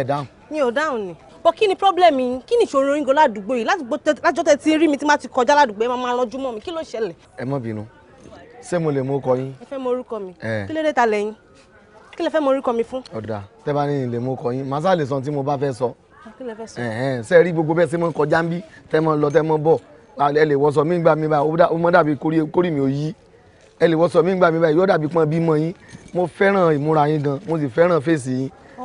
ẹ dáhùn. mi ò dáhùn ni bọ kí ni problem yìí kí ni ìṣòro yín gan ládùúgbò yìí lájọ tẹ ti rí mi tí má ti kọjá ládùúgbò yìí máa ránjú mọ́ mi kí ló ṣẹlẹ̀. ẹ má bínú ṣé mo lè mú ọkọ yín. ẹ fẹ́ mọ orúkọ mi kí ló dé ta lẹ́yìn kí lè fẹ́ mọ orúkọ mi fún. ọ̀dà tẹ́ bá ní ilé mú ọkọ yín màá sá lè sọ tí mo bá fẹ́ sọ. kí lè fẹ́ sọ. ṣe rí gbogbo bẹ́ẹ̀ ṣe mọ́ kọjá ń bí tẹ́ mọ́ lọ tẹ́ mọ́ bọ̀ ẹ lè wọ́sọ mí gbà mí báyìí ó mọ́ dàbí kórì mi ò yí ẹ lè wọ́sọ mí gbà mí báyìí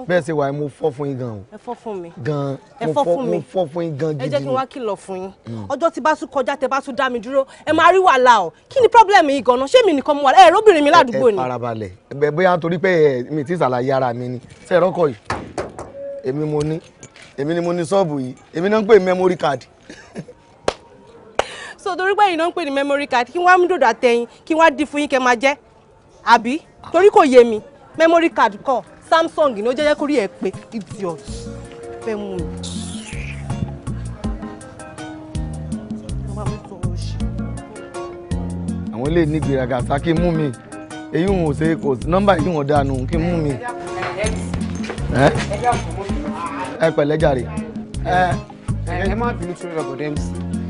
bẹ́ẹ̀ ṣe wà mo fọ́ fún yín gan o. ẹ fọ́ fún mi. gan mo fọ́ mo fọ́ fún yín gan gidi ni. ẹ jẹ́ kí n wá kìlọ̀ fún yín mm. ọjọ́ tí bá tún kọjá tẹ bá tún dá mi dúró ẹ máa rí wàhálà o kí ni pọ́blẹ́mù yìí gan-an ṣé mi nìkan mo wà ẹ róbìnrin mi ládùúgbò ni. ẹ farabalẹ̀ ẹ bóyá nítorí pé ẹ mi ti ṣàlàyé ara mi ni ṣe rọ́kọ yìí èmi mo ní èmi ni mo ní ṣọ́ọ̀bù yìí èmi náà ń pè memory card so torí pé ìná ń pè ní memory card kí wọ́n á mú dòdò àtẹ̀yìn kí wọ́n á dín fún yín kẹ́ máa jẹ́ àbí torí kò yé mi memory card kọ́. Samsung ni ó jẹ́jẹ́ kórìí ẹ̀ pé idiot fẹ́ mú mi. àwọn ilé ní gbèrágà sá kí mú mi èyí wọn ò ṣe kò nọ́mbà yìí wọn dànù kí mú mi. ẹ pẹ̀lẹ́ jàre. ẹ má bínú sórí ọ̀gọ̀dọ̀ mc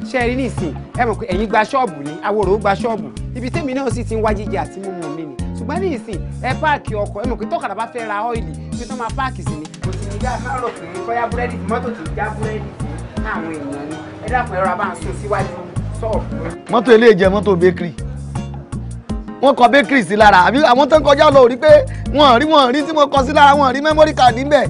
ṣe é rí nísìnyí ẹ mọ̀ pé ẹ̀yin gba ṣọ́ọ̀bù ni àwòrò gba ṣọ́ọ̀bù ibi tẹ́mi náà sì ti ń wá jíjẹ àti mímu ṣùgbọ́n ní ìsìn ẹ páàkì ọkọ̀ ẹ mọ̀ tọ́kadà bá fẹ́ ra ọ́ìlì bí wọ́n máa páàkì sí ni kò sì ní já kárọ̀ pé kọ́yá búrẹ́dì mọ́tò ti já búrẹ́dì fún àwọn èèyàn ni ẹ dákun ẹ̀rọ abá ń síwájú ṣọ́ọ̀bù. mọ́tò ilé ìjẹ mọ́tò bakery wọ́n kọ bakery sí lára àbí àwọn tó ń kọjá lọ rí pé wọ́n rí wọ́n rí tí wọ́n kọ sí lára wọ́n rí memory card níbẹ̀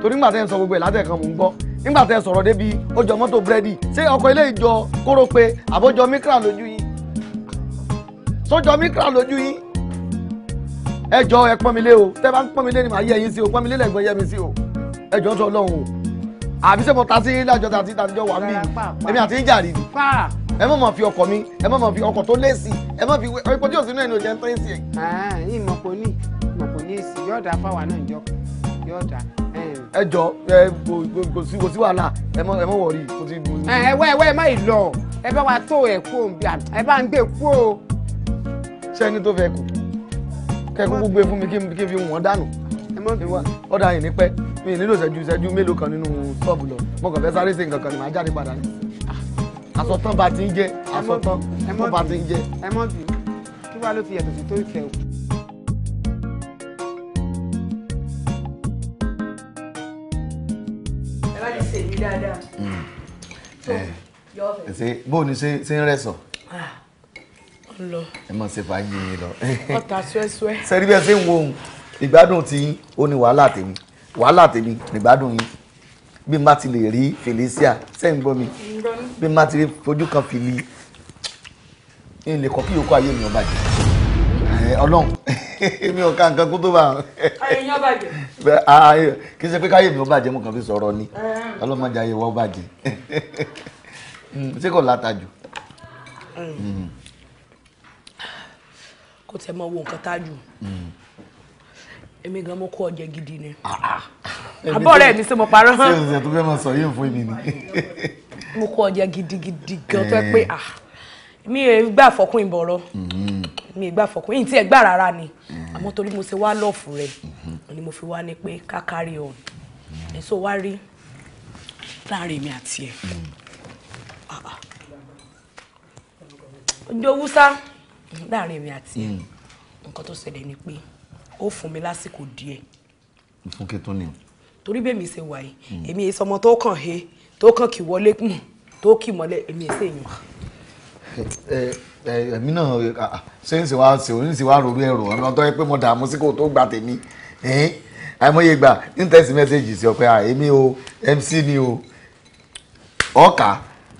torí nígbà tẹ́ ń sọ gbogbo ẹ̀ látẹ̀kan mò ń gbọ́ nígbà tẹ́ sọ̀rọ̀ débi ó jọ mọ́tò búrẹ́dì ṣé ọkọ̀ ilé ìjọ kóró pé àbójọ mikra lójú yín sójọ mikra lójú yín ẹ jọ̀ọ́ ẹ pọ́n mi lé o tẹ́ bá ń pọ́n mi lé ni màá yẹ yín sí o pọ́n mi lé lẹ́gbẹ̀ẹ́ yẹ mi sí o ẹ jọ̀ọ́ tó o àbí sẹ́pọ̀ ta sí lájọ tàbí tàbíjọ wà mí èmi àti ìjà rí ni ẹ má máa fi ọkọ̀ mi ẹ má máa fi ọkọ̀ tó lẹ́sì ẹ má fi ìpọ́jú òsínú ẹni òjẹ́ ń tán sí ẹ. ìmọ̀kò ah, ní ìmọ̀kò ní èsì yóò dá fáwa náà jọ yóò dá. ẹ jọ̀ọ́ ẹ kò sí kò sí wàhálà ẹ mọ ẹ mọ wọrí kò sí. Eh, ẹ wẹ ẹ wẹ má ì lọ ẹ bá wa tó ẹ kú òǹbí ẹ bá ń gbé kú o. ṣé ẹni tó fẹ́ kù kẹ́kọ̀ọ́ gbogbo fún mi kí n fi wọ́n dànù ọ̀dà yìí ní pẹ́ mi nílò ìṣẹ́jú ìṣẹ́jú mélòó kan nínú tọ́ọ̀bù lọ mo kàn fẹ́ sáré sí nǹkan kan ni màá jáde padà ni àsọtán bá ti ń jẹ àsọtán tó bá ti ń jẹ. ẹ mọ bí kí wàá ló ti yàtọ̀ sí tó ìfẹ́ o. ẹ bá ti ṣèlú dáadáa. ẹ ṣe bóun ni ṣe ń rẹ̀ sọ. Ah lọ. ẹ mọ̀ ṣe fàájì yìí lọ. ọ̀tà suẹ́suẹ́. sẹ́rí bẹ́ẹ̀ ṣe ń wo ohun ìgbádùn tí ó ní wàhálà tèmi wàhálà tèmi nígbádùn yín bí n ti lè rí Felicia ṣé ń gbọ́ mi bí n bá ti lè fojú kan fìlì ń lè kọ́ kí yòókù ayé mi ò bàjẹ́ ọlọ́run mi ò ka nǹkan kó tó bá wọn. ayé yín ó bàjẹ́. kì í ṣe pé káyé mi ò bàjẹ́ mo kàn fi sọ̀rọ̀ ni ọlọ́mọdé ayé wa ó bàjẹ́ hmm, ṣé kò látajù. Mm kó tẹ mọ wo nǹkan tá a jù èmi gan mo kó ọjẹ gidi ni àbọ̀ rẹ̀ mi sí mo parọ́. ṣé o ṣe tó fẹ́ máa sọ yín fún mi ni. mo kó ọjẹ gidigidi gan tó eh. pé ah mi ò gbà fọkún ìbọ̀rọ̀ mm-hmm. mi ò gbà fọkún ìyìn tí ẹ gbà rárá ni mm-hmm. àmọ́ torí mo ṣe wá lọ́ọ̀fù rẹ̀ mm-hmm. ni mo fi wá ní pé ká kárí ọ̀n ẹ̀ so wá rí láàrin mi àti ẹ̀ ọjọ́ wúsá láàrin èmi àti ẹ hmm. nǹkan tó ṣẹlẹ̀ ni pé ó fún mi lásìkò díẹ̀. fún kí tó ní. torí bẹ́ẹ̀ mi ṣe wà yìí hmm. èmi èso ọmọ tó kàn he tó kàn kì wọlé mù hmm, tó kì mọ́lẹ̀ èmi èso èèyàn. ẹ ẹ ẹmí náà ṣé ń ṣe wá ṣe ò ń ṣe wá ròrú ẹrù ọ̀nà tó yẹ pé mo dààmú sí kò tó gbà tèmi àìmọye gbà ń tẹ̀sí sí ọ̀pẹ́ èmi o MC ni o ọ̀ọ́kà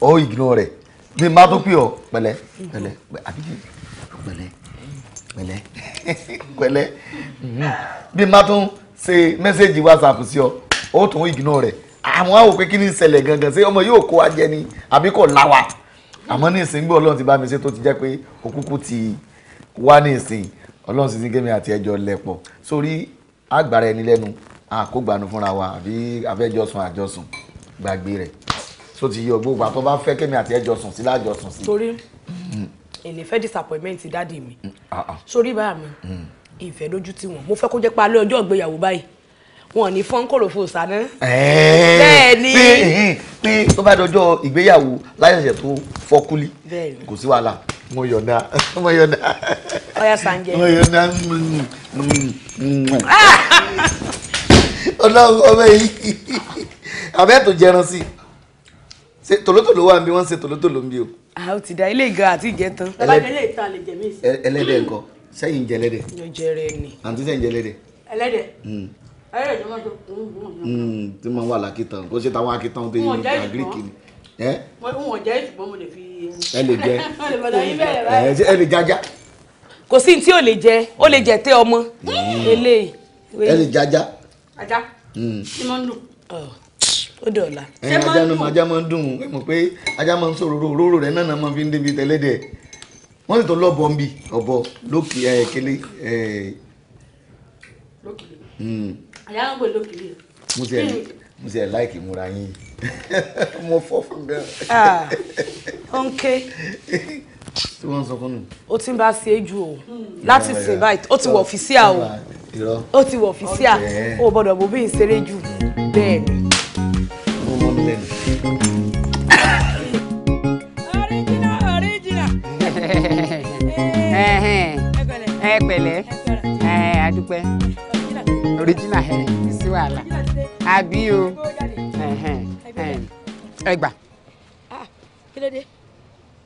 ọ̀ ìgbìnà rẹ̀ bí n bá pẹ̀lẹ́ pẹ̀lẹ́ àbíkí pẹ̀lẹ́ pẹ̀lẹ́ pẹ̀lẹ́ bí n bá tún ṣe mẹ́sẹ̀gì whatsapp sí ọ ó tún ignore rẹ̀ àwọn á wò pé kí ni ìṣẹ̀lẹ̀ gangan ṣé ọmọ yóò kó wa jẹ ni àbí kò láwa àmọ́ ní ìsìn gbé ọlọ́run ti bá mi ṣe tó ti jẹ́ pé òkúkú ti wá ní ìsìn ọlọ́run sì ti gé mi àti ẹjọ́ lẹ́pọ̀ sórí àgbàrá ẹni lẹ́nu àkógbàánu fúnra wa àbí àfẹ́jọ́sùn àjọsùn gbàgbé rẹ̀ tó ti yí ọgbó gbà bá fẹ́ kémi àti ẹjọ́ sùn sí lájọ sùn sí. torí èlé fẹ́ disappointment dáàdì mi mm, ah, ah. sórí bá mi mm. ìfẹ́ lójú tí wọ́n mo fẹ́ kó jẹ́ pa alẹ́ ọjọ́ ìgbéyàwó báyìí wọn ní fọ́nkòrò fò sáná. bẹ́ẹ̀ ni pé tó bá dọjọ́ ìgbéyàwó láyọ̀ṣẹ̀ tó fọ́kúlí kò sí wàhálà mo yọ̀ǹda mo yọ̀ǹda. ọyá sànjẹ. mo yọ̀ǹda mm, ah! ọlọ́run ọmọ yìí abẹ́ tó jẹran sí i se tòlótòló wà bí wọ́n ṣe tòlótòló ń o. a ó ti da ilé ìgò àti ìjẹ tán. ẹlẹ́dẹ̀ ìta lè jẹ mí. ẹlẹ́dẹ̀ nǹkan sẹ́yìn jẹ ẹlẹ́dẹ̀. mo jẹrẹ ni. àǹtí sẹ́yìn jẹ ẹlẹ́dẹ̀. ẹlẹ́dẹ̀. Hmm. ẹlẹ́dẹ̀ hmm, tí wọ́n wà lákìtàn kó ṣe táwọn akitàn tó yẹ àgíríkì ni. wọ́n jẹ́ ṣùgbọ́n mo lè fi. ẹ lè jẹ ẹ lè jaja. kò sí tí ò lè jẹ ó lè jẹ tẹ ọmọ. Hmm. ẹ lè jaja. ajá. ti máa ń lù ó dọ̀la. ẹyin ajá mi ajá máa ń dùn ẹ mọ̀ pé ajá máa ń sọ̀rọ̀ òróró rẹ̀ náà máa fi ń débi tẹ́lẹ̀dẹ̀ wọ́n sì tó lọ́bọ̀ ń bì ọ̀bọ lókè ẹ̀ kele. Hmm. àyà ń gbé lókè. mo ti ẹ̀ mo ti ẹ̀ láìkì múra yín mo fọ́ fún gan. ó ń ké. tí wọ́n ń sọ fún mi. ó ti ń bá ṣe é ju o hmm. láti sìn báyìí ó ti wọ̀ ọ́fíìsì à o ó ti wọ̀ ọ́fíìsì à o gbọ́dọ̀ bó bí ìṣeré jù bẹ́ẹ̀ ni lẹ́nu. ọ̀ríjìnà ọ̀ríjìnà. ẹ pẹ̀lẹ́ ẹ adúpẹ́ ọ̀ríjìnà ẹ sí wàhálà àbí o ẹ gbà. kí ló dé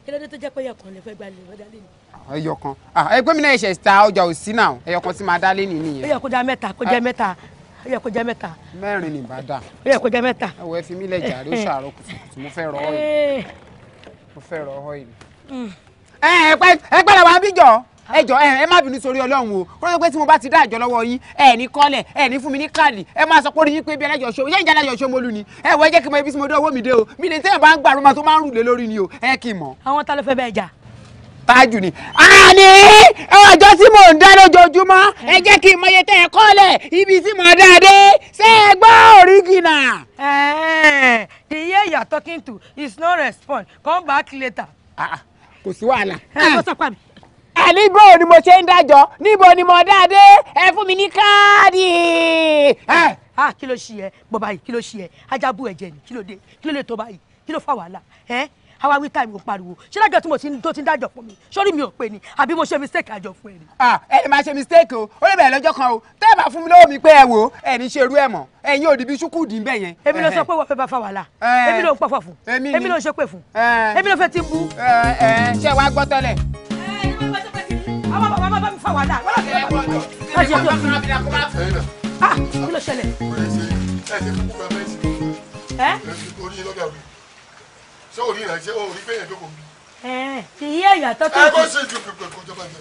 kí ló dé tó jẹ́ pé ẹyọ kan lè fẹ́ gba lè wọ́n dálé ni. ẹyọ kan mi náà ṣe ta ọjà òsínà ẹyọ kan sì máa dálé nìyẹn. ẹyọ kó mẹ́ta kó jẹ́ mẹ́ta ó yẹ kó jẹ́ mẹ́ta. mẹ́rin ni bá dà. ó yẹ kó jẹ́ mẹ́ta. ẹwọ ẹ fi mí lẹ jàre ó ṣàárọ̀ kùtùkùtù mo fẹ́ rọ ọ yìí eh. mo fẹ́ rọ ọ yìí. Hmm. ẹ ẹ pẹ́rẹ́ wa bíjọ́ ẹ jọ ẹ ẹ má bínú sórí Ọlọ́run o kó ló pé tí mo bá ti dá àjọ lọ́wọ́ yín ẹ ní kọ́lẹ̀ ẹ ní fún mi ní káàdì ẹ máa sọ pé oríyìn pé bí ẹlẹ́jọ ṣo yẹ́n ìjà ẹlẹ́jọ ṣo mo lù ní ẹ wọ ẹ jẹ́ kí n mọ ibi tí mo dé owó mi dé o mi lè tẹ́lẹ̀ bá ń gbàrú ma tó máa ń rù lé lórí ni o ẹ kì í mọ̀. àwọn ta ló fẹ́ bẹ́ẹ̀ jà tájù ni. àní ọjọ́ tí mò ń dá lójoojúmọ́ ẹ jẹ́ kí n mọye tẹ́ ẹ kọ́lẹ̀ ibi tí mo dá dé ṣé ẹ gbọ́ òrígìnà. the year you are talking to is no response come back later. Ah, ah, kò sí wàhálà. ẹ lọ ni mo ṣe ń dájọ́ níbo ni mo dáadé ẹ fún mi ní káàdì. Ah, kí ló ṣe ẹ bọ́ báyìí kí ló ṣe ẹ ajábù ẹ̀jẹ̀ ni kí ló dé kí ló lè tó báyìí kí ló fà wàhálà àwa wí táìmù pariwo ṣé lájọ tí mo ti tó ti dájọ fún mi sórí mi ò pe ni àbí mo ṣe mistake àjọ fún ẹ ni. ẹ ẹ máa ṣe mistake o ó lè bẹ̀rẹ̀ lọ́jọ́ kan o tẹ́ ẹ bá fún mi lọ́wọ́ mi pé ẹ wò ó ẹ ní ṣerú ẹ mọ̀ ẹ̀yin ò dìbí ṣúkú dì bẹ́ẹ̀ yẹn. èmi ló sọ pé wọ́n fẹ́ bá fa wàhálà èmi ló ń pọ̀fọ̀ fún èmi ló ń ṣe pé fún èmi ló fẹ́ ti bú. ṣé wàá gbọ́ tẹ́lẹ̀. ẹ ẹ kí ló ṣẹlẹ̀. ẹ ṣé òrí ìrànṣẹ́ òrí bẹ́ẹ̀ ló kò mí. ti yí ẹ̀yà tó ti tù. ẹ bó ṣe ju pèpè kó tó bá jẹ.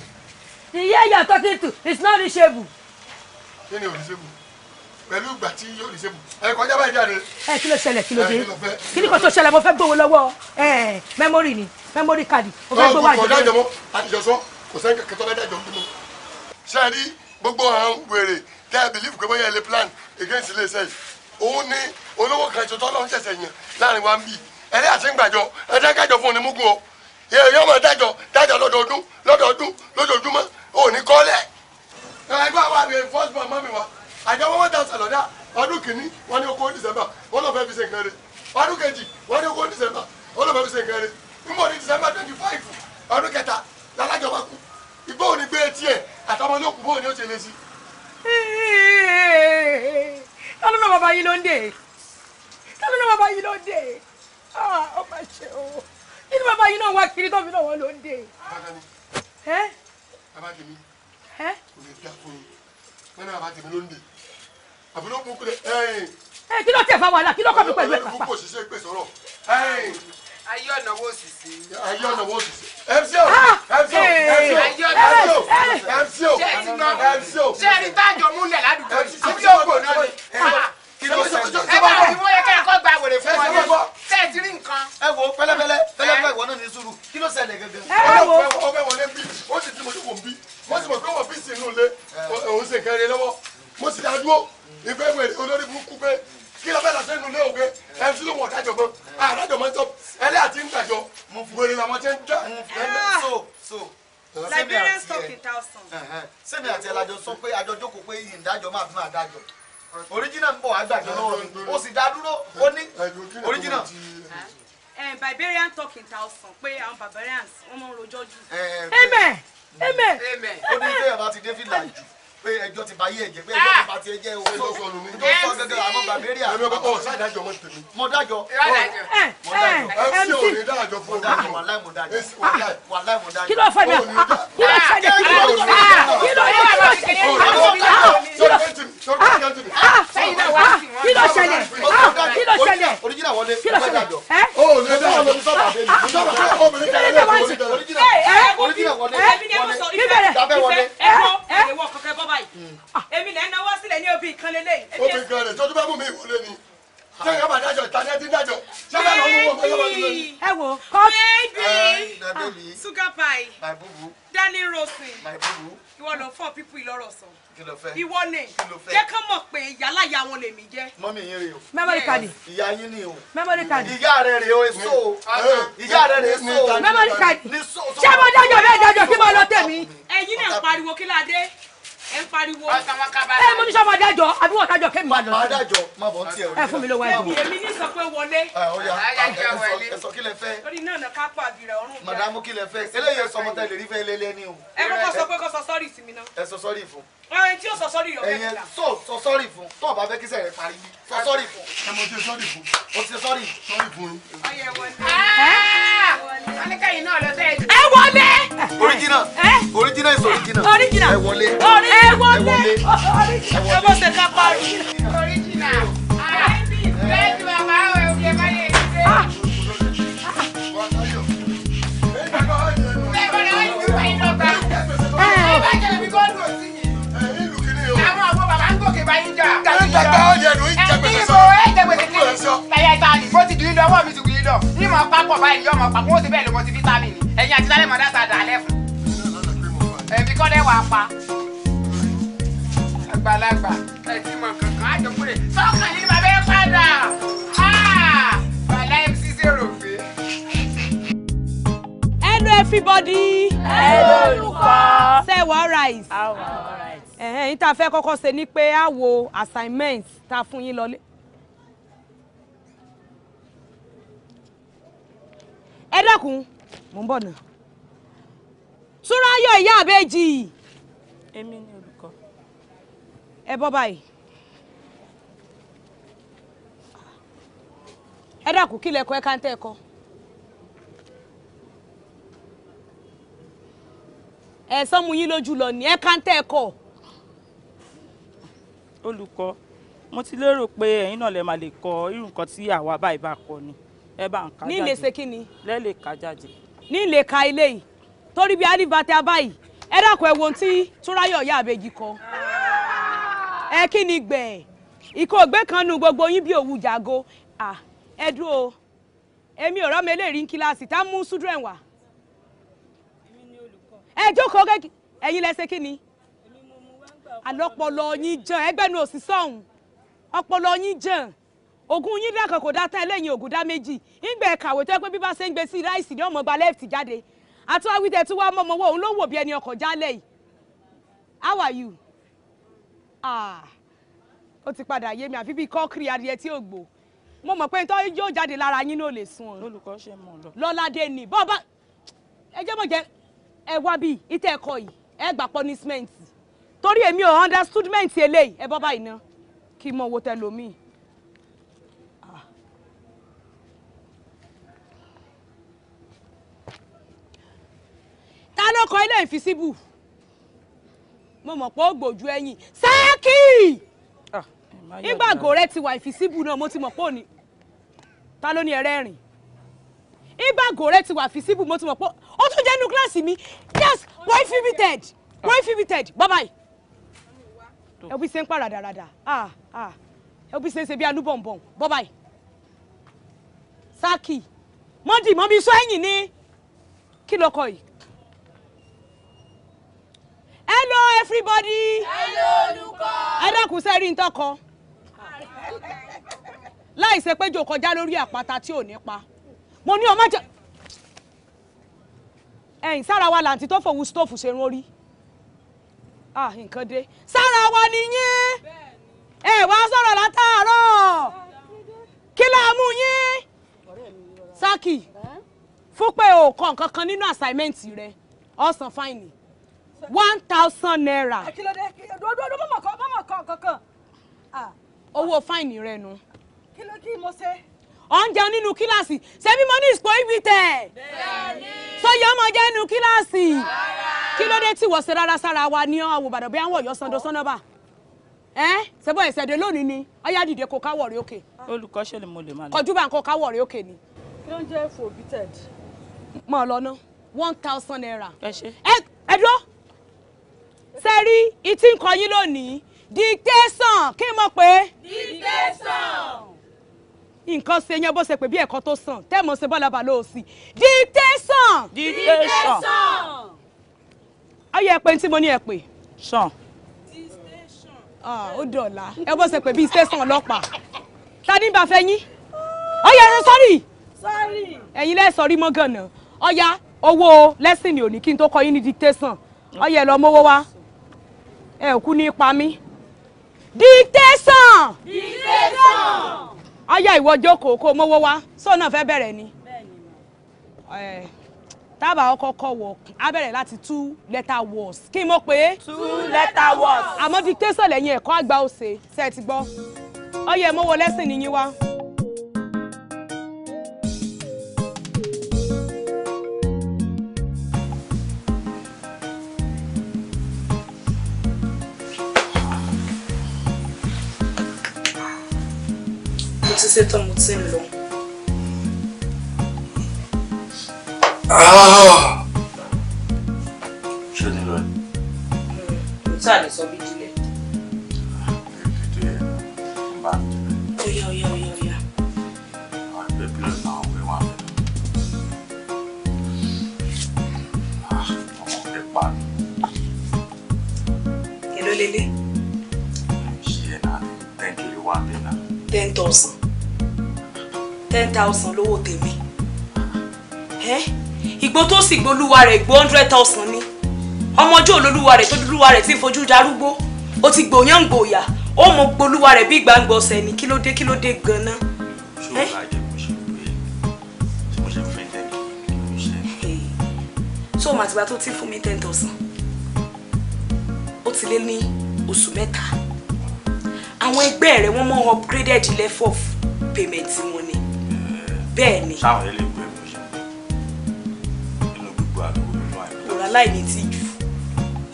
ti yí ẹ̀yà tó ti tù it's not reachable. kí ni òrìṣẹ́bù pẹ̀lú ìgbà tí yóò reachable ẹ kọjá báyìí jáde. ẹ kí ló ṣẹlẹ̀ kí ló dé kí ni kò tó ṣẹlẹ̀ mo fẹ́ gbowó lọ́wọ́ memory ni memory card mo fẹ́ oh, gbowó àjọyọ̀. ọ̀gbọ̀n dájọ́ mọ́ àtijọ́sọ́ kò sẹ́ni kẹ̀kẹ́ tó bá dájọ́ ń bímọ. sẹ́ẹ̀rí gbogbo àwọn wèrè tẹ́ ẹ bìlífù pé bóyá ẹ lè plan against ilé iṣẹ́ yìí òun ni olówó kan ṣe tọ́lọ́ ń ṣẹ̀ṣẹ̀ yàn láàrin wa ń bì ẹ̀rí àsìngbàjọ ẹ̀dá kájọ fún onímúgun o èèyàn máa dájọ dájọ lọ́dọọdún lọ́dọọdún lójoojúmọ́ ò ní kọ́lẹ̀. ẹgbẹ́ àwọn àbí first born mọ́mí wa àjọ wọn dá sàlọ́dá ọdún kìíní wọn ní okòó december wọn lọ́ọ́ fẹ́ fi ṣe nǹkan rẹ̀ ọdún kejì wọn ní okòó december wọn lọ́ọ́ fẹ́ fi ṣe nǹkan rẹ̀ nígbà ní december twenty five ọdún kẹta lálájọba kú ìgbó òní gbé etí ẹ̀ àtàwọn olókùn Ah, ó máa ṣe o kí ni bàbá yìí náà wá kiri tóbi náà wọ́n ló ń dè. bàbá tèmi kò lè dá fún mi wọn náà bàbá tèmi ló ń dè àbúrò kún kúrẹ ẹ kí ló tẹ fa wàhálà kí ló kọ́ mi pẹ̀lú ẹ̀ pàpà. kò ṣiṣẹ́ pè sọ̀rọ̀. ayé ọ̀nà wo sisi. ayé ọ̀nà wo sisi. mco mco mco mco mco. ṣé ẹni tájọ múlẹ̀ ládùúgbò yìí. mco kò náà ni kí ló ṣẹlẹ̀. ẹ bá mi wọ́n yẹ kí ẹ̀kọ́ ah, ah! Liberian stock in thousand. sẹ́mi àti ẹ̀lájọ sọ pé àjọ jókòó pé ìdájọ́ máa fi máa dájọ́ original ń bọ̀ àgbàdo lọ́wọ́ mi o sì dá dúró ó ní original. barbarian talking thousand pé àwọn barbarians wọ́n máa ń rojọ́ jù. amen amen. ó ní ilé ẹ̀ bá ti dé fìlà jù pé ẹjọ́ ti ba yé ẹ̀jẹ̀ pé ẹjọ́ ti ba ti ẹ̀jẹ̀ o. ẹjọ́ sọnù mi. ẹjọ́ sọ gẹ́gẹ́ àmọ́ bàbéríà. ẹ̀mí ọkọ ọ̀ sáà dájọ́ mọ́ tèmi. mo dájọ́. mo dájọ́. mc ò ní dájọ́ fún mi. wàláì mo dájọ́. wàláì mo dájọ́. kí ló fẹ́ mi kí ló fẹ́ mi kí ló fẹ́ mi kí ló fẹ́ mi kí ló fẹ́ mi kí ló ṣẹlẹ̀ kí ló ṣẹlẹ̀ kí ló ṣẹlẹ̀ ẹ. o ò ní dájọ́ lórí sábà bẹ́ẹ̀ ni sábà bẹ́ẹ̀ obìnrin kan ló wọlé. oríjìnà wọlé. oríjìnà wọlé. bíbélì ẹ ẹ ẹ wọ kọkẹ bọba báyìí hmm. ah, èmi lẹ́ náwó sílẹ̀ ní obì kan lélẹ̀. obì kan lè tọ́jú bá mú mi ìwọlé ni ṣé yàrá dájọ ìtajà ti dájọ ṣé bá lọ wọ́n wọ́n wọ́n lórí. ẹ wo kọ́ọ̀tù. baby ah, sugar pie danny rosin ìwọ ló fọ pípú ìlọrọ sọ ìwọ ni jẹ kán mọ̀ pé ìyálàyà wọn lèmi jẹ. mọ́mí yín rè o. memory card. ìyá yín ni o. memory card. ìyá rẹ̀ rè o èso. ìyá rẹ̀ rè èso. memory card. ṣé mo dájọ́ bẹ́ẹ̀ dájọ́ kí mo lọ tèmi. ẹ̀yin náà pariwo kí ládé ẹ ń pariwo. ẹ mo ní sọ ma dájọ àbí wọn dájọ kémi máa lọ sí. máa dájọ má bọ̀ tiẹ̀ o. ẹ fún mi ló wá ẹ bọ̀. èmi ní sọ pé wọlé. ẹ sọ kí lẹ fẹ́. lórí náà nà ká pa àbìrẹ ọrùn. màdàmú kí lẹ fẹ́ eléyìí sọ mọ́tà lè rí fẹ́ lélẹ́ ní o. ẹ kọ́kọ́ sọ pé kó sọ sọ́ọ̀rì sí mi náà. ẹ sọ sọ́ọ̀rì fún. ọ̀rẹ́ tí yóò sọ sọ́ọ̀rì yọ̀ bẹ́ẹ̀ kìlà. sọ sọ́ọ̀rì fún tó o bá fẹ́ kíṣẹ́ rẹ parí mi sọ sọ́ọ̀rì fún. ẹ mo ti sọ́ọ̀rì fún. o ti sọ́ọ̀rì sọ́ọ̀rì fún. ọyẹ wọlé. ọ̀nìkẹ́yìn náà lọ bẹ́ẹ̀ mi. original original is original. original ẹ wọlé ẹ wọlé ẹ bọ́ ṣe ká parí. original àìbí ah. bẹ́ẹ̀ ni bàbá rẹ̀ ò yẹ báyẹn ní Ẹ̀yin ìbò ẹ̀jẹ̀ gbèsè kí ni? Ẹ̀yà ìbá ọwọ́ mi ti wù yí lọ ní mọ̀ pápọ̀ báyìí yọ̀ mọ̀ pápọ̀ ó ti bẹ́ẹ̀ lọ́mọ ti fítámìnì ẹ̀yin àti sálẹ̀ mọ̀dá sàdà alẹ́ fún. ẹ̀bí kọ́ lẹ́wọ̀ apá. àgbàlagbà ẹ mọ̀ kankan àjọkúrè sọ́kàn yìí bàbá ẹ padà. bàlá mc zero fè. hello everybody. hello olùkọ́. ṣé wàá rise. àwọn ọ̀rẹ́ ẹ̀hìn tá a fẹ́ kọ́kọ́ ṣe ni pé a wo assignment tá a fún yín lọlé. ẹ dákun mò ń bọ̀ nà túráyọ̀ ìyá àbẹ́jì. èmi ni olùkọ́. ẹ bọ́ báyìí. ẹ dákun kí lẹ̀kọ́ ẹ ká ń tẹ́ ẹ kọ́. ẹ sọ́mu yín lójú lọ ní ẹ ká ẹ kọ́. olùkọ́ mo ti lérò pé ẹ̀yin náà lè máa lè kọ irú nǹkan tí àwa báyìí bá kọ ni ẹ bá ń ká jáde ní lè ṣe kí ni lẹ́lẹ̀ ká jáde. ní lè ka ilé yìí torí bí alibata báyìí ẹ dákun ẹ wo ohun tí túráyọ̀ ìyá àbèjì kọ ẹ kí ni gbẹ̀ẹ́ ìkó ògbé kan nu gbogbo yín bí òwú jàgo ẹ dúró èmi ò rọ́mọ eléyìí ní kíláàsì tá a mú sùdúrẹ̀ wá ẹ jókòó kéèkì ẹ̀yin lẹ́sẹ̀ kí ni àlọ́pọ̀lọ́ yín jàn ẹgbẹ́ nu òsì sọ̀hún ọpọlọ yín jàn ogun yín dá kò dá tán ẹlẹ́yin ògùn dá méjì ńgbẹ́ kàwé tẹ́ pé bí bá ṣe ń gbé sí ráìsì ní ọmọ ba lẹ́ẹ̀tì jáde àti wá wíjẹ tí wá mọ́mọ́ wọ òun ló wò bí ẹni ọkọ̀ jálẹ̀ yìí how are you ah ó ti padà yé mi àfi bíi kọ́kiri adìyẹ tí ò gbò mo mọ̀ pé tó yóò jáde lára yín ní ò sun lọ́ládé ni bọ́ọ̀bá ẹ jẹ́ mọ̀ jẹ́ ẹ wá bíi ìtẹ́ ẹ̀kọ́ yìí ẹ gbà punishment torí èmi ò understandment eléyìí ẹ bọ́ báyìí ná kí mo wo tẹlomi ta ló kọ ilé ìfisíbù mo mọ̀ pé ó gbòjú ẹ̀yìn sáàkì ìgbàgò rẹ ti wà ìfisíbù náà mo ti mọ̀ pé òní ta ló ní ẹrẹ́ rìn ìgbàgò rẹ ti wà ìfisíbù mo ti mọ̀ pé ó tún jẹ́ inú kíláàsì mi yes wọ́n inhibited wọ́n inhibited bye bye ẹ bí ṣe ń pa ràdàràdà ah, ah. ẹ ṣe ń ṣe bí anúbọ̀nbọ̀n bye bye sáàkì mọ́ndì mọ́mí sọ ẹ̀yìn ni kí ló yìí hello everybody. hello olùkọ́. ẹ dákun sẹ́rí ń tọkọ láì ṣe pé jò kọjá lórí àpáta tí ò ní pa mo ní ọmọ jẹ ẹ̀yin sára wa làǹtí tó fòwú stóòfù ṣe rún orí ah nǹkan dé sára wa nìyẹn ẹ wá sọ̀rọ̀ látàárọ̀ kí la mú yín Saki fún pé o kọ nǹkan kan nínú assignment rẹ ọ̀sán fáìní one thousand naira. kílódé dòdòdò mọ̀mọ̀ kan mọ̀mọ̀ kan ah. kankan. owó fáìní rẹ nu. kí ló kí mo ṣe. oúnjẹ nínú kíláàsì ṣebí mo ní ìsìnkú ìbítẹ̀. sọyọ ọmọ jẹ́ nínú kíláàsì. kílódé tí wọ́n ṣe rárá sára wa ní àwọn òbàdàn bí àwọn ọ̀yọ́ sando sọ́nọ́bà. ẹ ṣẹbọ ìṣẹ̀dẹ̀ lónìí ni ọyá dìde kò káwọ̀ rí òkè. olùkọ́ ṣe lè mo lè má lọ. kọjú bá ń kọ káwọ̀ rí òkè ni. kí ló ń jẹ́ forbidden. mọ̀ ọ́ lọ́nà one thousand naira. ẹ ṣe. ẹ ẹ dúró sẹ́rí ìtí ń kọyín lónìí dictation kí n mọ̀ pé. dictation nǹkan ṣe yan bó ṣe pè bí ẹ̀kọ́ tó sàn tẹ́mọ̀ ṣe bọ́lá balẹ̀ òsì dictation. dictation. ọyọ ẹ̀pẹ̀ tí mo ní ẹ̀pẹ̀. sàn. dictation. Ah, ó dọ̀la ẹ bó ṣe pè bí station ọlọ́pàá ta ní bá fẹ́ yín. ọyọ ẹ sọ́rí. sọ́rí. ẹ̀yin lẹ́sọ̀ rí mọ́gànnà ọya owó lẹ́sìn ni òní kí n tó kọ yín ní dictation ọyọ ẹ lọ mówó wá. ẹ n'ipa ní ipa mi. dictation. dictation. ọyá ìwọ jókòó kó mówó wá sóun náà fẹ́ ni. bẹ́ẹ̀ ni tábà ọkọ kọ wọ á láti two letter words kí mo pè two letter words. àmọ́ dictation lẹ́yìn ẹ̀kọ́ àgbà agba ṣe é ti gbọ́. ọyẹ mọ́wọ́ lẹ́sìn nìyí wá. ṣetán ah! mo ti ń lọ. ṣé o ní lọ ni. mo tá a lè sọ bí jílẹ̀. oya oya oya oya. àwọn ẹgbẹ́ pílọ̀ náà wẹ̀ wá mẹ́rin. àwọn ọ̀rẹ́ pa mi. èló lélẹ̀. ṣé ẹ̀ náà ten kiri wá bẹ́ẹ̀ náà. ten thousand ten thousand lówó tèmi ìgbó tó sì gbólúwa rẹ̀ gbó hundred thousand ni ọmọjọ́ olólùwà rẹ̀ tó dúdúwà rẹ̀ tí ń fojú darúgbó ó ti gbòyàn gbòyà ó mọ gbolúwa rẹ̀ bí gbàǹgbọ̀ ọ̀sẹ̀ ní kílódé kílódé gan-an. so màtìgbà tó ti fún mi ten thousand ó ti lé ní oṣù mẹ́ta àwọn ẹgbẹ́ rẹ̀ wọ́n mọ upgraded level of payment wọn bẹ́ẹ̀ ni. sáwọn ilé ìwé mi ṣe inú gbogbo àdúgbò ló máa ń òrà láì ní tíjú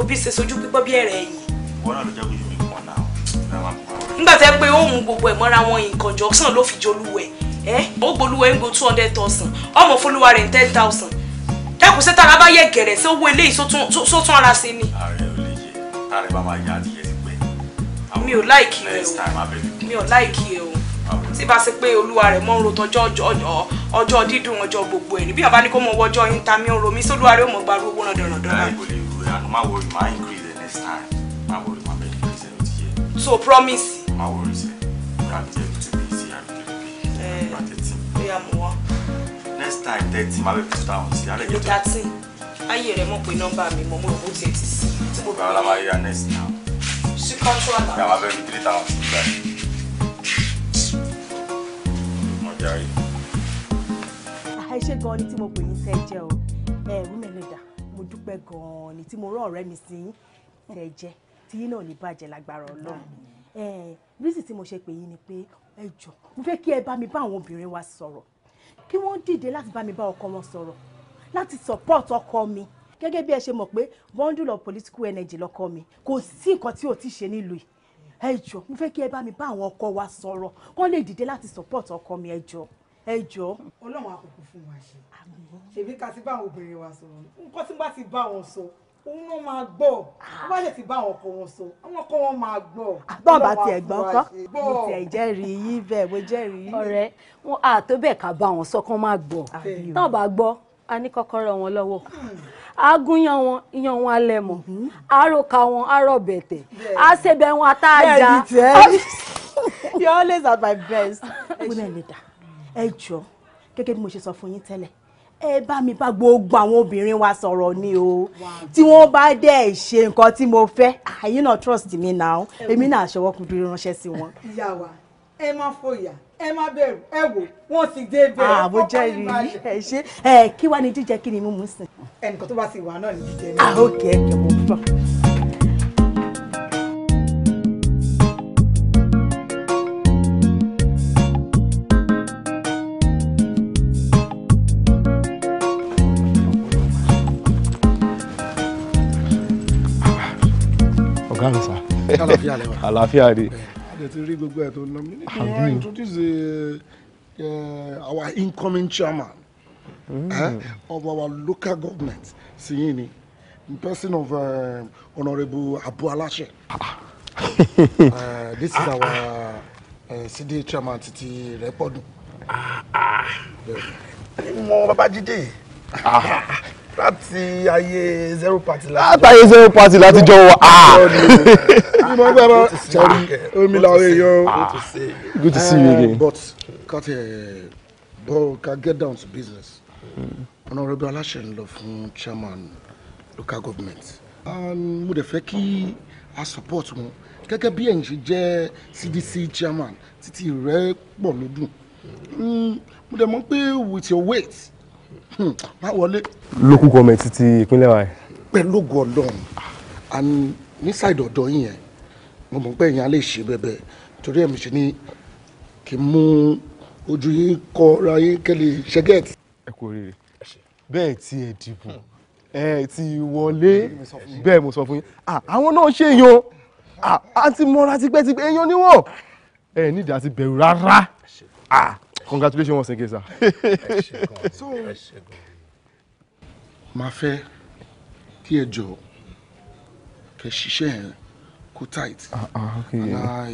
òbí ṣe sojú pípọ́ bí ẹ̀rẹ̀ ẹ̀yìn. wọn náà ló jẹ́ kójú mi pọ̀ náà nígbà tẹ́ pé ó mú gbogbo ẹ̀ mọ́ra wọn in conjunction ló fi jolúwẹ̀ ẹ́ ó gbolúwẹ̀ ń go two hundred thousand ọmọ fúnlúwa rẹ̀ ten thousand dákun sẹ́ta ara bá yẹ gẹ̀rẹ̀ sí owó eléyìí sótún ara sí ni. ààrẹ ò lè jẹ ààrẹ bá máa yá adìyẹ ti pẹ́. mi ò láìkí rẹ o mi ò láìkí rẹ o tí bá ṣe pé olúwa rẹ̀ mọ́ ń ro tọjọ́ dídùn ọjọ́ gbogbo ẹ̀ níbí àbá ní kó mọ owó ọjọ́ yín ta mí ń ro mi sólúwa ó mọ̀ gbarú owó náà dọ̀rọ̀ dọ̀rọ̀. so promise. next time thirty ma bẹ fi tuta wọn si alẹ jẹ tó. ayé rẹ mọ̀ pé nọ́mbà mi mọ̀ mo rò bó tiẹ̀ ti sí. báwo la máa yá next now. sí cultural. yàrá bẹ fi three thousand jàre. àìṣe gan-an ni tí mo pè yín tẹ́ jẹ́ o ẹ̀rú mẹ́lẹ́dà mo dúpẹ́ gan ni tí mo rán ọ̀rẹ́ mi sí tẹ́ jẹ́ tí yín náà ní bàjẹ́ lágbára ọlọ́run bísí tí mo ṣe pè yín ni pé ẹ jọ mo fẹ́ kí ẹ bá mi bá àwọn obìnrin wa sọ̀rọ̀ kí wọ́n dìde láti bá mi bá ọkọ wọn sọ̀rọ̀ láti support ọkọ mi gẹ́gẹ́ bí ẹ ṣe mọ̀ pé bundle of political energy lọkọ mi kò sí nǹkan tí ò ti ṣe nílùú yìí ẹ jọ̀ọ́ mo fẹ́ kí ẹ bá mi bá àwọn ọkọ wa sọ̀rọ̀ kán lè dìde láti support ọkọ mi ẹ jọ̀ọ́ ẹ jọ̀ọ́. ọlọ́run àkókò fún wa ṣe ṣèbí ká ti bá àwọn obìnrin wa sọ̀rọ̀ nǹkan tí bá ti bá wọn sọ òun náà máa gbọ́ wọ́n bá lè ti bá àwọn ọkọ wọn sọ àwọn ọkọ wọn máa gbọ́. àgbọ̀ bá tiẹ̀ gbọ́ kọ́ mo tiẹ̀ jẹ́rìí yí bẹ́ẹ̀ mo jẹ́rìí yí. ọ̀rẹ́ wọn àtó bẹ́ẹ̀ ká bá wọn sọ kán máa gbọ́ táwọn bá gbọ́ a ní kọ́kọ́rọ́ wọn lọ́wọ́ hmm agúnyán wọn iyán wọn alẹ́ mọ̀ àròkà mhm. wọn àròbẹ̀tẹ̀ àṣebẹ̀ wọn àtàjà. you are always at my best. women leader ẹ jọ gẹ́gẹ́ bí mo ṣe sọ fún yín tẹ́lẹ̀ ẹ bá mi bá gbogbo àwọn obìnrin wa sọ̀rọ̀ ni o tí wọ́n bá dẹ̀ ṣe nǹkan tí mo fẹ́ àyínà ah, trust me now èmi náà aṣọwọ́kùnrin ránṣẹ́ sí wọn. ìyá wa ẹ má fòyà ẹ má bẹ̀rù ẹ wò wọ́n ti dé bẹ̀rẹ̀ àbò ah, jẹ́ ìrírí ẹ ṣe ẹ kí wàá ní jíjẹ kí ni mímú sìn. ẹnìkan tó bá ti wà náà ní jíjẹ mi. àwọn òkè ẹkẹ mo gbọ́. ọ̀gá mi sá àlàáfíà ni dẹ̀ ti rí gbogbo ẹ̀ tó ná mi ní kí introduce uh, our incoming chairman mm. eh, of our local government sí ni in person of um, honourable Abu Alashe uh, this is our uh, cda chairman titi Rẹ́pọ̀dùn. Ah, ah. mo Babájídé. Ah láti ayé zero party láti jọ láti ayé zero party láti jọ wọ. ìmọ̀ gbọ́dọ̀ sọ̀rí omi làwọn èèyàn. good to see you again. Eh, but kati bro can get down to business. honourable aláṣẹ ń lọ fún chairman local government. mo dẹ̀ fẹ́ kí a support wọn gẹ́gẹ́ bí ẹ̀yin ṣe jẹ́ CDC chairman títí rẹ̀ pọ̀ lọ́dún. Hmm, mo dẹ̀ mọ̀ pé with your weight Hmm, má wọlé. local government ti ìpínlẹ̀ wa. pẹ̀lú ògùn ọlọ́run and nísàìdì ọ̀dọ́ yìí yẹn mo mọ̀ pé ẹ̀yin á lè ṣe bẹ́ẹ̀ torí ẹ̀ mi ṣe ni kì í mú ojú yín kọ ra yín kẹ́lẹ́ ṣẹ́gẹ́ẹ̀tì. ẹ kò rere bẹ́ẹ̀ tí ẹ dìbò ẹ ti wọlé bẹ́ẹ̀ mo sọ fún yín àwọn náà ṣe yan àti mọ́ra tipẹ́tipẹ́ yan níwọ̀n ẹ nídìí àti bẹ̀rù rárá congratulations once again sir. so máa fẹ́ kí ẹ jọ kẹ ṣiṣẹ́ yẹn kó tight ah, ah,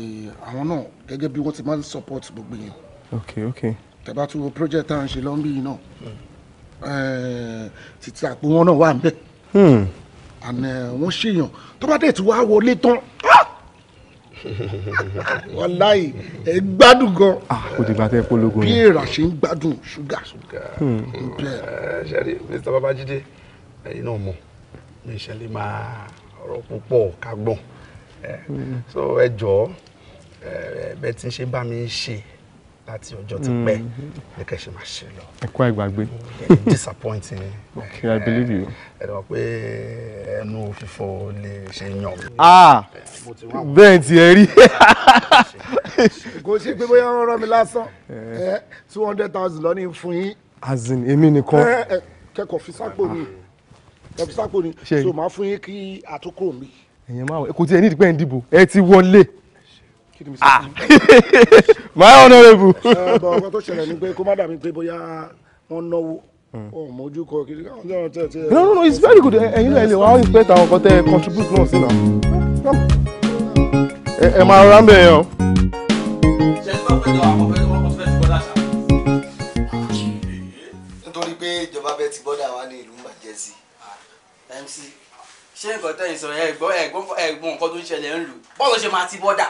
àwọn náà gẹ́gẹ́ bí wọ́n ti máa ń support gbogbo yẹn. okay okay. tẹ́ bá tún wo project tá à ń ṣe lọ́nbí yìí náà eh, títí àpò wọn náà wà ń bẹ̀. àná hmm. eh, wọn ṣèyàn tó bá dẹ̀ ti wá wọlé tán. wàláyé ẹ gbádùn gan. Ah, kò dìgbà tẹ polówó yẹn. bí èrà ṣe ń gbádùn ṣúgà. ṣẹ́rí Mr Babajide ẹ̀yin náà mọ̀ mi ṣẹlẹ̀ máa ọ̀rọ̀ púpọ̀ ká gbọ̀n hmm. so ẹ jọ̀ọ́ ẹ bẹ́ẹ̀ tí ṣe bá mi ṣe láti ọjọ́ ti pẹ́ ní kẹ́ ṣe máa ṣe lọ. ẹ kọ́ ìgbàgbé. disappointing. okay i believe you. ẹ dọ̀ pé ẹnu òfìfo lè ṣe yàn. ah bẹ́ẹ̀ ti ẹ rí. kò ṣe pé bóyá wọ́n rán mi lásán two hundred thousand lọ́ní fún yín. as in èmi nìkan. kẹ́kọ̀ọ́ fi sápò ni kẹ́kọ̀ọ́ fi sápò ni so màá fún yín kí àtúkò mi. ẹ̀yẹ̀ máa wọ̀ kò tí ẹ ní ìdí pé ẹ̀ ń dìbò ẹ ti wọlé ah my honourable. ọ̀bọ̀ ọkọ no no no it's very good eh, ẹ̀yin náà ẹ lè wá always better contribute náà sí náà eh, ẹ máa rán bẹ́ẹ̀ yẹn o. nítorí pé ìjọba bẹ́ẹ̀ ti bọ́dà wá ní ìlú bàjẹ́ sí mc ṣé nǹkan tẹ̀yìn sọ ẹ̀gbọ́n ẹ̀gbọ́n nǹkan tó ń ṣẹlẹ̀ ń lù bọ́ọ̀lù ṣe máa ti bọ́dà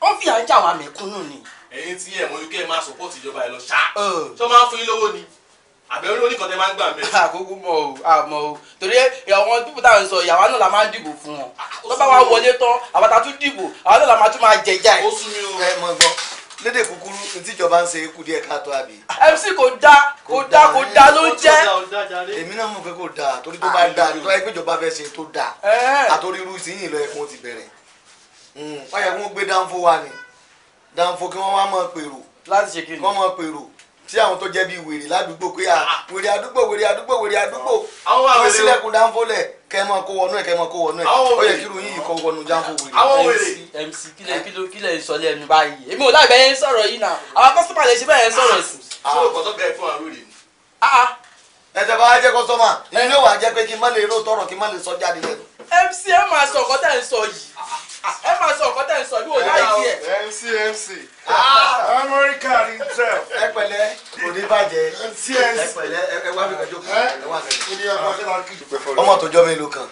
ó fìyà ń jà wá mẹ̀kúnnù ni. ẹ̀yin tí ẹ mọ ike máa support ìjọba ẹ lọ ṣá ṣé wọn máa ń fún yín lówó ni àbẹ̀wò ló ní kàn tẹ́ máa ń gbà mẹ́. àkókò mọ o àmọ́ o torí àwọn pípọ̀ táwọn sọ ìyàwó náà la máa ń dìbò fún wọn tó bá wa wọlé tán àwọn tá tún dìbò àwọn náà la máa tún máa jẹjà ẹ. ó sún mi o. ẹ mọ gbọ́ lédè kúkúrú tíjọba ń ṣe kú díẹ̀ káàtó àbí. mc kò dá kò dá kò dá ló ń jẹ́. èmi náà mọ̀ pé kò dá torí tó bá dá tó bá yẹ pé ìjọba fẹ́ ṣe tó dá àtòrí irú ìsinyìí lọ ẹ̀kún ti bẹ̀rẹ̀. Mm, wọ́n yẹ kí wọ́n gbé dánfó wa ni dánfó kí wọ́n wá mọ̀ pèrò láti ṣe kí ni kọ́ pèrò tí àwọn tó jẹ́ bíi wèrè ládùúgbò pé ah, wèrè àdúgbò wèrè àdúgbò wèrè àdúgbò wọ́n sílẹ̀kùn dánfó lẹ̀ kẹ́ mọ̀ kó wọnú ẹ̀ kẹ́ mọ̀ kó wọnú ẹ̀ ó yẹ kí irun yìí kọ́ wọnú dánfó wèrè. àwọn wèrè mc kílẹ̀ kílẹ̀ sọ lẹ́nu báyìí èmi ò láì bẹ́ẹ̀ sọ̀rọ̀ yìí náà àwọn kọ́sọ́mà lè ṣe bẹ́ẹ̀ sọ̀rọ̀ sí. sọ ọkọ̀ tó bẹ́ẹ̀ fún àrùn rè ẹsẹ̀ ẹ Ah, ẹ máa sọ ọ̀kọ́ tẹ̀ ń sọ bí wò láì kí ẹ. mc mc amẹ́ríkà ah. ni trump. ẹ pẹ̀lẹ́ kò ní bàjẹ́ mc ẹ pẹ̀lẹ́ ẹ wá fìkà jókòó ẹ wá fìkà. ọmọ tó jọ mélòó kan.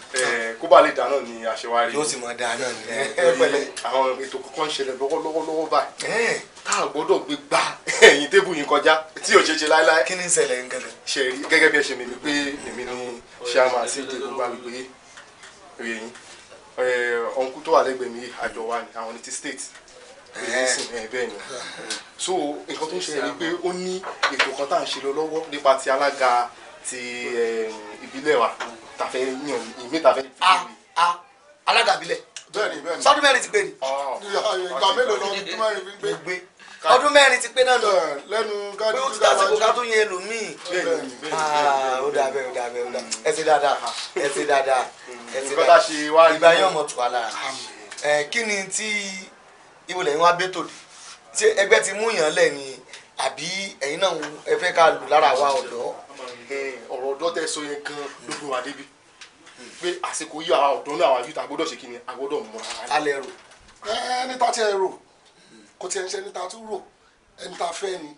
kó bá lè dáná ni àṣewárí. yóò sì máa dáná ni. ẹ pẹ̀lẹ́ àwọn ètò kọ̀ọ̀kan ń ṣẹlẹ̀ lọ́wọ́lọ́wọ́ báyìí tá a gbọ́dọ̀ gbé gbá ẹ̀yìn tébù yín kọjá tí ò ṣe ṣe láéláé. kí ni ìṣẹ̀lẹ̀ ń gẹ̀lẹ̀. ṣe rí gẹ́gẹ́ bí ẹ ṣe mi wípé èmi ni ṣe àmà sí ìdè gbogbo ọ̀nkú eh, tó wà lẹ́gbẹ̀ẹ́ mi àjọ wa ni àwọn ní ti state eh. Eh, bẹ́ẹ̀ ni so nǹkan tó ń ṣẹlẹ̀ ni pé ó ní ètò kan tá à ń ṣe lọ lọ́wọ́ nípa ti alága ti ìbílẹ̀ wa tàfẹ́ yàn ìmí tàfẹ́. a a alága ìbílẹ̀ sọdún mẹ́rin ti gbé ni. Oh, ìgbà mélòó lọ ọdún mẹ́rin fi gbé ọdún mẹ́rin ti pé náà nù pé ó ti tásìkò ká tó yẹ ẹlòmíì ah, ó dà bẹ́ẹ̀ ó dà bẹ́ẹ̀ ó dà ẹ ti dáadáa ẹ ti dáadáa ẹ ti dáadáa ìgbà yẹn ọmọ tù wá lára kí ni tí ìwòlẹ̀ yín wá bẹ́ tòde ṣé ẹgbẹ́ ti mú yàn lẹ̀ ni àbí ẹ̀yin náà ẹ fẹ́ ká lù lára wa ọ̀dọ́. ọ̀rọ̀ ọ̀dọ́ tẹ sọ yẹn gan gbogbo wa débi pé àsìkò yìí àwa ọ̀dọ́ náà àwa yìí tá a gbọ́dọ̀ ṣe kí ni a mọ̀ ara alẹ́ rò. ẹ ní tá a ẹ rò kò tiẹ̀ ń ṣe ẹni ta tún rò ẹni ta fẹ́ ni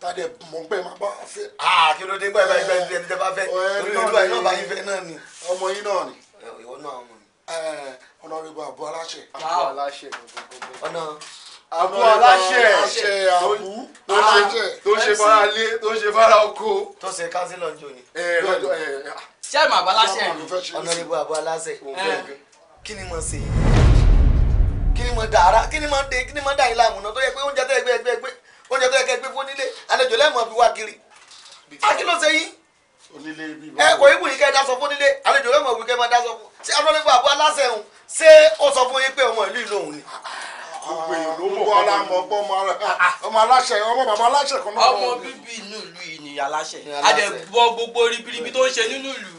ta dẹ̀ mọ̀ pé máa bá fẹ́. Ah, kí ló dé gbẹ́gbẹ́ ẹgbẹ́ ẹni tẹ́ bá fẹ́ olùdíwà yìí náà bá yín fẹ́ náà ni. ọmọ yín náà ni. ìwọ náà ọmọ mi. ọ̀nàrẹ́bù àbú aláṣẹ. àbú aláṣẹ ọ̀nà àbú aláṣẹ àbú tó ṣe fara lé tó ṣe fara oko. tó ṣe kánsílọ̀ jò ní. ṣé àmọ́ àbú aláṣẹ ọ̀nàrẹ́bù àbú aláṣẹ kí ni mo ṣe yìí kí ni mo dà ara kí ni mo dé kí ni mo dà yín láàmú náà oúnjẹ tó yẹ gbé ẹgbẹ gbé oúnjẹ tó yẹ kẹ gbé fún onílé àlejò lẹ́mọ̀ fi wá kiri akí ló ṣe yín ẹ kò ibù yìí kẹ́ ẹ dá sọ fún onílé àlejò lẹ́mọ̀ wí kẹ́ ẹ máa dá sọ fún ṣé alọ́lẹ́gbọ̀ àbọ̀ aláṣẹ òun ṣé ó sọ fún yín pé ọmọ ìlú ìlú òun ni gbogbo ah, èèyàn ló mọ̀ kọ́ ọmọ ọgbọ́n ọmọ aláṣẹ ọmọ bàbá aláṣẹ kan náà. ọmọ bíbí inú ìlú yìí ni aláṣẹ adẹ bọ gbogbo ribiribi tó ń ṣe nínú ìlú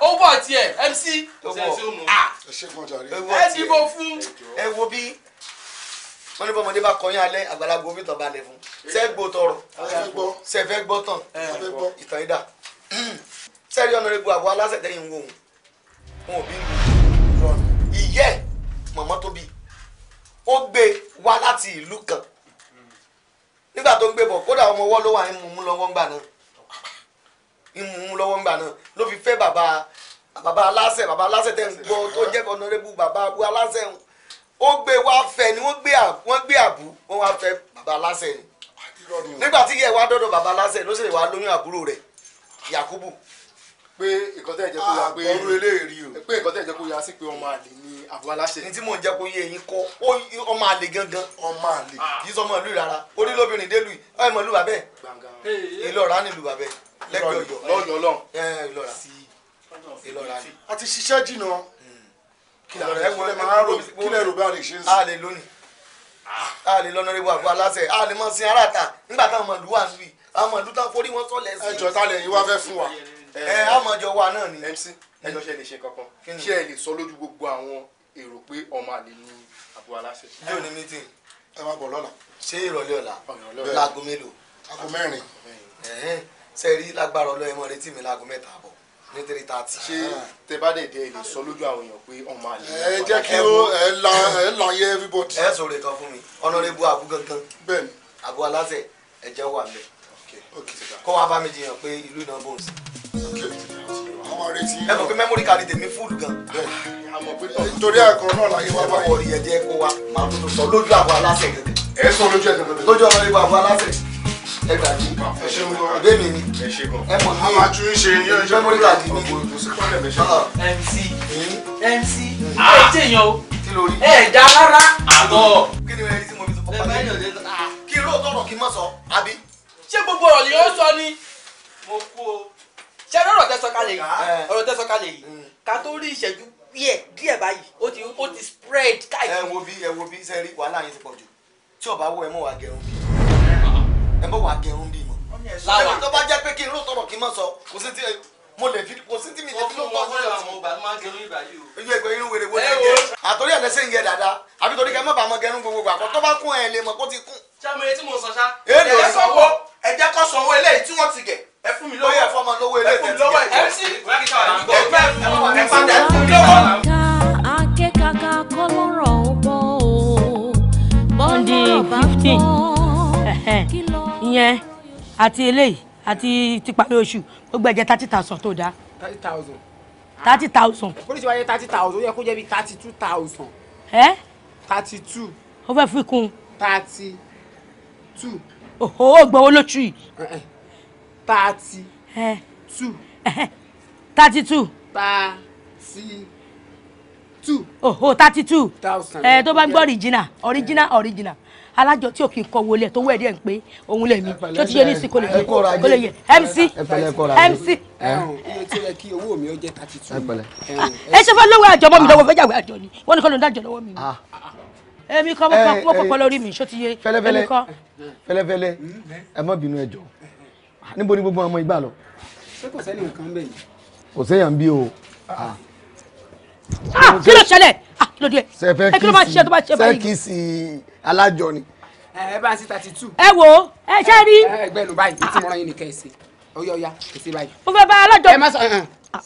ó wọ tiẹ mc ẹ dìbò fún. ẹ wo bí wọ́n ní bọ́ ọmọdé bá kọyán alẹ́ àgbàlagbà omi tán balẹ̀ fún sẹ́gbó tọrọ sẹ́fẹ́ gbọ́ tán ìtàn ìdá sẹ́rí ọ̀nàrẹ́gbọ̀ àbọ̀ aláṣẹ̀tẹ̀yìn wo òun òbí ìyẹ́ mọ̀mọ́ tóbi ó gbé wá láti ìlú kan nígbà tó ń gbé bọ̀ kódà ọmọ ọwọ́ ló wà ń mú un lọ́wọ́ ńgbà náà ń mú un lọ́wọ́ ńgbà náà ló fi fẹ́ bàbá bàbá aláṣẹ bàbá aláṣẹ tẹ̀ ń gbọ́ tó jẹ́ ọ̀nàrẹ́bù bàbá abu aláṣẹ ń ó gbé wá fẹ́ ni wọ́n gbé àbú wọ́n wá fẹ́ bàbá aláṣẹ ni nígbà tí yẹ wá dọ́dọ̀ bàbá aláṣẹ ló sì wá lóyún àbúrò rẹ̀ Yakubu pé nǹkan tẹ̀ jẹ́ kó ya ah, pé ọrú eléyìí o pé nǹkan tẹ̀ jẹ́ kó ya sí pé ọmọ àlè ni àbúrò aláṣẹ. ní tí mò ń jẹ́ kó yé eyín kọ́ ọmọ àlè gangan. ọmọ àlè ah. kì í sọ ọmọ ìlú rárá orí ah. lóbìnrin dé lùi ọyọ ìmọ̀ lùbà bẹ́ẹ̀ ìlọra ni lùbà bẹ́ẹ̀ lẹ́gbẹ̀ẹ́ ọ̀yọ́ lọ́yọ̀ lọ́hùn ìlọra ìlọra ni. a ti ṣiṣẹ́ jìnnà kí lè rò bí a lè ṣe ń sìn. a lè lónìí a lè lọ́nà rẹ̀ àbúrò aláṣẹ a lè mọ̀ sí aráàta nígbà táwọn ọmọ ìlú wà ń bì àwọn ọmọ ìlú ẹ àmọ́jọ wa náà ni. MC ẹjọ ṣe lè ṣe kankan ṣé ẹ lè sọ lójú gbogbo àwọn èrò pé ọmọ àlè ni àbú aláṣẹ. yóò ní meeting. ẹ máa bọ̀ lọ́la. ṣé ìrọ̀lẹ́ ọ̀la láago mélòó. aago mẹ́rin. ṣe rí lágbára ọlọ́ ẹmọ retí mi láago mẹ́ta àbọ̀ ní three thirty. ṣé tẹ bá dẹ̀dẹ̀ ẹ lè sọ lójú àwọn èèyàn pé ọmọ àlè. ẹ jẹ́ kí ó ẹ la ẹ la yẹ everybody. ẹ sọ̀rọ̀ ìkan fún mi ọ̀nàrẹ́bù àbú gangan. bẹ́ẹ̀ni. àbú aláṣẹ ẹ̀jẹ̀ wà mẹ́ kọ́ wa bá mi jiyàn pé ìlú náà bò ẹ mọ̀ pé mẹ́mórì kàdí tèmi fúlù gan. torí àgọ́ náà láyé wá báyìí. ẹ wọ ìyẹn jẹ́ wa máa tó sọ lójú àgọ́ aláṣẹ gẹ́gẹ́. ẹ sọ lójú ẹ̀sẹ̀ lójú. lójú ọmọ ìbò àgọ́ aláṣẹ ẹ gbà jí. ẹ mi ni. ẹ ṣe mọ ẹ tún ṣe yín ọjọ́ mẹ́mórì kàdí mi. MC ah. MC hmm? hmm. ẹ jẹ yan o ẹ já rárá àgọ́. kí ni ẹ ti mọ mi sọ ah. kí ló tọrọ kí n má sọ ṣe ọ̀rọ̀ tẹ sọ kalẹ̀ yìí eh. ọ̀rọ̀ tẹ sọ kalẹ̀ yìí hmm. ká tó rí ìṣẹ́jú díẹ̀ díẹ̀ báyìí ó ti ó ti spread káàkiri. ẹ eh, wo bí ẹ eh, wo bí ṣe rí wàhálà yín ti pọ̀ jù tí ọba wọ ẹ mọ̀ wà gẹrun bí uh-huh. ẹ mọ̀ wà gẹrun bí mọ̀. láwa tó bá jẹ́ pé kí n ló sọ̀rọ̀ kí n má sọ kò sí ti mo lè fi kò sí ti mi lè fi ló tọ́ sí ọ̀sán. wọ́n bá máa gẹrun ìgbà yìí o. ojú ẹgbẹ́ irun wèrè wo lè gẹ. àtòrí ẹ̀ lẹ́sẹ̀ ń yẹ dáadáa àbí torí kẹ́ mọ̀ bá mọ gẹrun gbogbo àkọ́ tó bá kún ẹ̀ lè mọ̀ kó ti kún. sàmúlẹ̀ tí mo sọ sá. ẹ jẹ́ kó sanwó eléyìí tí wọ́n ti gẹ̀ ẹ fún mi lọ́wọ́ ẹ fún mi lọ́wọ́ ẹ fún mi lọ́wọ́ ẹ sí ẹgbẹ́ ẹ padà ẹ fún mi lọ́wọ́. akẹ́kàkà kọ́ lọ́rọ̀ ó bọ́ o bọ́ọ̀lù ọ̀bá kọ́ kí lọ. ìyẹn àti eléyìí àti tipari oṣù gbogbo ẹ̀jẹ̀ thirty thousand tó dáa. thirty thousand. thirty thousand. polisi wáyé thirty thousand ó yẹ kó jẹ́ bí thirty two thousand. ẹ́ thirty two. ó fẹ́ fi kún. thirty two. òhò gbọ́wọ́ lóṣù yìí thirty eh. two. thirty two. thirty two. oh, oh thirty two. thousand. don't eh, tó bá original eh. original original alájọ tí òkè kọ wọlé tó wẹ̀ẹ́dẹ̀ ń pé òun lẹ̀mí tó ti yé ní sí kò lè yẹ kò lè yẹ mc mc. Ah, ẹ ṣe fẹ́ lọ́wọ́ àjọ mọ́ mi ah. lọ́wọ́ fẹ́ jàwé àjọ ni wọ́n ní kọ́ ló ń dájọ́ lọ́wọ́ mi ah. èmi kọ́ mọ́ pọ̀ lórí mi ṣó ti yé èmi kọ́. fẹ́lẹ́fẹ́lẹ́ ẹ má bínú ẹ jọ̀ọ́ níbo ni gbogbo ọmọ ìgbà lọ. ṣé kò sẹ́ni nǹkan bẹ́ẹ̀ yìí. kò sẹ́yàn bí o. Ah. Ah. Ah, kí ló ṣẹlẹ̀ kí ló dé ẹ eh, kí ló máa ṣe tó bá ṣe báyìí. sẹ́kì sí alájọ ni. Eh, ẹ bá sí thirty two. ẹ wo ẹ ṣe rí. Eh, ẹ gbẹ́nu báyìí tí mo rán yín ní kẹ́sì ọyọ ọya kò sí báyìí. mo fẹ́ bá alájọ. ẹ má sọ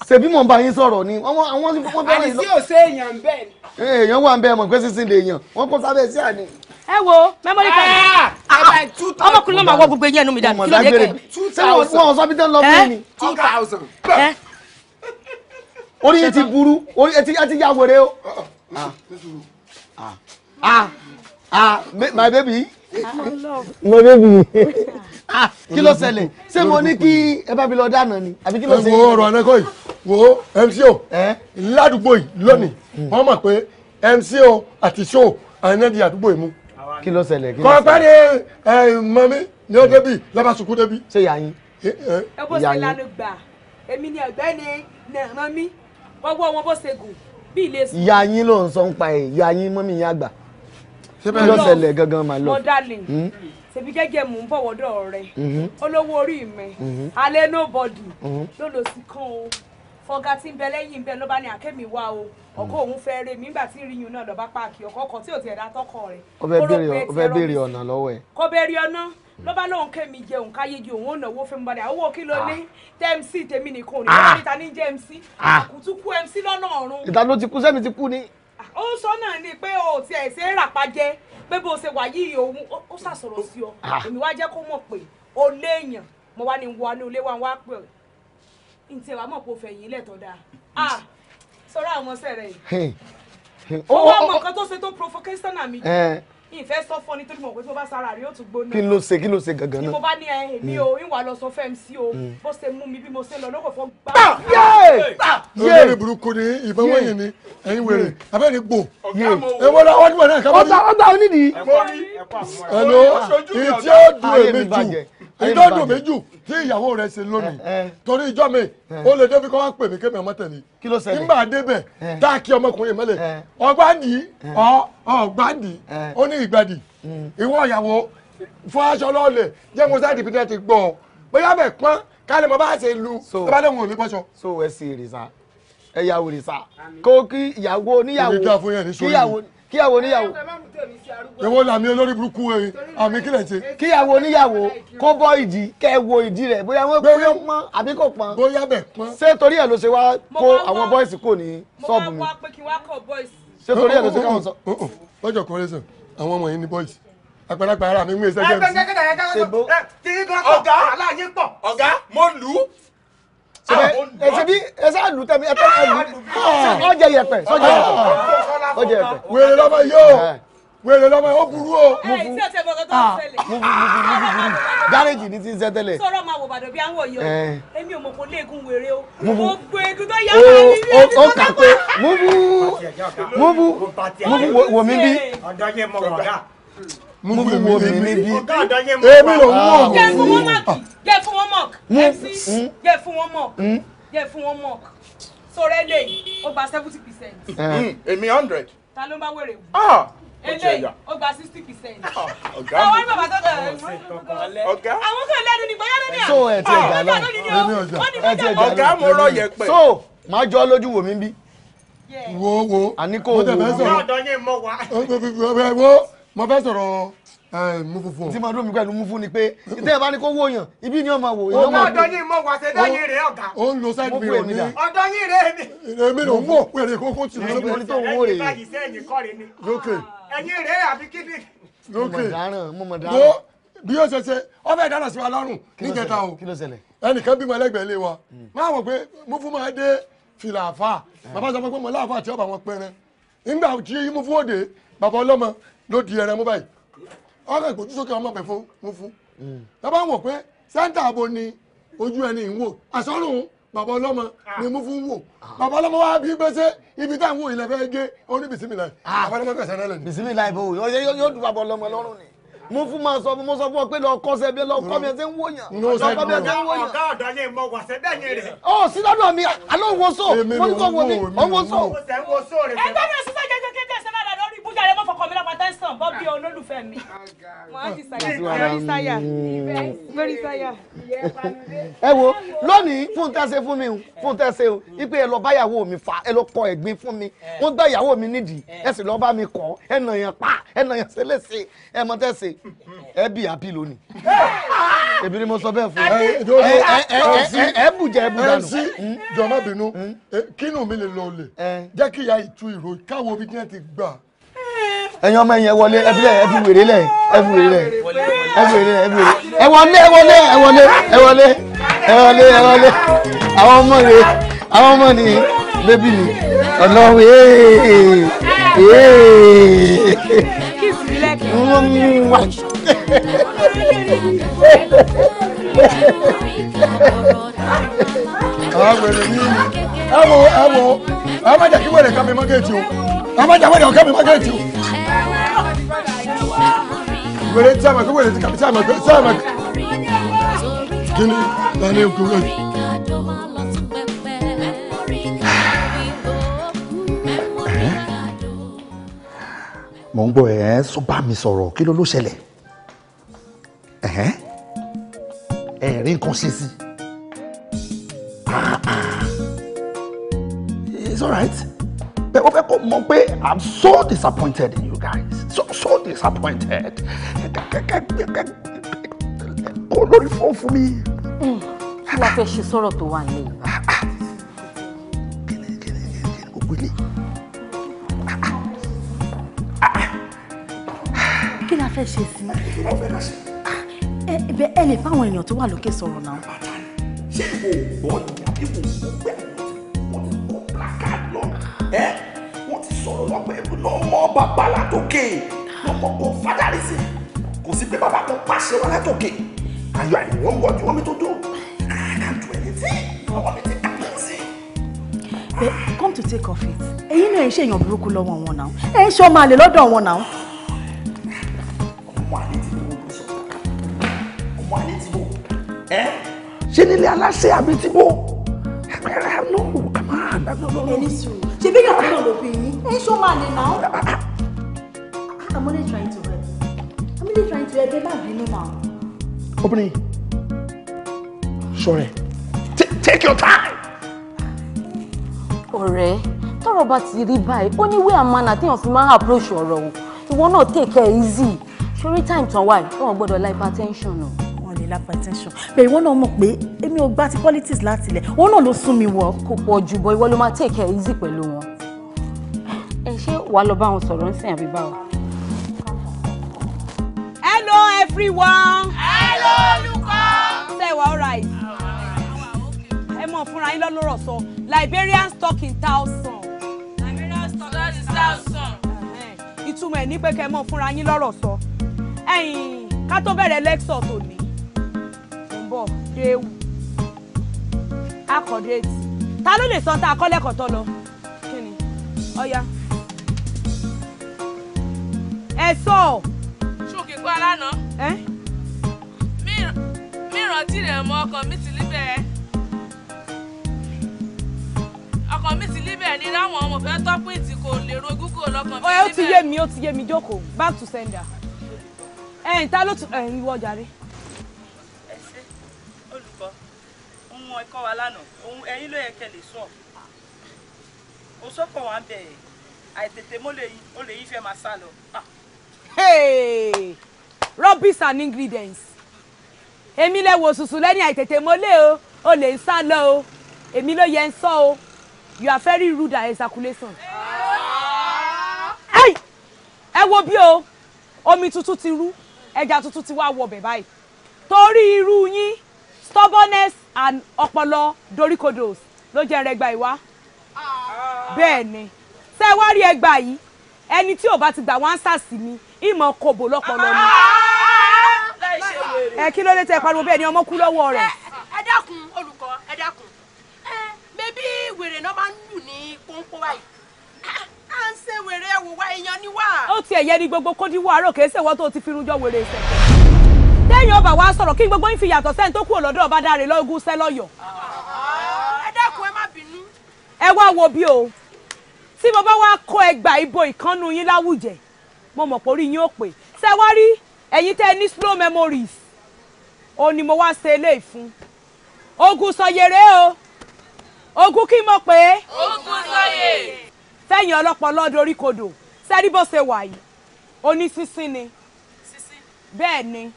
ṣebí mo ń bá yín sọ̀rọ̀ ni wọ́n wọ́n fẹ́ràn yín lọ. àdìsí ò ṣe bẹ́ẹ̀. èèyàn wà ń bẹ́ẹ̀ mọ̀ pé sísìn lè yàn wọ́n kó sábẹ́ sí àná ẹ wo memory card ah! Ah, ah, ọmọkùnrin náà máa wọ gbogbo eyín ẹnu mi dànù kí ló dé kẹ. sẹ́wọ̀n wọn sọ bí tẹ́ lọ fún mi. two thousand. orí yẹn ti buru. orí yẹn ti ya wèrè o. Oh, oh. my baby my baby kí ló ṣẹlẹ̀ ṣé mo ní kí ẹ bá mi lọ dáná ni àbí kí ló ṣe. wo ọ̀rọ̀ ọ̀nà kọ́ yìí wo MCO ládùúgbò yìí lónìí mm. wọ́n mọ̀ pé MCO àti show àìnẹ́dì àdúgbò yìí mú kí ló ṣẹlẹ̀ kí ló ṣẹlẹ̀. kọ́ pẹ́ẹ́rẹ́ ẹ mọ mi ní ó débi lọ́ba sùkú débi. ṣé ìyá yín. ẹ bó ṣe lanu gbà èmi ni ọ̀gbẹ́ni nàrán mi gbogbo wọn bó ṣe gùn bí ilé sùn. ìyá yín ló ń sọ ń pa ẹ ìyá yín mọ́mí yín àgbà kí ló ṣẹlẹ̀ gangan màá lọ. mọ̀dálì ṣebí gẹ́gẹ́ mò ń bọ̀ wọ́dọ̀ rẹ̀ hmm? olówó orí mi hmm? alẹ́ nobody hmm? ló sí kán o fọgá tí ń bẹ lẹ́yìn ń bẹ ló bá ní àkẹ́mi wá o ọkọ òun fẹ́ rè mí nígbà tí ìrìyìn náà lọ bá páàkì ọkọ ọkọ tí ò ti ẹ̀dá tọkọ rẹ̀. ó fẹ́ béèrè ọ̀nà lọ́wọ́ ẹ̀. kó béèrè ọ̀nà ló bá lóun kẹ́mi jẹun káyé ju òun ò náwó fún mi padà owó kí ló ní tmc tèmi nìkan ò ní ah! níta ní jẹ́ mc àkùtù ah! kú mc lọ́nà ọ̀run. ìdáná ti kú sẹ́mi ti kú ni. ó sọ náà ni pé o ti ẹ̀ ṣe é ràpájẹ pé bó ṣe wà yìí òun ó ṣàṣọ̀rọ̀ sí ọ ah! èmi wá jẹ́ kó mọ̀ pé o léèyàn mo wá ní wọnú ilé wa wá pè ọ́ ǹtẹ̀ wàá mọ̀ pé o fẹ̀yìn lẹ́tọ̀ dáa ah sọ́ra àwọn ọmọọṣẹ́ rẹ̀ yìí ó wá oh, oh, mọ oh. tó ṣe tó provocation àmì ìfẹ́ eh. sọ fún ọ nítorí mọ̀ pé tó bá sára rí ó tún gbóná. kí ló ṣe kí ló ṣe gangan náà. tí mo bá ní ẹ eh, èmi hmm. o ìwà lọ sọ fẹ́ mi sí o hmm. bó ṣe mú mi bí mo ṣe lọ lóko fún gbà. olórí burúkú ni ìbọn wẹ̀yìn ni ẹ̀yin wèrè hmm. abẹ́rẹ́ gbò. ẹ wọ́n lọ ọdún wọn náà kábàdí. ọ̀tá ọ̀tá onídìí. ẹ̀lò ìtí ó dùn ìjọ dùn mí jù tí ìyàwó rẹ ṣe lónìí torí ìjọ mi ó lè débi kó wá pè mí kémi ọmọ tẹ̀lé nígbà débẹ̀ táàkì ọmọkùnrin mẹ́lẹ̀ ọgbàdì ọgbàdì ó ní ìgbàdì mm. ìwọ ìyàwó fún aṣọ lọ́ọ̀lẹ̀ jẹ́ mo sáà dìbìtẹ́ ti gbọ́ ọ bóyá bẹ̀ pọ́n kálí mo bá ṣe lu tó bá lóun ò ní bọ́ṣọ. so ẹ sì rìsà ẹ yà wò rìsà kó kí ìyàwó oníyàwó kíyàwó kíyàwó oníyàwó. èwo làmì olórí burúkú ẹ àmì kílẹ̀ ṣe. kíyàwó oníyàwó kó bọ́ ìdí kẹ́ ẹ wo ìdí rẹ̀ bóyá wọ́n kúrò pọ́n àbí kò pọ́n. bóyá bẹ̀ pọ́n. ṣé torí ẹ̀ ló ṣe wá kó àwọn bọ́ìsì kò ní sọ́ọ̀bù mi. mo máa ń wá pé kí n wá kọ̀ bọ́ìsì. ṣé torí ẹ̀ ló ṣe káwọn sọ. lọ́jọ́ kan lẹ́sàn àwọn ọmọ yìí ní bọ́ìsì àpẹẹrẹ ẹsẹ bí ẹsẹ àlù tẹmí ẹtọ àlù ọjẹ yẹpẹ sọjẹ yẹpẹ ọjẹ yẹpẹ. wèrè lọmọ yìí o eh. wèrè lọmọ yìí ó burú o. mo bu mo bu gáréjì ní ti ń ṣe tẹ́lẹ̀. sọ̀rọ̀ máa wò bàdàn bí à ń wọ̀ yọ eh. èmi ò mọ̀ kó léegun wèrè o. mo bu o kà pé mo bu mo bu mo bu wò mí bí. ọ̀dọ́ yẹn mọ̀ wọ̀dà mú gbé mi lébi èmi ló mú òògùn. Ah. jẹ́ fún wọn mọ̀k hmm. jẹ́ fún wọn mọ̀k mc hmm. jẹ́ fún wọn mọ̀k hmm. jẹ́ fún wọn mọ̀k sọ̀rọ̀ eléyìí ó gba seventy percent. Eh. èmi hundred. ta ló ń bá wèrè wù eléyìí ah! ó gba sixty percent. Ah, ọ̀gá mi àwọn bàbá tó kọ̀ ọ̀gá. àwọn kan lẹ́nu ní bóyá lónìí. so ẹ ti ẹja lọ ẹ ti ẹja lọ ọ̀gá mo rọ yẹpẹ. so máa jọ lójú wò mí bí. wo wo àní kò wo wo. ọ̀dọ̀ yẹn mọ̀ wá. wo mo fẹ́ sọ̀rọ̀ eh, mú funfun. tí mo dún mi pẹ̀lú mú fún ni pé ìtẹ́ ìbá ní kó wó yàn ibi ni ọmọ wò. owó ọ̀dọ́ yìí mo wà sẹ́dá yìí rè ọ̀gá. ó ń lo side mirror ní. ọ̀dọ́ yìí rè mi. èmi ló ń wò pèrè kókó tì lóṣù. ẹyin tó ń wò rè. ẹyin báyìí kọ́rin ni. lókè. ẹyin rè àbí kíni. lókè mo mọ̀ dáràn mo bí ó ṣe ṣe ó fẹ́ dáná sí wa lọ́rùn níjẹta o ẹnìkan bímọ ẹlẹgbẹ̀ẹ́ lé wa hmm. máa wọ̀ pé mo fún máa dé fìlà eh. bàbá sọ pé mo láàfà tí ó wọn pẹrẹ nígbà tí mo fún òde bàbá ọlọ́mọ ló di ẹran mú báyìí ọkàn ìpòjú sókè ọmọ pẹ̀ mú fún tọ́ba ń wò pé sẹ́ńtà abo ni ojú ẹni ń wò àsọ́rùn bàbá ọlọ́mọ ni mú fún wò bàbá ọlọ́mọ wa bí gbèsè ibi tá à ń wò ilẹ̀ fẹ́ gé orí bisimilá ah. bàbá ọlọ́mọ kẹsàn-án náà lẹ́nu. bisimilá ibo yóò dùn bàbá ọlọ́mọ lọ́rùn ni mo fún ma sọ mo sọ fún ọ pé lọ kọ́ sẹ́bi lọ kọ́ mi ẹ ṣe ń wòyàn lọ kọ́ mi ẹ ṣe ń wòyàn. ọ̀gá ọ̀dọ́ yẹn mọ wàṣẹ bẹ́ẹ̀ yẹn rẹ̀. ọ sí lọ́dọ̀ mi àlọ́ òwòsó mo ní kọ́ wo mi òwòsó. ẹgbẹ́ mi ò jẹjẹrẹ kéde sẹ́lá kú jáde mọ́ fọkàn mi lọ́pàá tẹ́sán bọ́ bí olólùfẹ́ mi. màá ti sàyà lórí sáyà lórí sáyà. ẹ wo lónìí fún tẹ́sẹ̀ fún mi fún tẹ́sẹ̀ o ipe ẹ lọ bá ìyàwó mi fà ẹ lọ kọ ẹ̀gbin fún mi ó gbá ìyàwó mi nídìí eh. ẹ sì lọ bá mi kọ ẹ nà yàn pa ẹ nà yàn sẹlẹsẹ ẹ mọ tẹ́sẹ̀ ẹ bì àbí lónìí eh. èmi ni mo sọ bẹ́ẹ̀ fún ẹ ẹ bùjẹ ẹ bùjẹ eh, nù. Hmm? jọ̀ọ́ má bínú hmm? kínú mi lè lọ lè jẹ́ kí ìyá ìtú ìròyìn káwọn omi jẹ́ ti gbà. ẹ̀yin ọmọ ẹ̀yin ẹ wọlé ẹ fi lẹ̀ ẹ fi wèrè lẹ̀ ẹ fi wèrè lẹ̀ ẹ àwọn ọmọ rẹ àwọn ọmọ ni bébí ọ̀nà bàbá jà wẹ́rẹ́ ọ̀kẹ́ mi má gẹ̀ẹ́tì o. wẹ́rẹ́ tí a máa gbé wẹ́rẹ́ tí kàbí tí a máa gbé tí a máa gbé. kí ni lálẹ́ òkú wẹ̀. mo ń gbọ́ ẹ̀ sọ bá mi sọ̀rọ̀ kí ló ló ṣẹlẹ̀ ẹ̀rín kan ṣe sí. Ah, ah. it's alright pé ó fẹ́ kó mọ̀ pé i'm so disappointed in you guys so so disappointed kó lórí fún fún mi. kí la fẹ́ ṣe sọ̀rọ̀ tó wà nílé ìgbà. kí ni kí la fẹ́ ṣe sí. ẹ ẹ lè fáwọn èèyàn tó wà lókè sọ̀rọ̀ náà. ṣé ìwò ò gbọ́ ìyá ìwò ò gbẹ́ ẹ wọ́n ti sọ̀rọ̀ lọ́pọ̀ ẹ̀rù bàbá látòkè lọ́pọ̀ kò fádàrí sí kò sí pé bàbá kan pàṣẹ wá látòkè ayọ̀ àìwọ́n wọ́n ju omi tó dùn àkàtù ẹni tí ọwọ́ mi ti kàpẹ́ sí. come to take off it èyí náà ń ṣe èèyàn burúkú lọ́wọ́ wọn náà ẹ̀ ń ṣe ọmọ àlè lọ́dọ̀ wọn náà. ọmọ àlè ti bò ló sọ ọmọ àlè ti bò ẹ ṣé nílé aláṣẹ àbí ti bò ẹ no come on. ẹni sùúrù ṣe bí yàtọ̀ náà ló bí yín ẹ ṣó Now? I'm only trying to help I'm only trying to help ẹ má bínú náà. obìnrin sọ̀rẹ́ take your time. ọ̀rẹ́ tọ́rọ̀ bá ti rí báyìí ó ní way and manner téèyàn fi máa ń approach ọ̀rọ̀ o ìwọ náà take care easy ṣorí time to tán Don't wọn gbọ́dọ̀ la hypertension náà hypertension pé ìwọ náà mọ̀ pé èmi ò gbà ti politics láti ilẹ̀ òun náà ló sún mi wọ̀ kò pọ̀ jù bọ́ ìwọ ló máa take it easy pẹ̀lú wọn. ẹ ṣé wàá lọ bá wọn sọ̀rọ̀ ń sìn àbí báwo. hello everyone. hello olùkọ́. ṣé ìwà alright. ẹ mọ̀ fúnra yín lọ́lọ́rọ̀ sọ Liberian stock in thousand. Liberian stock in thousand. ìtumọ̀ ẹ̀ ní pé kẹ́ ẹ mọ̀ fúnra yín lọ́rọ̀ sọ ẹ̀yìn ká tó bẹ̀rẹ̀ lẹ́kṣọ̀ tòní bọ̀ dé ewu akọ̀déètì ta ló lè sọ tá a lọ kí ni ọ̀ya ẹ sọ. ṣókè gbọ́ alánà. mi rántí rẹ mọ Ọkọ mi ti libẹ ọkàn mi ti líbẹ̀ ni láwọn ọmọ fẹ́ tọ́pọ̀ ìtì kò lè rogún kò lọ́kàn mi líbẹ̀. ó ti yé mi ó ti yé mi jókòó back to sender ẹ̀yìn ta ló tún ọmọ ẹ̀kọ́ wa lánàá òun ẹ̀yin ló yẹ kẹ́ lè sọ o sọ́kọ̀ wà ń àìtètè mo lè yí o lè yí fẹ́ máa sá lọ. Ah. rubbish and ingredients èmi lè wo sùsù lẹ́ni àìtètè mo lè o o lè ń sá lọ o èmi ló yẹ ń sọ o you are very rude and ejaculation. ẹ wo bí o omi tuntun ti rú ẹja tuntun ti wá wọbẹ̀ báyìí torí irú yín stubbornness and ọpọlọ dorikodos ló jẹ́ rẹgba ìwá bẹ́ẹ̀ ni ṣé ẹ wá rí ẹgbà yìí ẹni tí ò bá ti gbà wá ń sàsì ni ìmọ̀ kòbó lọ́pọ̀lọ́ ni ẹ kí ló dé tẹ pariwo bẹ́ẹ̀ ni ọmọ kú lọ́wọ́ rẹ̀. ẹ dákun olùkọ́ ẹ dákun ẹ mẹbí wèrè náà máa ń lù ní pọ́npọ́n báyìí à ń ṣe wèrè ẹ̀wò wa èèyàn ni wá. ó tiẹ̀ yẹ ni gbogbo kó dín wàárọ̀ kì í ṣèwọ́ tó ti fi irun wèrè ìṣẹ̀kẹ̀ téèyàn ọba wa sọ̀rọ̀ kí gbogbo yín fi yàtọ̀ sẹ́ni tó kú ọ̀lọ́dọ̀ ọba dáre lọ́gùn sẹ́ lọ́yọ̀. ẹ dákun ẹ má bínú. ẹ wá wo bí o tí mo bá wá kó ẹgbà ìbò ìkànnù yín láwùjẹ mo mọ̀ pé orí yín ó pè ṣé wá rí ẹ̀yin tẹ́ ẹ ní slow memories ó ní mo wá ṣe eléyìí fún ogun sọyẹrẹ o ogun kí mo pè é. ogun sọyẹ. fẹ́yìn ọlọ́pọ̀lọ́ dorí kodò sẹ́rí bó ṣe wà yìí oníṣíṣín ni bẹ́ẹ̀ ni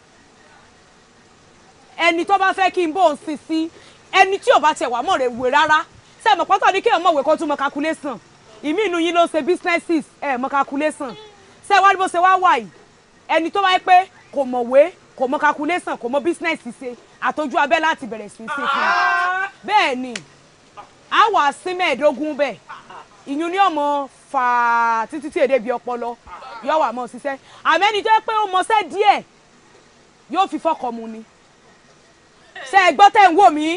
ẹni tó bá fẹ́ kí n bò ń sin sí ẹni tí ò bá tẹ̀ wá mọ̀ rẹ̀ wé rárá ṣe mọ̀ pátá ní kí ẹ̀ mọ̀ wé kó tún mọ̀ calculation ìmí inú yín ló ṣe businesses ẹ̀ mọ̀ calculation ṣe wá ní bó ṣe wá wà yìí ẹni tó bá yẹ pé kò mọ̀ wé kò mọ̀ calculation kò mọ̀ business ṣe àtọ́jú abẹ́ láti bẹ̀rẹ̀ sí ṣe fún un bẹ́ẹ̀ ni a wà sí mẹ́ẹ̀ẹ́dógún bẹ́ẹ̀ ìyún ní ọmọ fà á títí tí èdè bí ọpọlọ yóò wà mọ́ ṣiṣẹ́ àmẹ́ni tó yẹ pé ó mọṣẹ́ díẹ̀ yóò fi fọkọ̀ mu ni ṣe é gbọ́ tẹ́ ń wò mí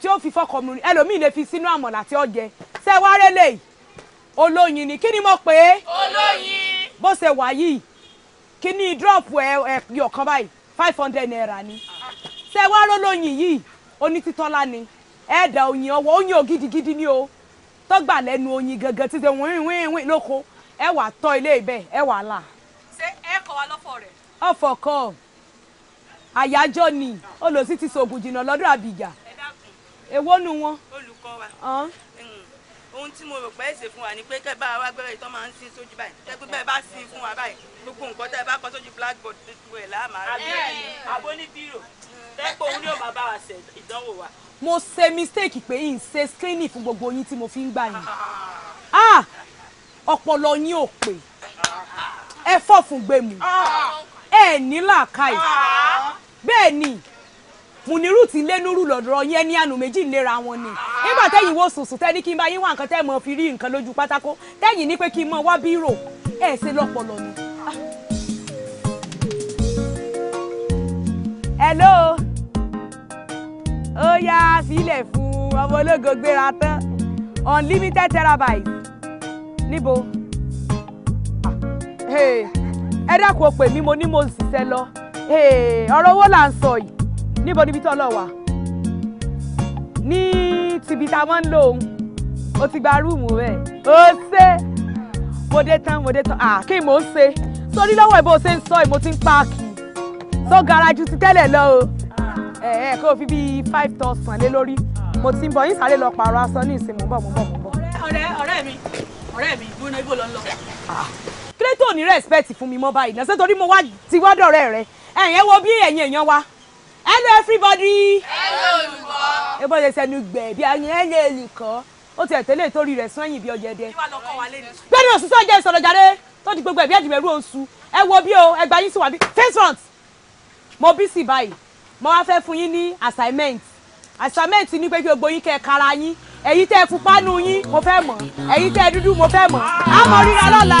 tí ó fi fọkọ̀ mu ẹlòmíì lè fi sínú àmọ̀là tí ó jẹ ṣe é wá rélé yìí olóyin ni kí ni mo pè é. olóyin. bó ṣe wà yìí kí ni dírọ́ọ̀pù ẹ ẹ̀pì ọ̀kan báyìí five hundred naira ni ṣe é wá rólóyin yìí onítítọ́lá ni ẹ̀ẹ́dà oyin ọwọ́ oyin ògidigidi ni o tọ́gbà lẹ́nu oyin gangan ti ṣe wíwíwí lóko ẹ wà tọ́ ilé ibẹ̀ ẹ wà là. ṣé ẹ kọ wa lọ́fọ̀ rẹ̀. ọ̀fọ̀ kọ́ àyájọ́ ni olùsí ti sògùn jìnnà lọ́dọ̀ àbíjà èwo nu wọn. olùkọ́ wa ohun tí mo rò pé èsè fún wa ni pé kẹ́ẹ̀ bá wa gbẹ́rẹ́ ìtọ́ máa ń sin sójú báyìí tẹ́kùn bẹ́ẹ̀ bá sin fún wa báyìí gbogbo nǹkan tẹ́ ẹ bá kọ sójú blackboard gbogbo ẹ̀ láàmà rẹ̀ àbó ní bírò tẹ́pọ̀ òun ni ó máa bá wa ṣe ìdánwò wa. mo ṣe mistake pé yìí ń ṣe screening fún gbogbo yín tí mo fi ń gbà yín ah! ọpọlọ yín ò pé ẹ fọ́ fún gbẹ̀mí ah! ẹ ní làákàyè. Ah! bẹ́ẹ̀ ni mùnírù ti lé núrù lọ́dọ̀ yẹn ní àánú méjì léra wọn ni nígbà tẹ́yìn wo sùsù tẹ́ ní kí n bá yín wá nǹkan tẹ́ mọ̀ fi rí nǹkan lójú pátákó tẹ́yìn ní pé kí n mọ̀ wá bírò ẹ̀ ṣe lọ́pọlọ ni. hello ó yá sílẹ̀ fún ọmọ ológo gbéra tán unlimited terabyte níbo ah, ẹ dákun ó pè mí mo ní mo ń ṣiṣẹ́ lọ ọ̀rọ̀ owó là ń sọ yìí níbo níbi tí ọlọ́ wà ní tìbí tá a máa ń lò òun o ti gba rúùmù rẹ̀ ó ṣe mo dé tán mo dé tán à kí mò ń ṣe torí lọ́wọ́ ìbò ṣe ń sọ ìmọ̀ tí ń páàkì tó gara ti tẹ́lẹ̀ lọ o ẹ̀ ẹ̀ kó o fi bíi five thousand lé lórí mo ti ń bọ̀ yín sáré lọ pààrọ̀ aṣọ ní ìsìn mò ń bọ̀ mò ń bọ̀ mò ń bọ̀. ọ̀rẹ́ ọ̀rẹ́ mi ọ̀rẹ́ mi gbóná ibo lọ ń lọ. kílẹ̀ tó ní respect fún mi mọ́ báyìí náà ṣé torí mo wá ti wá dọ̀rẹ́ rẹ̀ ẹ̀yìn ẹ wo bí ẹ̀yìn èèyàn wa hello everybody. hello olùkọ́. ebo ṣe sẹnu gbẹ bí ẹ̀yìn hello olùkọ́ ó ti ẹ̀tẹ́lẹ̀ torí rẹ̀ sún ẹ̀yìn bí ọ̀jẹ̀dẹ̀. bẹ́ẹ̀ni òsì sọ́jà ìsọ̀rọ̀ jáde tó di gbogbo ẹ̀bí ẹ̀dìmẹ̀rú oṣù ẹ wo bí o ẹgbàá yín sì wà bí face front mo bí sì báyìí mo wá fẹ́ fún yín ní assignment assignment ni pé kí gbogbo yín kẹ́ ẹ kára yín èyí tẹ́ ẹ pupa nù yín mo fẹ́ mọ̀ èyí tẹ́ ẹ dúdú mo fẹ́ mọ̀ á mọ̀ ríra lọ́la.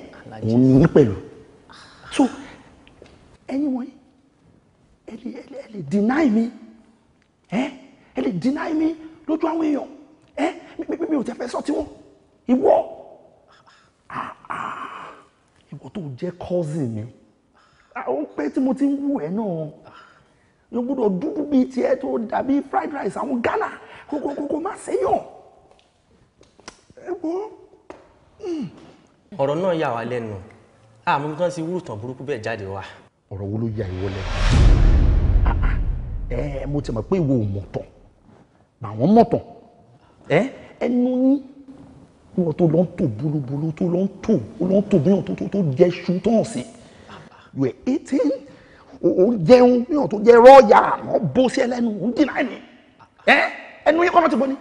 òun ní pẹ̀lú so ẹ̀yin wọ̀nyí ẹ lè ẹ lè deny mi ẹ ẹ lè deny mi lójú àwọn èèyàn ẹ mi ò tẹ fẹ́ sọ tiwọn ìwọ ah, ah, ìwọ tó jẹ́ cousin mi àwọn ah, pẹ́ tí mo ti ń wù ẹ́ náà yóò gbọ́dọ̀ dúdú bíi tiẹ̀ tó dàbí fried rice àwọn Ghana kókó kókó má ṣe yàn ẹ wọ́n ọ̀rọ̀ náà yà wá lẹ́nu àmọ́ bí wọ́n ti wúrù tàn burúkú bẹ́ẹ̀ jáde wá. ọ̀rọ̀ wo ló ya ìwọ lẹ́nu ah, ah. ẹ mo ti mọ̀ pé ìwọ ò mọ̀ tán àwọn mọ̀ tán ẹ ẹnu ní ìwọ tó lọ ń tò búlúbúlú tó lọ ń tò ó lọ ń tò bíyàn tó tó jẹ ṣu tó hàn sí you are eating, ó jẹun bíyàn tó jẹ rọ́ọ̀yà àwọn bó sí ẹlẹ́nu ó ń dínà ẹni ẹ ẹnu yẹn kọ́ ló ti gbọ́ ni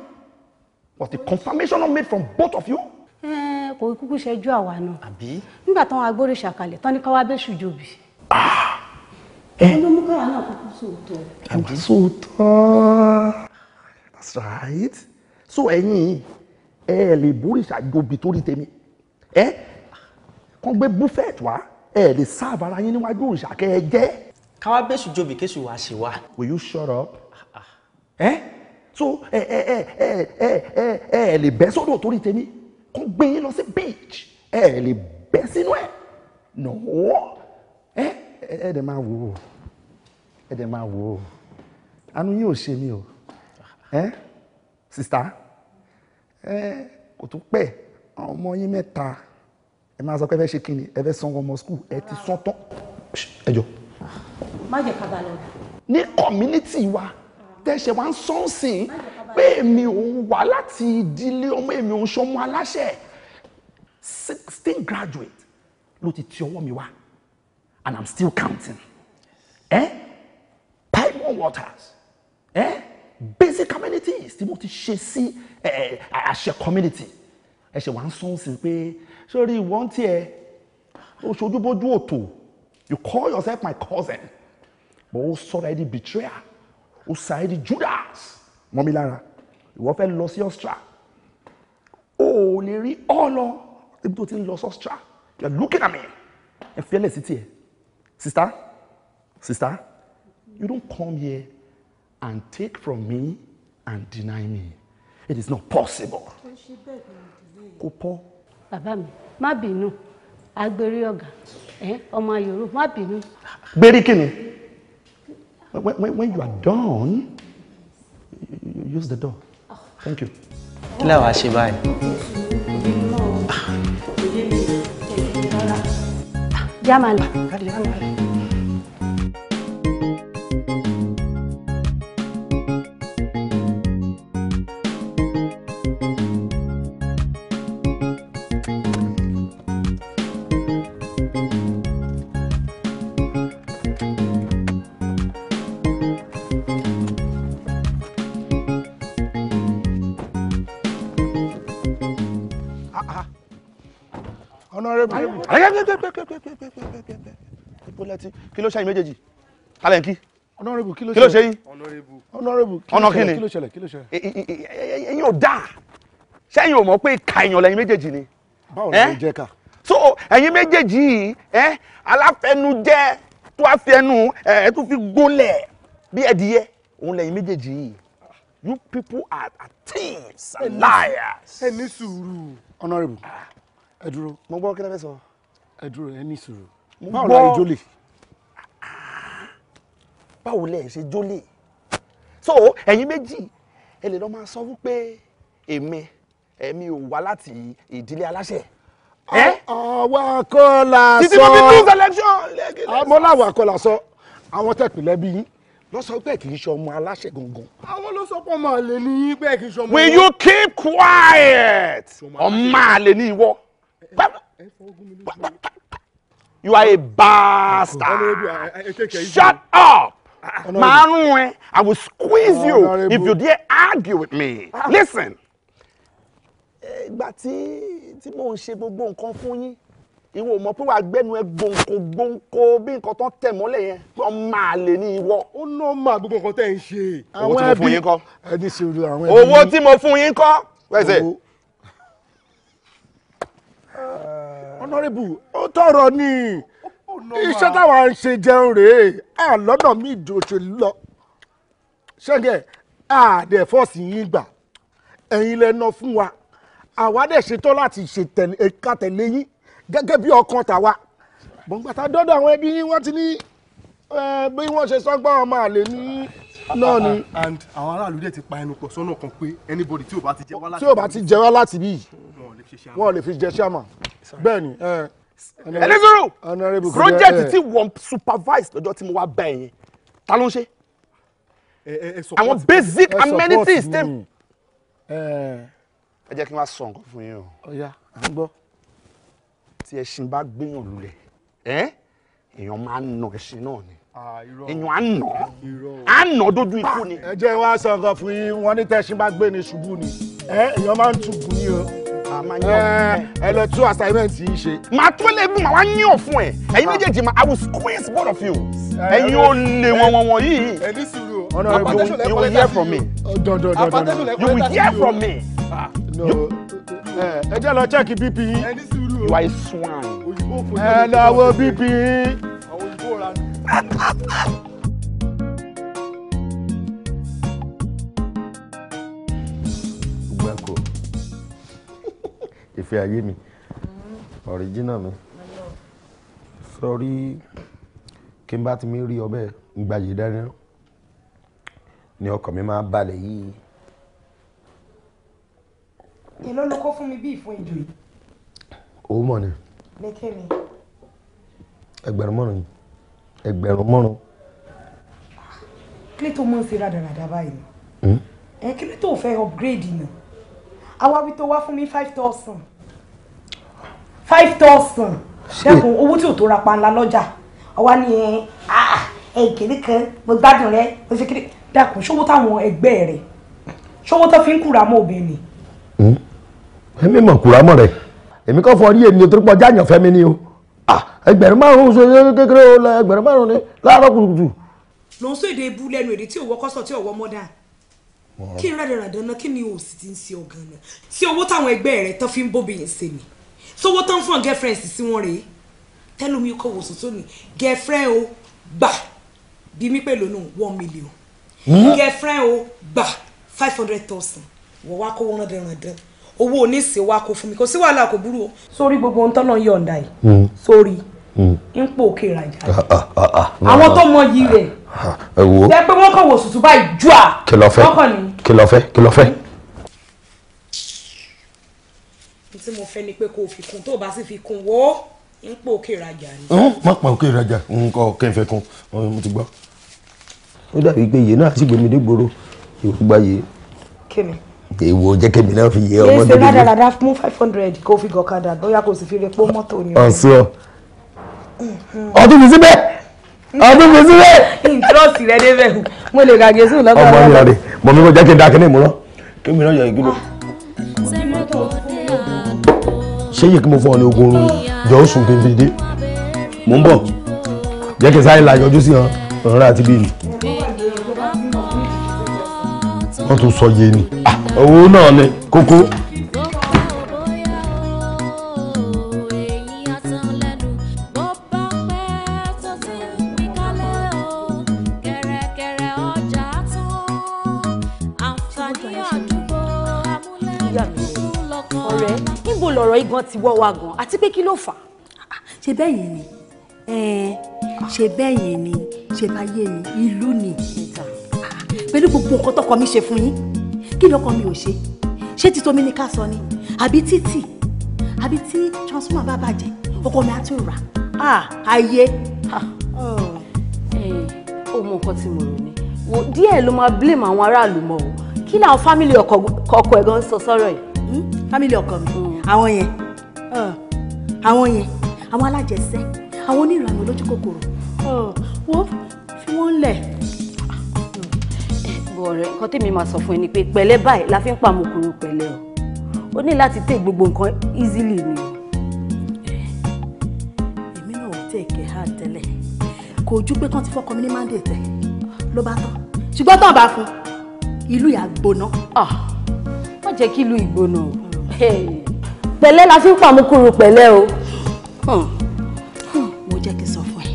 was the confirmation not made from both of you. Eh, kò kúkú ṣẹjú àwa náà àbí nígbà táwọn agbórí ṣàkàlẹ̀ tán ní káwá bẹ́ẹ̀ ṣùjọbì. olómú ah! eh! káwa náà kúkú sóòótọ́. àbí sóòótọ́ that's right so ẹ̀yin ẹ ẹ lè borí ṣàjọbì torí tèmi ẹ eh? kàn gbé buffet wá ẹ lè sáàbà ara yín níwájú òrìṣà ẹ jẹ. káwá bẹ́ẹ̀ ṣùjọbì kéṣù wá ṣe wá. will you shut up? Ah, ah. ẹ so ẹ ẹ ẹ ẹ ẹ ẹ lè bẹ́ sọ́dọ̀ torí tèmi kó gbé yín lọ sí beach ẹ lè bẹ́ sínú ẹ̀ nọ̀wọ́ ẹ ẹ dẹ̀ máa wò ó ẹ dẹ̀ máa wò ó àánú yín ò ṣe mí o ẹ sista ẹ kò tún pẹ́ àwọn ọmọ yín mẹ́ta ẹ máa sọ pé ẹ fẹ́ ṣe kí ni ẹ fẹ́ sanwó ọmọ skul ẹ ti sán tán ẹ jọ. má jẹ ká ní community wa tẹ̀sẹ̀ wá ń sọ́ọ̀sìn. má jẹ ká pé èmi òun wà láti ìdílé ọmọ èmi òun ṣọmọ aláṣẹ sixteen graduate ló ti ti ọwọ́ mi wá and i'm still counting eh? Pipe pipon waters eh? basic amenities tí mo ti ṣe sí eh, eh, àṣẹ community ẹ ṣe wá ń sọ sí pé sórí ìwọ ń tiẹ̀ oṣoojúbójú òtò you call yourself my cousin but ó sọ̀rọ̀ ẹ di betrayer ó sọ̀rọ̀ ẹ di Judas mọ́ mi lára ìwọ fẹ́ lọ sí Australia o ò lè rí ọ lọ ibi tó ti ń lọ sí Australia you are looking at me ẹ fi ẹlẹ́sì tiẹ̀ sister sister you don't come here and take from me and deny me it is not possible. kò pọ̀. bàbá mi má bínú agbèrè ọ̀gá ọmọ yorùbá má bínú. gbèrí kí when, when you are done use the door. Thank you. Kí Ashibai. wá ṣe kí ló ṣe yín méjèèjì talẹ̀ ń kí honorable kí ló ṣe yín honorable ọ̀nà kí ni ẹ̀yin ò dáa ṣẹ́yìn ò mọ̀ pé ìka èèyàn lẹ́yìn méjèèjì ni. báwo ló ń jẹ́ ká. so ẹ̀yin méjèèjì yìí aláfẹnujẹ tó a fi ẹnu ẹ̀ tó fi gólẹ̀ bí ẹ̀dìyẹ òun lẹ́yìn méjèèjì yìí you people are, are thieves and liars. ẹ ní sùúrù honorable ẹ dúró. mo gbọ́ kí lẹ́ fẹ́ sọ ẹ dúró sùúrù. báwo la ẹ jólè. báwo lẹ ṣe jólè so ẹ̀yin méjì ẹ lè lọ máa sọ wípé èmi èmi ò wá láti ìdílé aláṣẹ. àwa kọ́ sọ títí mo fi sọ àwọn tẹ̀pìlẹ̀ bí lọ sọ pé kì í ṣe ọmọ aláṣẹ gangan. àwọn ló sọ pé ọmọ àlè ni yín pé kì í ṣe ọmọ. will you keep quiet ọmọ àlè ni ìwọ you are a bastard shut up ah, máa i will squeeze you if you dare argue with me ah. listen. ìgbà tí tí mò ń ṣe gbogbo nǹkan fún yín ìwọ mọ̀ pé wàá gbẹ́nu ẹ gbòǹkò bí nǹkan tán tẹ̀ mọ́lẹ̀ yẹn pé ọmọ àlè ni ìwọ. ó ná máa gbogbo nǹkan tẹ̀ ń ṣe. owó tí mo fún yín kọ́. ẹni ṣòro àwọn ẹbí. owó tí mo fún yín kọ́. wẹ́sẹ̀ honourable ó tọrọ ni iṣẹ́ táwa ń ṣe jẹun rèé à lọ́dọ̀ mi ìjọ òṣèlú lọ ṣẹ́gẹ̀ àdẹ̀ fọ́ọ̀sì yín gbà ẹ̀yin lẹ́nà fún wa àwa dẹ̀ ṣetán láti ṣèkà tẹ̀lé yín gẹ́gẹ́ bí ọkàn tàwa gbọ̀ngbàtà dọ́dọ̀ àwọn ẹbí yín wọ́n ti ní bí wọ́n ṣe sọ́gbọ́n ọmọ àlè ní náà ni. and àwọn aráàlú dẹ̀ ti pa ẹnu pọ̀ sọ́nà kan pé anybody tí ò bá ti jẹ wá láti. tí ò bá ti jẹ wá láti bí wọn lè fi jẹ ṣáàmà bẹ́ẹ̀ ni. ẹlẹ́sọ̀rọ̀ project tí wọ́n supervise lọ́jọ́ tí mo wá bẹ̀ yẹn ta ló ń ṣe. àwọn basic amenities dem. ẹ jẹ́ kí n wá sọ nǹkan fún yín o. ọ̀ya à ń gbọ́. tí ẹṣin bá gbéyàn lulẹ̀ èèyàn máa ń nà ẹṣin náà ni. Ah, èèyàn àná àná dójú ikú ni. ẹ jẹ́ wá sọ nǹkan fún yín wọ́n ní tẹ́sí máa gbé ni ṣubú ni èèyàn máa ń tukùn ní o ẹ lọ tún assignment yìí ṣe. màá tún lè gùn wá yín ọ̀ fún ẹ ẹ̀yin ah. méjèèjì ma i will squeeze both of you ẹ̀yin ò lè wọ̀n wọ̀n wọ̀n yìí. ẹni sùúrù o. honourable you, you will hear from me. dandan ah, dandan you will hear from me. ẹ jẹ́ lọ check bp yín. ẹni sùúrù o. you are a swine. ẹ lọ wo bp yín. Welcome. ìfẹ́ ayé mi ọ̀ríjínà mi sọrí kí n bá ti mi rí ọbẹ̀ gbàyè dání ni ọkàn mi máa balẹ̀ yìí. èló ló kó fún mi bí ìfún ìjò yìí. owó mọ̀ ni. lékè ni. ẹgbẹ̀rún mọ́rin yìí ẹgbẹ̀rún márùn. kí ló tó mọ̀ ń ṣe rádaràda báyìí hmm? ẹ kí tó fẹ́ upgrade nà awáwí tó wá fún mi five thousand five thousand dẹ́kun owó tí ò tó ra panla lọ́jà ọwá ni ah, ẹ ìkéde kan mo gbádùn rẹ mo ṣe kéde dẹ́kun ṣówó táwọn ẹgbẹ́ rẹ ṣówó tó fi ń kúra mọ́ obìnrin. Hmm? èmi mọ̀ kúra mọ́ rẹ̀ èmi kò fọ orí ènìyàn tó pọ̀ jáàyàn fẹ́mi ni o ẹgbẹ̀rún márùn-ún ṣe kékeré o ẹgbẹ̀rún márùn-ún ni láàárọ̀ kùtùkùtù. ló ń sọ èdè ebú lẹ́nu èdè tí òwò kọ́sọ̀ tí òwò mọ́dà kí n rádàrà dáná kí ni òsì ti ń ṣe ọ̀gàn náà tí owó táwọn ẹgbẹ́ rẹ̀ tán fi ń bóbi yẹn ṣe ni sówó tán fún girlfriend sí wọn rèé tẹ́lómi kọ̀ wò sọ́tún ni girlfriend o gbà bí mi pè lónìí one million hmm? girlfriend o gbà five hundred thousand wọ́n wá kó wọ́n rán dandan owó oníṣẹ́ wa kò fún mi kò sí wàhálà kò burú o. sórí gbogbo ohun tọ́lọ́ yọ̀ǹda yìí mm. sórí mm. ń pò òkè ìrajà ah, ah, ah, àwọn tó mọ yìí rẹ̀ ẹ wo jẹ́ pé wọ́n kàn wò sùsù báyìí jù à wọ́n kàn ní. kí lo fẹ́ kí lo fẹ́. tí mo fẹ́ ni pé kó o fi kún tó o bá sì fi kún wọ́ ń pò òkè ìrajà ni. má pa òkè ìrajà nǹkan kẹ́ńfẹ́ kan mo ti gbọ́. ó dàbí pé iye náà sì gbèmídé gbòòrò ìwọ gbáyé. kí ni èwo jẹ́ kémi náà fi yẹ ọmọ dédé. yéé ṣe rádaràdà mú five hundred kó fi gọ̀kadà bóyá kò sì fi repo mọ́tò ni. ọ̀sùn ọdún mi síbẹ̀ ọdún mi síbẹ̀. ìtúrọ̀sì rẹ débẹ̀ mo lè gàgé sùn lọ́gbà rẹ. ọmọ mi ọ̀rẹ́ mọ̀ mi kò jẹ́ kí n da kíní ìmúná kémi náà yọ ìgbìlò. ṣé yìí kí mo fún ọ ní ogun oorun jọ ó sùn kébi dé mò ń bọ̀ jẹ́ kí n la yọjú sí ọ ọ̀rọ̀ àti bíi wọ́n tún sọ ni owó náà ni kókó. ti wọ́ wa gan àti pé kí ló fà á. ṣe bẹ́ẹ̀ yẹn ni ṣe bẹ́ẹ̀ yẹn ni ṣe báyé ni ìlú ni pẹ̀lú gbogbo nǹkan tọkọ mi ṣe fún yín kí lọ́kọ mi ò ṣe ṣé ti tomi ni ká sọ ni àbí títì àbí tí transformer bá bàjẹ́ ọkọ mi á tún rà á ayé. ó mọ nǹkan tí mo rò ní wo díẹ̀ ló máa blame àwọn aráàlú mọ́ o kí làwọn fámìlì ọkọ ẹ̀ gan sọ sọ́rọ̀ yìí. Hmm? fámìlì ọkọ mi hmm. àwọn yẹn àwọn yẹn àwọn alájẹsẹ àwọn onírànà lójú kòkòrò wọ́n fi wọ́n lẹ̀ wo ọ̀rẹ́ nǹkan tèmi máa sọ fún ẹ ni pé pẹ̀lẹ́ báyìí la fi ń pàmòkòrò pẹ̀lẹ́ o ó ní láti tẹ gbogbo nǹkan easily ni o. èmi náà ò tẹ̀ kẹ́ hard tẹ́lẹ̀ kò ojú pé kán ti fọ́kọ mi ní mandate tẹ̀ ló bá tán ṣùgbọ́n tó bá fún ìlú yà gbóná. Ah, má jẹ́ kí ìlú ìgbóná o pẹ̀lẹ́ la fi ń pàmòkòrò pẹ̀lẹ́ o. Hmm. Hmm, mo jẹ́ kí n sọ fún ẹ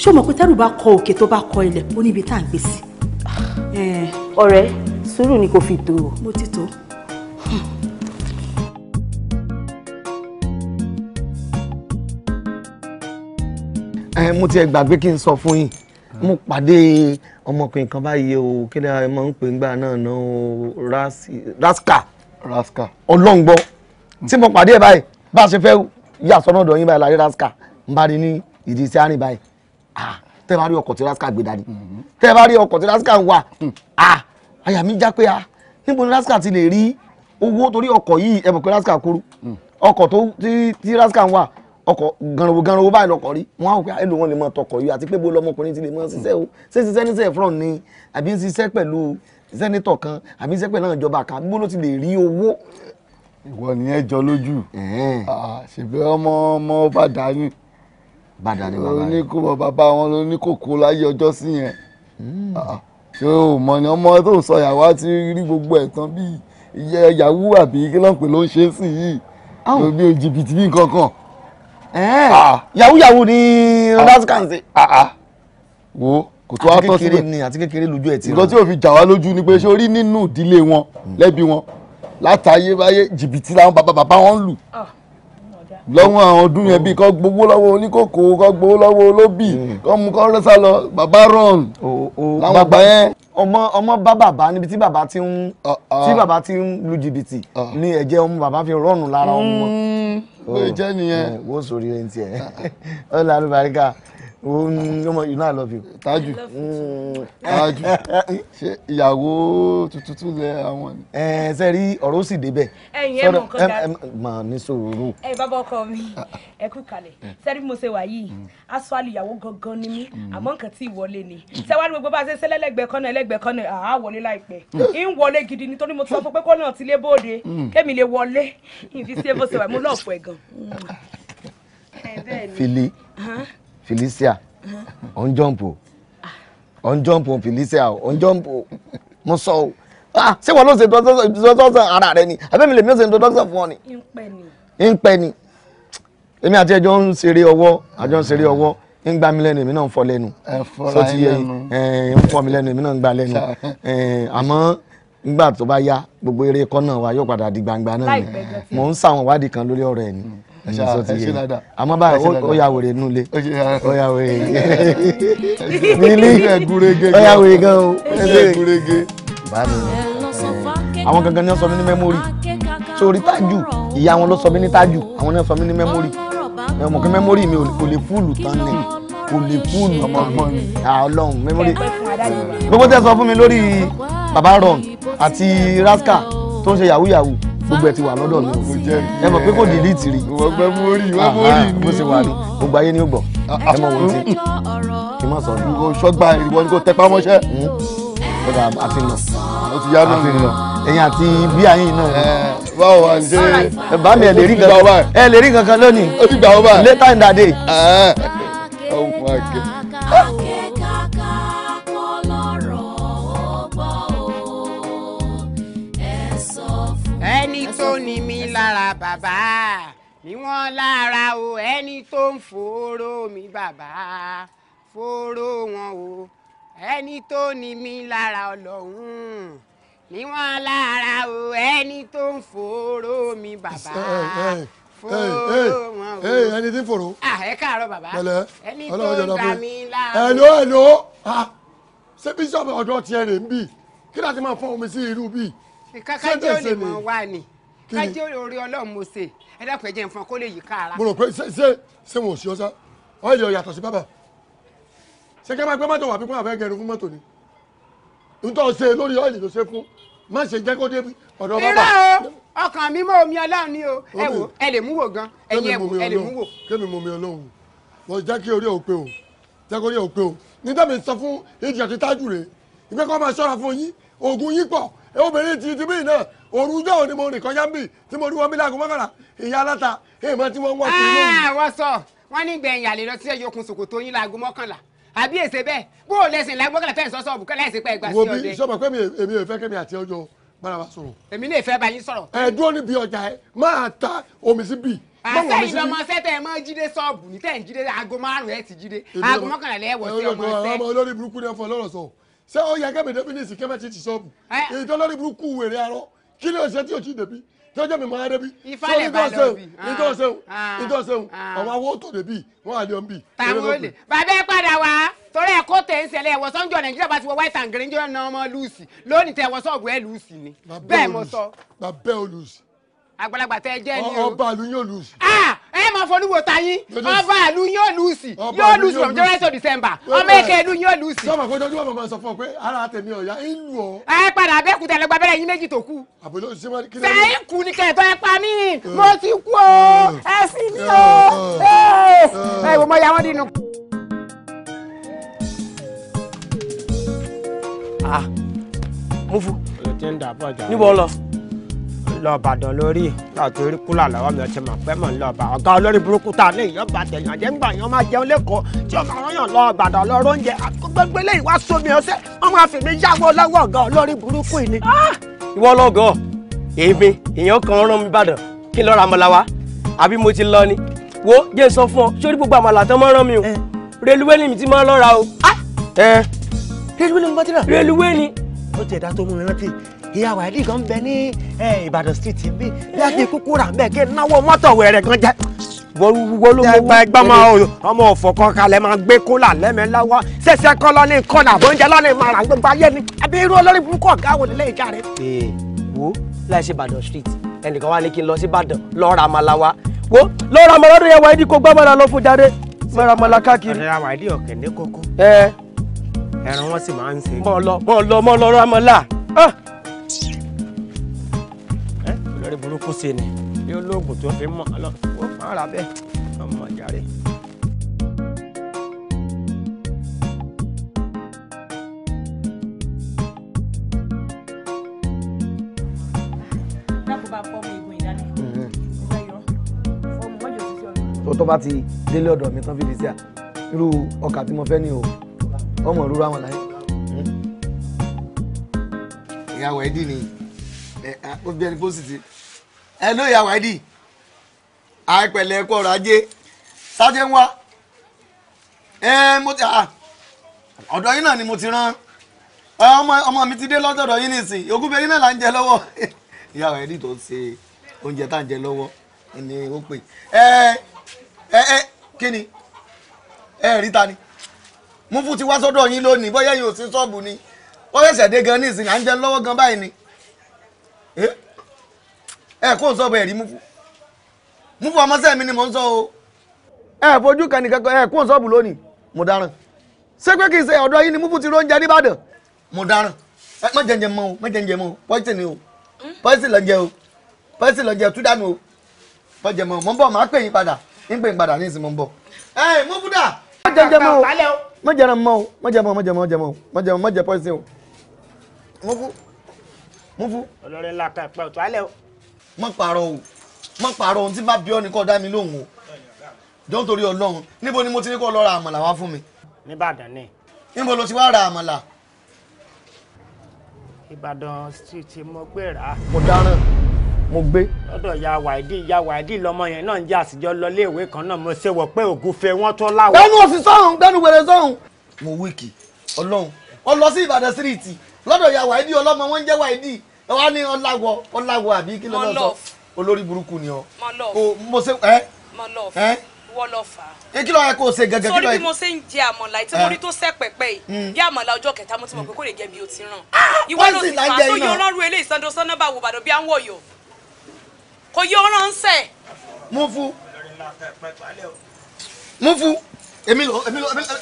ṣé o mọ̀ pé tẹ́rù bá kọ òkè tó bá kọ ilẹ̀ ó níbi tá à ń gbé sí Eh. ọ̀rẹ́ sùúrù ni kò fi tó o. mo ti tó. mo ti ẹ̀ gbàgbé kí n sọ fún yín mo pàdé ọmọkùnrin kan báyìí o kí ni ẹ máa ń pè ńgbà náà náà o raska raska ọlọ́ngbọ́ tí mo pàdé ẹ̀ báyìí bá a ṣe fẹ́ yà sọ́nà ọ̀dọ̀ yín báyìí láyé raska n bá rí ní ìdí sí àárín báyìí ah, tẹ́ bá rí ọkọ̀ tí rascal gbé dání tẹ́ bá rí ọkọ̀ tí rascal wà hmm. à àyà mi já pé a níbo ni rascal ti lè rí owó torí ọkọ̀ yìí ẹ mọ̀ pé rascal kúrú ọkọ̀ tó tí rascal wà ọkọ̀ ganrowó ganrowó báyìí lọkọ̀ rí wọn á wò pé ah, ẹlò wọn lè máa tọkọ̀ yìí àti pé bó lọmọkùnrin ti lè máa ṣiṣẹ́ o ṣé ṣiṣẹ́ ní sẹ́frọ̀n ni àbí ń ṣiṣẹ́ pẹ̀lú sẹ́nitọ̀ kan àbí ń ṣiṣẹ́ pẹ̀lú ìjọba kan bó ló ti lè rí owó ìwọ nìyẹn jọ lójú ṣèbí ọmọ ọmọ bá dá yín bàdà ni bàbá rẹ. oníkó bàbá wọn lóníkòkó láyé ọjọ́ sí yẹn hmm. ah, ṣé o mọ̀ ni ọmọ tó ń sọ ìyàwó àti rí gbogbo ẹ̀ tán bí ìyàwó àbí kí ló ń pè ló ń ṣe é sí yìí ló bí jìbìtì bí nǹkan kan. Ah. yahoo yahoo ni ah. rascal ṣe. wo kò tó wá tọ́ síbẹ̀ àti kékeré lójú ẹ̀ ti rán. nǹkan tí ò fi jà wá lójú ni pé ṣé orí nínú ìdílé wọn hmm. lẹ́bi wọn látàyè jìbìtì làwọn bàbá bàbá wọn lù lọ́wọ́ àwọn ọdún yẹn bíi kọ́ gbowó lọ́wọ́ oníkókó kọ́ gbowó lọ́wọ́ olóbì mm. kọ́ mu kọ́ rẹ́sà lọ bàbá rọ̀n làwọn àgbà yẹn. ọmọ ọmọ bá bàbá níbi tí bàbá ti ń ah, ah. tí bàbá ti ń lu jìbìtì ah. ni ẹ̀jẹ̀ ọmọ bàbá fi rọ̀nù lára ọmọ. Mm. ó jẹ́ nìyẹn. Eh, wọ́n sọ orí rẹ̀ ń tiẹ̀ ọ̀làlùbáríkà you know I love you tájú tájú ṣe ìyàwó tuntun lẹ àwọn ni. ẹ ṣe rí ọ̀rọ̀ sì débẹ̀. ẹ̀yin ẹ mọ nǹkan dá mà ní sòrò. ẹ bàbá ọkọ mi ẹ kú kalẹ̀ sẹ́rí mo ṣe wà yìí mm. aṣọ àlùyàwó gangan ni mí mm. àmọ́ nǹkan tí ìwọlé ni sẹ́wárí mm. gbogbo bá a ṣe ṣe lẹ́lẹ́gbẹ̀ẹ́ kọ́nà ẹlẹ́gbẹ̀ẹ́ kọ́nà àá wọlé láìpẹ́ ń wọlé gidi nítorí mo sọ fún pé kọ́nà ti lé bóde kémi lè wọlé ìfi ṣe bó ṣe wà mo lọ́ọ̀fọ̀ Felicia on uh-huh. jump o on jump o Felicia on jump o mo sọ o ah ṣé wọn ló ṣe introduction ara rẹ ni abẹ́mi lèmi ó ṣe introduction fún ọ ni. ń pẹ́ ni. ń pẹ́ ni èmi àti ẹjọ́ ń ṣeré ọwọ́ àjọ ń ṣeré ọwọ́ ń gbá mi lẹ́nu èmi náà ń fọ́ lẹ́nu sọ ti yẹ ń fọ́ mi lẹ́nu èmi náà ń gbá lẹ́nu àmọ́ nígbà tó bá yá gbogbo eré kọ́nà wa yóò padà di gbangba náà ni mò ń ṣàwọn ìwádìí kan lórí ọ̀rọ̀ ẹ̀ ni. Hmm ẹ̀ṣọ́ ti yẹ àmọ́ báyìí ó yà wèrè nulẹ̀ ó yà wèrè nílé ó yà wèrè gan o báàmì àwọn gangan ni wọ́n sọ mí ní mẹ́mórì sórí tájù ìyá wọn ló sọ mí ní tájù àwọn ni wọ́n sọ mí ní mẹ́mórì ọmọ kí mẹ́mórì mi kò lè fúlù tán ni kò lè fúlù ọmọ ọgbọ́n mi ọlọ́run mẹ́mórì gbogbo tẹ́ sọ fún mi lórí baba ron àti raska tó ń ṣe yahoo yahoo gbogbo ẹ ti wà lọ́dọ̀ mi ẹ mọ̀ pé kò dìlí ìtìrì wọ́n gbẹ́ mórí wọ́n mórí ni bó ṣe wà ní gbogbo ayé ni ó gbọ́ ẹ mọ̀ wọ́n ti kí n má sọ ní. o ṣọgbà ìwọ ni kò tẹpá mọ́ṣẹ́. kódà hmm. àti nà ó ti yá náà àti nà ẹ̀yìn àti bí àyìn náà. báwo wà ṣe. bá ẹ lè rí kankan ẹ lè rí kankan lónìí. ó ti gbà wọ́n báyìí. later in that day. ọ̀hún oh àgẹ̀. bàbá ni wọ́n lára o ẹni tó ń fòòró mi bàbá fòòró wọn o ẹni tó ní mi lára ọlọ́run ni wọ́n lára o ẹni tó ń fòòró mi bàbá ẹni tí ń fòrò. ẹ káàárọ̀ bàbá ẹni tó ń dà mí láàárọ̀. ẹ̀lò ẹ̀lò ṣé bíṣọ̀bù ọ̀dọ́ tiẹ̀ rè ń bì kí láti máa fọ́n omi sí irú bì. kàkà tí ó lè mọ̀ wá ni kájé orí ọlọ́run mo ṣe ẹ dákun ẹ jẹ́ nǹkan kó lè yí kára. mo rò pé ṣé ṣé ṣé wọn ò sí ọsá wọn yọ yàtọ̀ sí bàbá ṣé kí a máa gbé mọ́tò wà pípọ́n àfẹ́ gẹrun fún mọ́tò ni nítorí ṣe lórí ọ́ìlì ló ṣe fún má ṣe jẹ́ kó dé ọ̀dọ̀ bàbá. irọ́ o ọkàn mi mọ́ omi ọlọ́run ni o ẹ wò ẹ lè mú wò gan ẹ̀yin ẹ wò ẹ lè mú wò. kémi mo mi ọlọ́run lọ jẹ́ kí orí ò pé o jẹ́ kó orí ò pé o ní tẹ́mi sọ fún ìjì àti tájù rè é ìgbẹ́kọ̀ máa ṣọ́ra fún yín oògùn yín pọ̀ obìnrin ti ti bí náà òrùjọ́ òní mo rìn kọjá bì tí mo rí wọn bí láago mọ́kànlá ìyá aláta èèmọ̀ tí wọ́n wọ́n ti lóyún. wọ́n sọ wọ́n ní gbẹ̀yìn àlè lọ sí ẹ̀yọ́ kun ṣòkòtò yín láago mọ́kànlá àbí èsè bẹ́ẹ̀ bó o lẹ́sìn láago mọ́kànlá tẹ̀sán sọ̀bù kẹ́lá ẹ̀sìn pẹ́ ẹgbà sí ọdẹ. wo bí sọ́mọ̀ pé èmi ò fẹ́ kẹ́mi àti ọjọ́ bára wa sọ̀rọ̀. èmi náà fẹ́ bá yín sọ̀rọ̀. ẹ dúró níbi ọjà ẹ máa ta omi sí bì. àṣẹ ìlọmọ sẹtẹ ẹ máa jíde ṣọ́ọ̀bù ní tẹ ẹ jíde aago márùn ẹ ti jíde aago mọ́kànlá lẹ wọ sí ọmọ ẹsẹ. ọmọ olórí burúkú náà fọ lọ́rọ̀ sọ ṣé ó yẹ kẹ́mi dẹ́bínísì kẹ́mẹ́ ti ti ṣọ́ọ̀bù èyí lórí burúkú wèrè arọ́ kí ló ṣe tí o ti dèbí tí ó jẹ́ mi máa débi. ìfàlẹ̀ bá lọ bí. nítorí sẹ́wọ̀n ah, ah, nítorí sẹ́wọ̀n ah. àwọn awó tó débi wọ́n á lé ọ́n bì. táwọn olè bàbá ẹ padà wá torí ẹ kó tẹ̀ ń ṣẹlẹ̀ ẹ̀wọ̀ sọ́njọ́ nàìjíríà bá ti wọ white and green jọ́ náà ọmọ lùsì lónìí tẹ ẹ̀wọ̀ sọ́ọ̀bù ẹ̀ lùsì ni. bẹ́ẹ̀ mo sọ. bàbá ẹ olùsì. àgbàlagbà tẹ ẹ jẹ́ ni o. ọba àlùyìn olùsì. ah ẹ máa fọnú wo tayín ọba àlú yóò lùsì yóò lùsì from January to December ọmọ èké ìlú yóò lùsì. sọ́mọ̀ kó jọjú ọmọ máa sọ fún ọ pé ara tèmi ọ̀yá ń lù ọ́. ẹ padà abẹ́kúta lọ gba abẹ́rẹ́ yín méjì tó kù. àbúrò ṣé wọ́n kí ló dé. sẹ́yìn kù ni kẹ̀tọ́ ẹ pa mí mo ti kú o ẹ sì ní o ẹ wò mo ya wọ́n dínú. Ah, mo fu. ọ̀rẹ́ tí ń dà bọ̀ àjà. níbo lọ lọ Ìbàdàn lórí láti rí kúlà lọ́wọ́ mi ọtí mọ̀ pé mọ̀ ń lọ Ìbàdàn ọ̀gá olórí burúkú tá a ní ìyọ́ bá tẹ̀yàn jẹ́ ńgbà yẹn máa jẹun lẹ́kọ̀ọ́ tí ó máa rányàn lọ Ìbàdàn lọ́rọ́ oúnjẹ gbogbo eléyìí wá sómi ọsẹ́ wọ́n máa fi mí yáwó lọ́wọ́ ọ̀gá olórí burúkú yìí ni. Ah! ìwọ lọgọ èmi èèyàn kan rán mi Ìbàdàn kí lọ́ọ́ ra àbí mo ti lọ ni wo jẹ́ sọ fún ọ sórí gbogbo àmàlà tán mọ́ rán mi o eh. reluwé ni mi ti máa lọ́ra o. Ah! Eh. reluwé ni mo ti rà. reluwé ni. ó ti ẹ̀dá tó mú mi rántí ìyá wàhálì kan bẹ ní ìbàdàn street bí láti kúkú rà bẹ́ẹ̀ kí náwó mọ́tò wẹ̀rẹ̀ kan jẹ́ wọ́lúwọ́lúwọ́ ẹgbẹ́ ọmọ ọmọ ọ̀fọ̀ kan kalẹ̀ máa gbé kólà lẹ́mẹ̀láwọ́ ṣẹ̀ṣẹ̀ kọ́ lọ ní kọ́nà àbọ̀njẹ́ lọ́nà ìmọ̀ràn gbogbo ayé ni àbí irú olórí burúkú ọ̀gá wo nílé ìjà rẹ̀. ee wo láì ṣe ìbàdàn street ẹnìkan wá ní kí n lọ sí ìbàdàn lọ́ọ́ ra amalawa wo lọ́ọ́ ra amalawa yẹn wá ẹni kó gbọ́mọ̀ra lọ fún jáde mẹ́ra amala káàkiri. ọ̀rẹ́ àwọn àìdí ọ̀kẹ́ ní kókó. ẹ ẹran wọn sì máa ń ṣe. mọ̀ lọ mọ̀ lọ lọ ra lórí burúkú sí ni bí olóògùn tó fi mọ̀ lọ wọ́n máa rà bẹ́ẹ̀ ọmọ jàre. tó bá ti délé ọ̀dọ̀ mi tán fi di sí à irú ọkà tí mo fẹ́ ni o ọmọ ìrora wọn láyé. ìyàwó ẹ̀dín ni ó bí ẹni pósìtì ẹ ló yà wáìdì àìpẹ̀lẹ̀ ẹ̀kọ́ ọ̀rọ̀ ajé sájẹ́ ń wá mo ti ọ̀dọ̀ yín náà ni mo ti rán ọmọ mi ti dé lọ́dọ̀dọ̀ yín nìsín ogúnfẹ́ yín náà là ń jẹ lọ́wọ́ ìyá wáìdì tó ń ṣe oúnjẹ tá à ń jẹ lọ́wọ́ ni ó pè ẹ ẹ ẹ kí ni ẹ rí ta ni mo fún ti wá sọ́dọ̀ yín lónìí bóyá yín ò sí ṣọ́ọ̀bù ni ó ṣẹ̀ṣẹ̀ dé gan ní ìsìn à ń jẹ lọ́wọ́ gan báyìí ni ẹ kó n sọ bọ ẹrí mufu mufu ọmọọṣẹ́ mi ni mò ń sọ o ẹ fojú kan nìkan ẹ kó n sọ bù lónìí mo dáràn ṣé pé kì í ṣe ọ̀dọ̀ yín ni mufu ti róúnjẹ nìbàdàn mo dáràn ẹ má jẹjẹ mọ o má jẹjẹ mọ o pọ́ìsì ni o pọ́ìsì lọ jẹ o pọ́ìsì lọ jẹ o túdà mi o pọ́ìsì mọ mọ bọ màá pè yín padà ń pè yín padà ní ìsìn mọ bọ. ẹ mufu dà. má jẹjẹ mọ o má jẹjẹ mọ o má jẹ mọ má jẹ mọ má jẹ mọ má jẹ pọ́ìsì o mufu mufu. ọlọrẹ ńlá kan ìpẹ́ òtún alẹ́ o. mọ pààrọ̀ o mọ pààrọ̀ ohun tí bá bí ọ ní kó dá mi lóhùn o jọ nítorí Ọlọ́run níbo ni mo ti ní kó lọ ra àmàlà wá fún mi. nìbàdàn ni. níbo ló ti wá ra àmàlà. ìbàdàn street mo gbé rà. mo dáràn mo gbé. lọ́dọ̀ ya wàídì ya wàídì lọmọ yẹn náà ń jẹ́ àsìjọ lọ iléèwé kan náà mo ṣe wọ̀ pé ògùnfẹ́ wọn tó láwọ̀. gbẹ́nu òsì sọ́hún gbẹ́nu wèrè sọ́hún. mo wíìkì Ọlọ́run ó lọ sí ìbàdàn síríìtì lọ́dọ̀ ya wáìdì ọlọ́mọ wọn jẹ́ wáìdì wọn ní ọláwọ ọláwọ àbí kí ló lọ sọ olórí burúkú ni ọ. mo ṣe ẹ. mo lọ fẹ wọ́ lọ kí ló yẹ kó o ṣe gẹ́gẹ́ kí ló yẹ. sórí bí mo ṣe ń jẹ àmàlà tí mo rí tó sẹ́ pẹ̀pẹ́ yìí hmm. bí àmàlà ọjọ́ kẹta mo ti mọ̀ pé kò lè jẹ mi ò ti ràn. Ah! ìwọ ló ti fà á yọ ọlọ́run eléyìí sando sọ́nà bá wò bàdàn bí à ń wọ̀ kò yọ ọ̀ràn ń sẹ̀. mú fún èmi lọ èmi lọ èmi lọ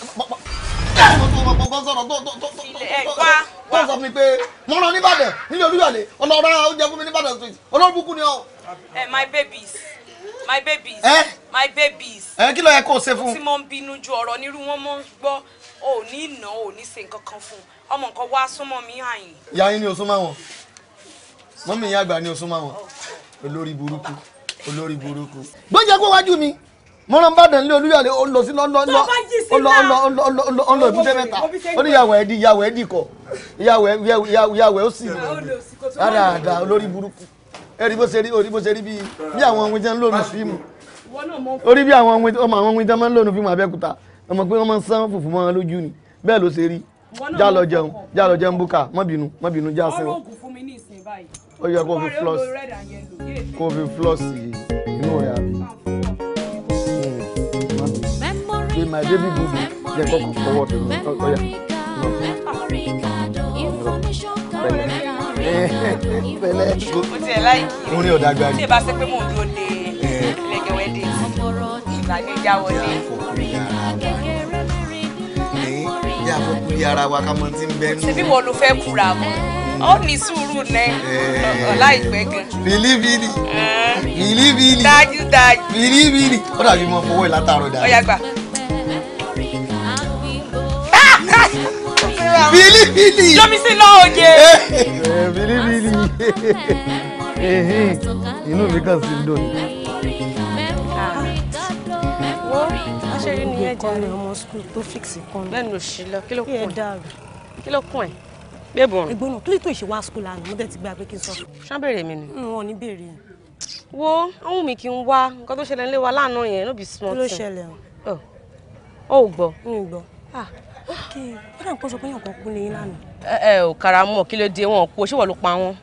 tó sọ mi pé mo rán nìbàdàn nílé olúyọ̀lé ọlọ́ọ̀rọ̀ oúnjẹ fún mi nìbàdàn street ọlọ́ọ̀rọ̀ búkú ni ọ. my babies my babies eh? my babies. ẹ kí ló yẹ kó o ṣe fún. mo ti mọ ń bínú ju ọ̀rọ̀ nírú wọn mọ́ gbọ́ ò ní ìná ò ní ṣe nǹkan kan fún un ọmọ nǹkan wá súnmọ́ mi àyìn. ìyá yín ni o súnmọ́ wọn mọ́mí ìyá àgbà ni o súnmọ́ wọn olórí burúkú olórí burúkú. gbọ́njẹ́ kó wájú mi mọ́nà bàdàn lé olúyọ̀lé ó lọ sí lọ́nà ọ̀nà ìbújẹ́ mẹ́ta ó ní ìyàwó ẹ̀dí ìyàwó ẹ̀dí kọ ìyàwó ó sì dáadáa olórí burúkú ẹ̀rí bó ṣe rí orí bó ṣe rí bí àwọn ohun lónìí fíìmù orí bí àwọn àwọn ohun máa ń lónìí fíìmù ọmọ pé wọ́n máa ń sán fùfú mọ́ lójú ni bẹ́ẹ̀ ló ṣe rí jẹun say my baby boo boo yẹ kọ́ kọ́ wọ́ tó lọ ọ yà. pẹ̀lẹ́ mo ti ẹ láìkí orin ọ̀dà gba mi. tí ẹ bá ṣe pé mò ń dúró de ilẹ̀kẹ̀ wedding ìgbàgbéjà wọlé. ìyá eh. eh. àfọkùnrin bílíbílì. yọmísí lọ òye. bílíbílì inú mi kàn sí ń dùn. wọ́n aṣọ yìí ni ẹ̀jẹ̀ rẹ̀ ọmọ skul tó fíksì kan. bẹ́ẹ̀ ni òṣì lọ kí ló kún ẹ̀ kí ló kún ẹ̀ bẹ́ẹ̀ bọ̀. ìgbóná kí ló tó ìṣe wá skul àná mo tẹ́ ti gba pé kí n sọ. ṣábẹ̀rẹ̀ mi ni. Mm, wọn ò ní béèrè yẹn. wo àwọn mi kì í wá nǹkan tó ṣẹlẹ̀ nílé wa lánàá yẹn ló bí small thing. kí ló ṣẹlẹ̀ o. ọ oh. oh, gbọ́. mi gbọ́. ah ok ó dà kó sọ pé yànkan kú ní ìlànà. ẹ ẹ ò kára mọ kí ló dé wọn ò kú ṣé wọn ló pa wọn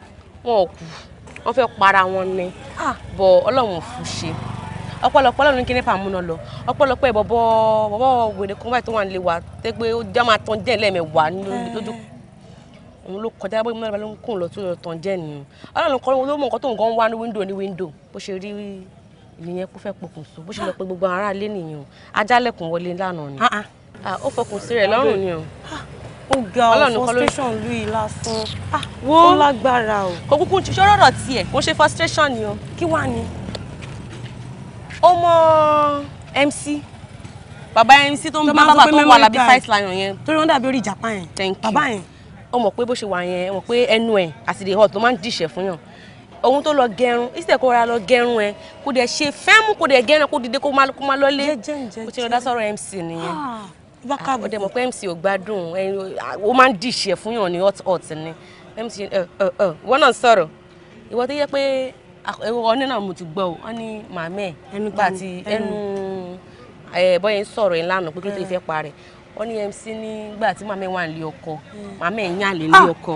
wọn ò kú wọn fẹ́ para wọn ni bọ Ọlọ́run ò fún ṣe ọ̀pọ̀lọpọ̀ Ọlọ́run kí nípa múná lọ ọ̀pọ̀lọpọ̀ ẹ bọbọ bọbọ wèrè kan báyìí tó wà nílé wa tẹgbẹ ó já máa tán jẹ lẹ́ẹ̀mẹwàá lójú òun ló kọjá bóyá mọ́nà ló ń kún lọ tó lọ tán jẹ́ nìyẹn Ọlọ́run kọ́ ló mọ nǹkan tó ń gan wá ní wíńdò ní wíńdò bó ṣe rí ìyẹn kó fẹ́ pokùnso bó ṣe lọ pé gbogbo aráalé nìyẹn ajálẹ̀kùn wọlé lánàá ni ó fọkùn sí rẹ̀ lọ́rùn ni o. ó ga ọ frustration lu yìí lásán ó lágbára o. kò kúkú ṣọ́rọ̀ ọ̀rọ̀ tiẹ̀ kò ṣe frustration ni o. kí wàá ni. ó MC bàbá MC tó ń bá bàbá tó ń wà lábí fight lion yẹn. torí wọn dàbí orí ìjàpá yẹn. thank you bàbá yẹn. ó mọ̀ pé bó ṣe wà yẹn ó mọ̀ pé ẹnu ẹ̀ àti the hot ló máa ń dìṣẹ̀ fún yàn òun tó lọ gẹrun ìsìtẹ̀ kó ra lọ gẹrun ẹ kó dẹ̀ ṣe fẹ́mú kó dẹ̀ gẹrun kó dìde kó má lọ lé kó ti lọ dá sọ̀rọ̀ MC nìyẹn. Ah, bákàbù. ọdẹ mọ̀ pé mc ò gbádùn ó máa ń dìṣẹ́ fún yàn ní hot hot ni mc wọ́n náà sọ̀rọ̀ ìwọ tó yẹ pé ah, ọ̀nà náà mo ti gbọ́ ọ ní màmẹ́ ẹnu gbà tí ẹnu bọ́yẹ ń sọ̀rọ̀ ẹ̀ lánàá pé kí ló tó ah. fẹ́ parẹ́ wọ́n ní mc nígbà tí màmẹ́ wà nílé ọkọ hmm. màmẹ́ ń yàn lé ọkọ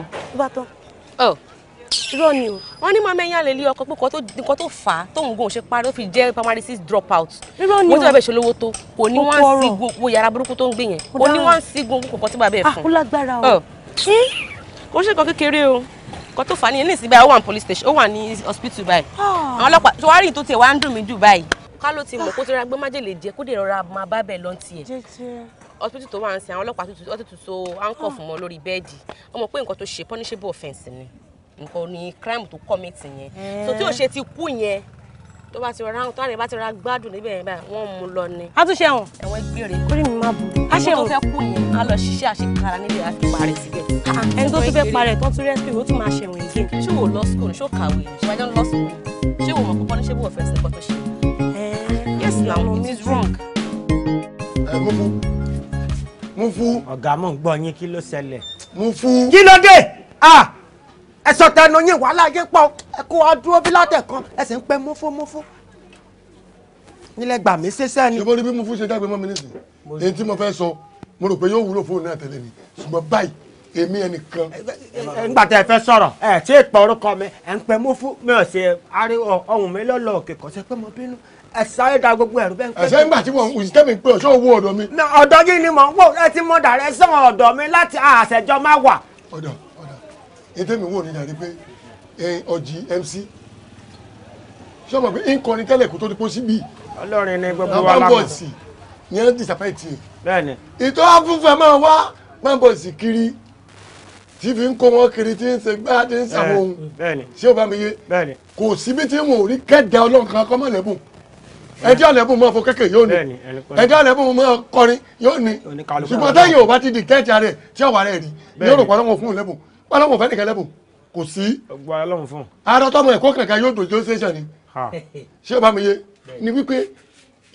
irọ́ ni o wọ́n ní màmá ẹ̀yìn àlèlé ọkọ pé nǹkan tó fà á tóun gùn ṣe parí ó fi jẹ́ primary six drop out irọ́ ni o mo ti bàbá ìṣòro owó tó kò ní wọ́n á sí gun owó yàrá burúkú tó ń gbé yẹn kò ní wọ́n á sí gun kòkó tí bàbá ẹ̀ fún. àkúlágbára o kò ṣe nǹkan kékeré o nǹkan tó fà á ní ìsìn ó wà ní police station ó wà ní hospital báyìí ah. àwọn ọlọ́pàá tó wá rí tó tiẹ̀ wá ń dùn mí jù báyìí ká ló ti mọ̀ kó tó rà gbé májèlé jẹ kó dè rọra máa bá bẹ̀ lọ́n tiẹ̀ hospital tó wà ń sin àwọn ọlọ́pàá tó ti so handcuff mọ́ lórí bẹ́ẹ̀dì ó pé nǹkan tó ṣe punishable offence ni nǹkan ni crime tó commit yẹn so tí o eh. ṣe ti kú yẹn tó bá ti rọra tó àrẹ bá ti rọra gbádùn níbẹ̀ yẹn báyìí wọ́n mú lọ ni. a tún ṣe wọn. ẹ̀wọ̀n gbére. orí mi máa bù. a ṣe wọn. ẹni tó fẹ́ kú yẹn a lọ ṣiṣẹ́ àṣekára níbi àti parẹ́ síbẹ̀. Ah, ah. ẹni tó tún fẹ́ parẹ́ tó tún rẹ́sì ó tún máa ṣe wọn yìí. ṣé wò lọ school ṣé o kàwé ṣé wàá jẹun lọ school ṣé wò mọ̀ kọ́kọ́ ní ṣé wò fẹ́ sí pọ̀tọ́ ṣe. Eh, yes now it is wrong. ẹ mú fún mú fún ẹ sọ tẹnu yín wàhálà yín pọ̀ ẹ kó wa dúró bí látẹ̀kan ẹ sì ń pẹ́ mọ́fó mọ́fó nílẹ̀ gbà mí ṣẹṣẹ́ ni. ṣé bó rí bí mo fún ṣe jágbe mọ́ mi nísìn èyí tí mo fẹ́ sọ mo rò pé yóò wúlò fóònù náà tẹ̀lé mi ṣùgbọ́n báyìí èmi ẹnìkan. nígbà tí ẹ fẹ́ sọ̀rọ̀ ẹ tí ì pọ̀ orúkọ mi ẹ ń pẹ́ mọ́fó mi ò ṣe ariwo ọ̀hún mi lọ́lọ́ òkè kọ́sẹ́ pé mo bínú ẹ sáré da gbogbo ẹrù bẹ́ẹ̀ ń pẹ́. ẹsẹ̀ ńgbà tí wọn òṣìṣẹ́ mi pé ọ̀ṣọ́ owó ọ̀dọ̀ mi. ọ̀dọ̀ yìí ni mò ń wò ẹ ti mọ dàrẹ́ sọ̀rọ̀ ọ̀dọ̀ mi láti àṣẹjọ́ má wà. ọ̀dọ̀ ìtẹ́mi wò ní ìjà ni pé ọjì MC ṣọ́ọ̀bù pé ń kọrin tẹ́lẹ̀ kó tó di pósí bíi ọlọ́rin ni gbogbo wa lámọ̀ bọ́ọ̀sì ni ẹ ń disapẹ́ẹ̀tì ẹ̀ bẹ́ẹ̀ni ìtọ́ afúnfẹ́ máa wá bọ́ọ̀sì kiri tí fi ń kó wọn kiri tí ń ṣe gbá tí ń ṣàwọn ohun ṣé o bá mi yé kò síbi tí wọn ò rí kẹ́dà ọlọ́run kan kọ́ mọ́ lẹ́bùn ẹjọ́ lẹ́bùn máa fọ kékè yóò ní ẹjọ́ lẹ́bùn máa kọrin yóò ní ṣùgbọ́n tẹ́yìn ò bá ti di kẹ́ẹ̀tì rẹ̀ tí ọ̀wà rẹ̀ rí yóò rò pọ̀ lọ́wọ́ fún lẹ́bùn ọlọ́run fẹ́ nìkan lẹ́bùn kò sí. ọgbà ọlọ́run fún. ara tọmọ ẹ̀kọ́ kankan yóò dojú ṣẹ́ṣẹ̀ ni. ṣé o bá mi yé ni wípé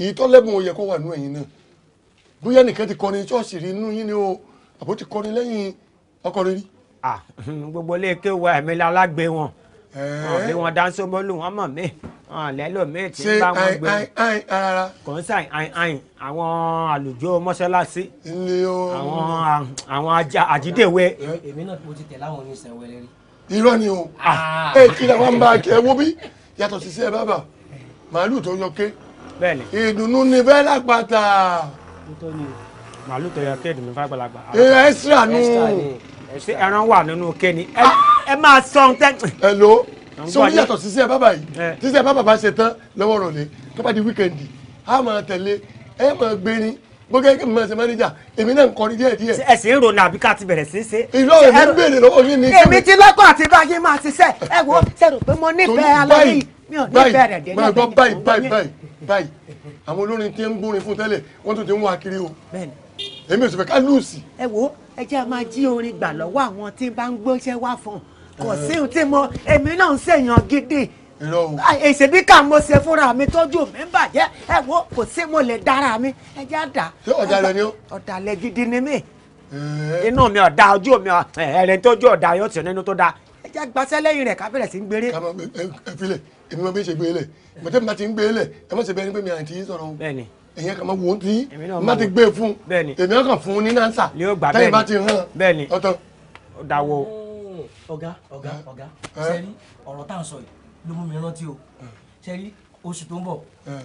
ìtọ́lẹ́bùn ó yẹ kó wà nú ẹ̀yìn náà bóyá nìkan ti kọrin ṣọ́ọ̀ṣì rí inú yín ni o àbó ti kọrin lẹ́yìn ọkọ rẹ rí. gbogbo ilé kéwàá ẹ̀mí la lágbè wọn. Eh. wọn bí wọn dáńsó bọ́ọ̀lù wọn mọ̀ mí lẹ́lòmíì tí ń bá wọn gbé kọ́ńsàì àìn àwọn àlùjọ mọ́ṣáláṣí àwọn àwọn àjídèwé. èmi náà mo ti tẹ̀lé àwọn oníṣẹ́ wẹ̀rẹ̀ rí. irọ́ ni o ẹ ah. eh, kí ni wọ́n bá kẹ́ ẹ wo bí yàtọ̀ sí sí ẹ bàbà màálù tó yọ ké ìdùnnú eh, ni bẹ́ẹ̀ lápáta. màálù tó yọ ké ìdùnnú fàgbàlagbà. ẹ ẹ sírànù ṣé ẹran wà nínú kẹ́ni ẹ máa sọ ọ́n tẹ́. ẹ lo sórí yàtọ̀ sísẹ́ bàbá yìí sísẹ́ bàbá bá ṣe tán lọ́wọ́ rọ̀lẹ́ tó bá di wíkẹ́ndì a máa tẹ̀lé ẹ máa gbérin gbogbo ẹgbẹ́ mi ṣe mánéjà èmi náà ń kọrin díẹ̀ díẹ̀. ẹ sì ń ronú àbí ká ti bẹ̀rẹ̀ sí í ṣe. ìlú ọ̀rẹ́ mi béèrè lọ́wọ́ yín ni. èmi ti lọ́kọ̀ àti báyé máa ṣiṣẹ́ ẹ wo ṣẹ̀rù pé mo nífẹ̀ẹ́ alẹ́ yìí mi ò nífẹ̀ẹ́ rẹ̀ dé. máa gbọ́ báyìí báyìí báyìí báyìí àwọn olórin tí ń gbórin fún tẹ́lẹ̀ wọ́n tún ti ń wá kiri o. èmi ò sì fẹ́ ká lùsì. ẹ wo ẹ jẹ́ a máa jí orin gbà lọ́wọ́ àwọn tí bá ń gbóṣẹ́ wá fún un kò sí ohun tí mo èmi náà ń ṣèyàn gidi ìṣèbí kan mo ṣe fúnra mi tọ́jú mi ń bàjẹ́ ẹ wo kò sí mo lè dára mi ẹ jẹ́ àdá. ṣé ọ̀dàlẹ̀ gidi ni mí. inú mi ọ̀dà ojú mi ẹ̀rẹ̀ tọ́jú ọ̀dà yóò tì nínú tó dáa ẹ jẹ́ gbaṣẹ́ lẹ́yìn rẹ̀ ká sí ń gbére. ẹ filẹ̀ èmi mo bí ṣe gbé lẹ̀ mọ̀tẹ́mi bá ti ń gbé lẹ̀ ẹ mọ̀ ṣe bẹ́ẹ̀ ni pé mi àǹtí sọ̀rọ̀ ẹ̀yin kan máa wò ó ti má ti gbé e fún èmi ọkàn fún un ní nánsà tẹ́yìn bá ti hàn ọ̀tọ̀. dàwọ. ọ̀gá ọ̀gá ọ̀gá sẹ́rí ọ̀rọ̀ tá à ń sọ yìí ló mú mi rántí o sẹ́rí oṣù tó ń bọ̀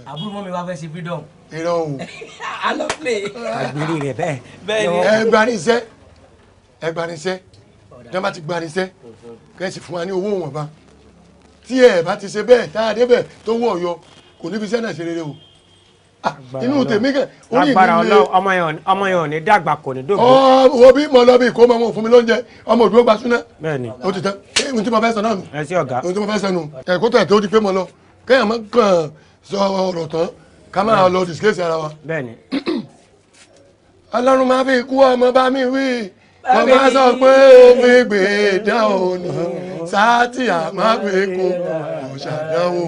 àbúrò mọ́ mi wá fẹ́ ṣe freedom. irọ́ o. a lọ pè é. àgbèrè rẹ bẹ́ẹ̀. bẹ́ẹ̀ ni ẹ gba ní iṣẹ́ ẹ gba ní iṣẹ́ tí wọ́n bá ti gba ní iṣẹ́ kẹ́sì fún wa ní owó wọn inú tèmi kẹ orí ìdílé agbára Ọlọ́run ọmọ yẹn ọmọ yẹn ò ní dàgbà kò ní dògbò. ọ wo bí mo lọ bí kó mọ mo fún mi lóúnjẹ ọmọ òdúró gba súná. bẹ́ẹ̀ni o ti tẹ ẹ ohun tí mo fẹ́ sọ náà nù. ẹ sí ọ̀gá ohun tí mo fẹ́ sọ nù. ẹ̀kọ́ tó ẹ̀ tó di pé mo lọ kéèyàn máa kàn sọ ọ̀rọ̀ tán ká máa lọ disgrace ara wa. bẹ́ẹ̀ni. Ọlọ́run máa fi kú ọmọ bá mi wí wọ́n máa sọ pé omi gbè dáhùn ní sáà tí a máa fi kú ọ̀ṣàdáwò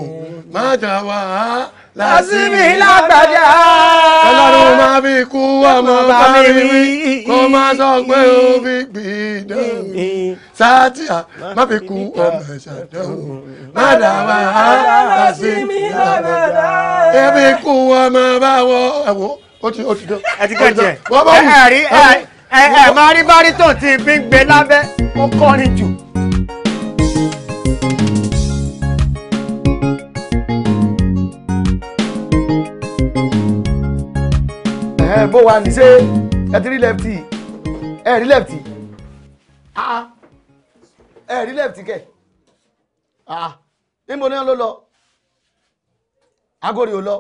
má jà wá lásìmí lágbàjá. ọlọ́run máa bí ikú ọmọ bá mi wí kó má sọ pé ó fi gbìdán mi. sátìyà má fi kú ọmọ ṣàdánwò má dàbà á lásìmí lágbàjá. ebi ikú ọmọ bá wọ ẹ̀wọ̀ ó ti ó ẹ ti kẹ́ ẹ ẹ ẹ ẹ máa rí bárí tó ti ń gbé lábẹ́ ó kọ́ni jù. bó wa ní ṣé ẹ ti rí lẹ́fìtì ẹ rí lẹ́fìtì ah, ah. ẹ rí lẹ́fìtì kẹ̀ ah, níbo ni wọn ló lọ agori ò lọ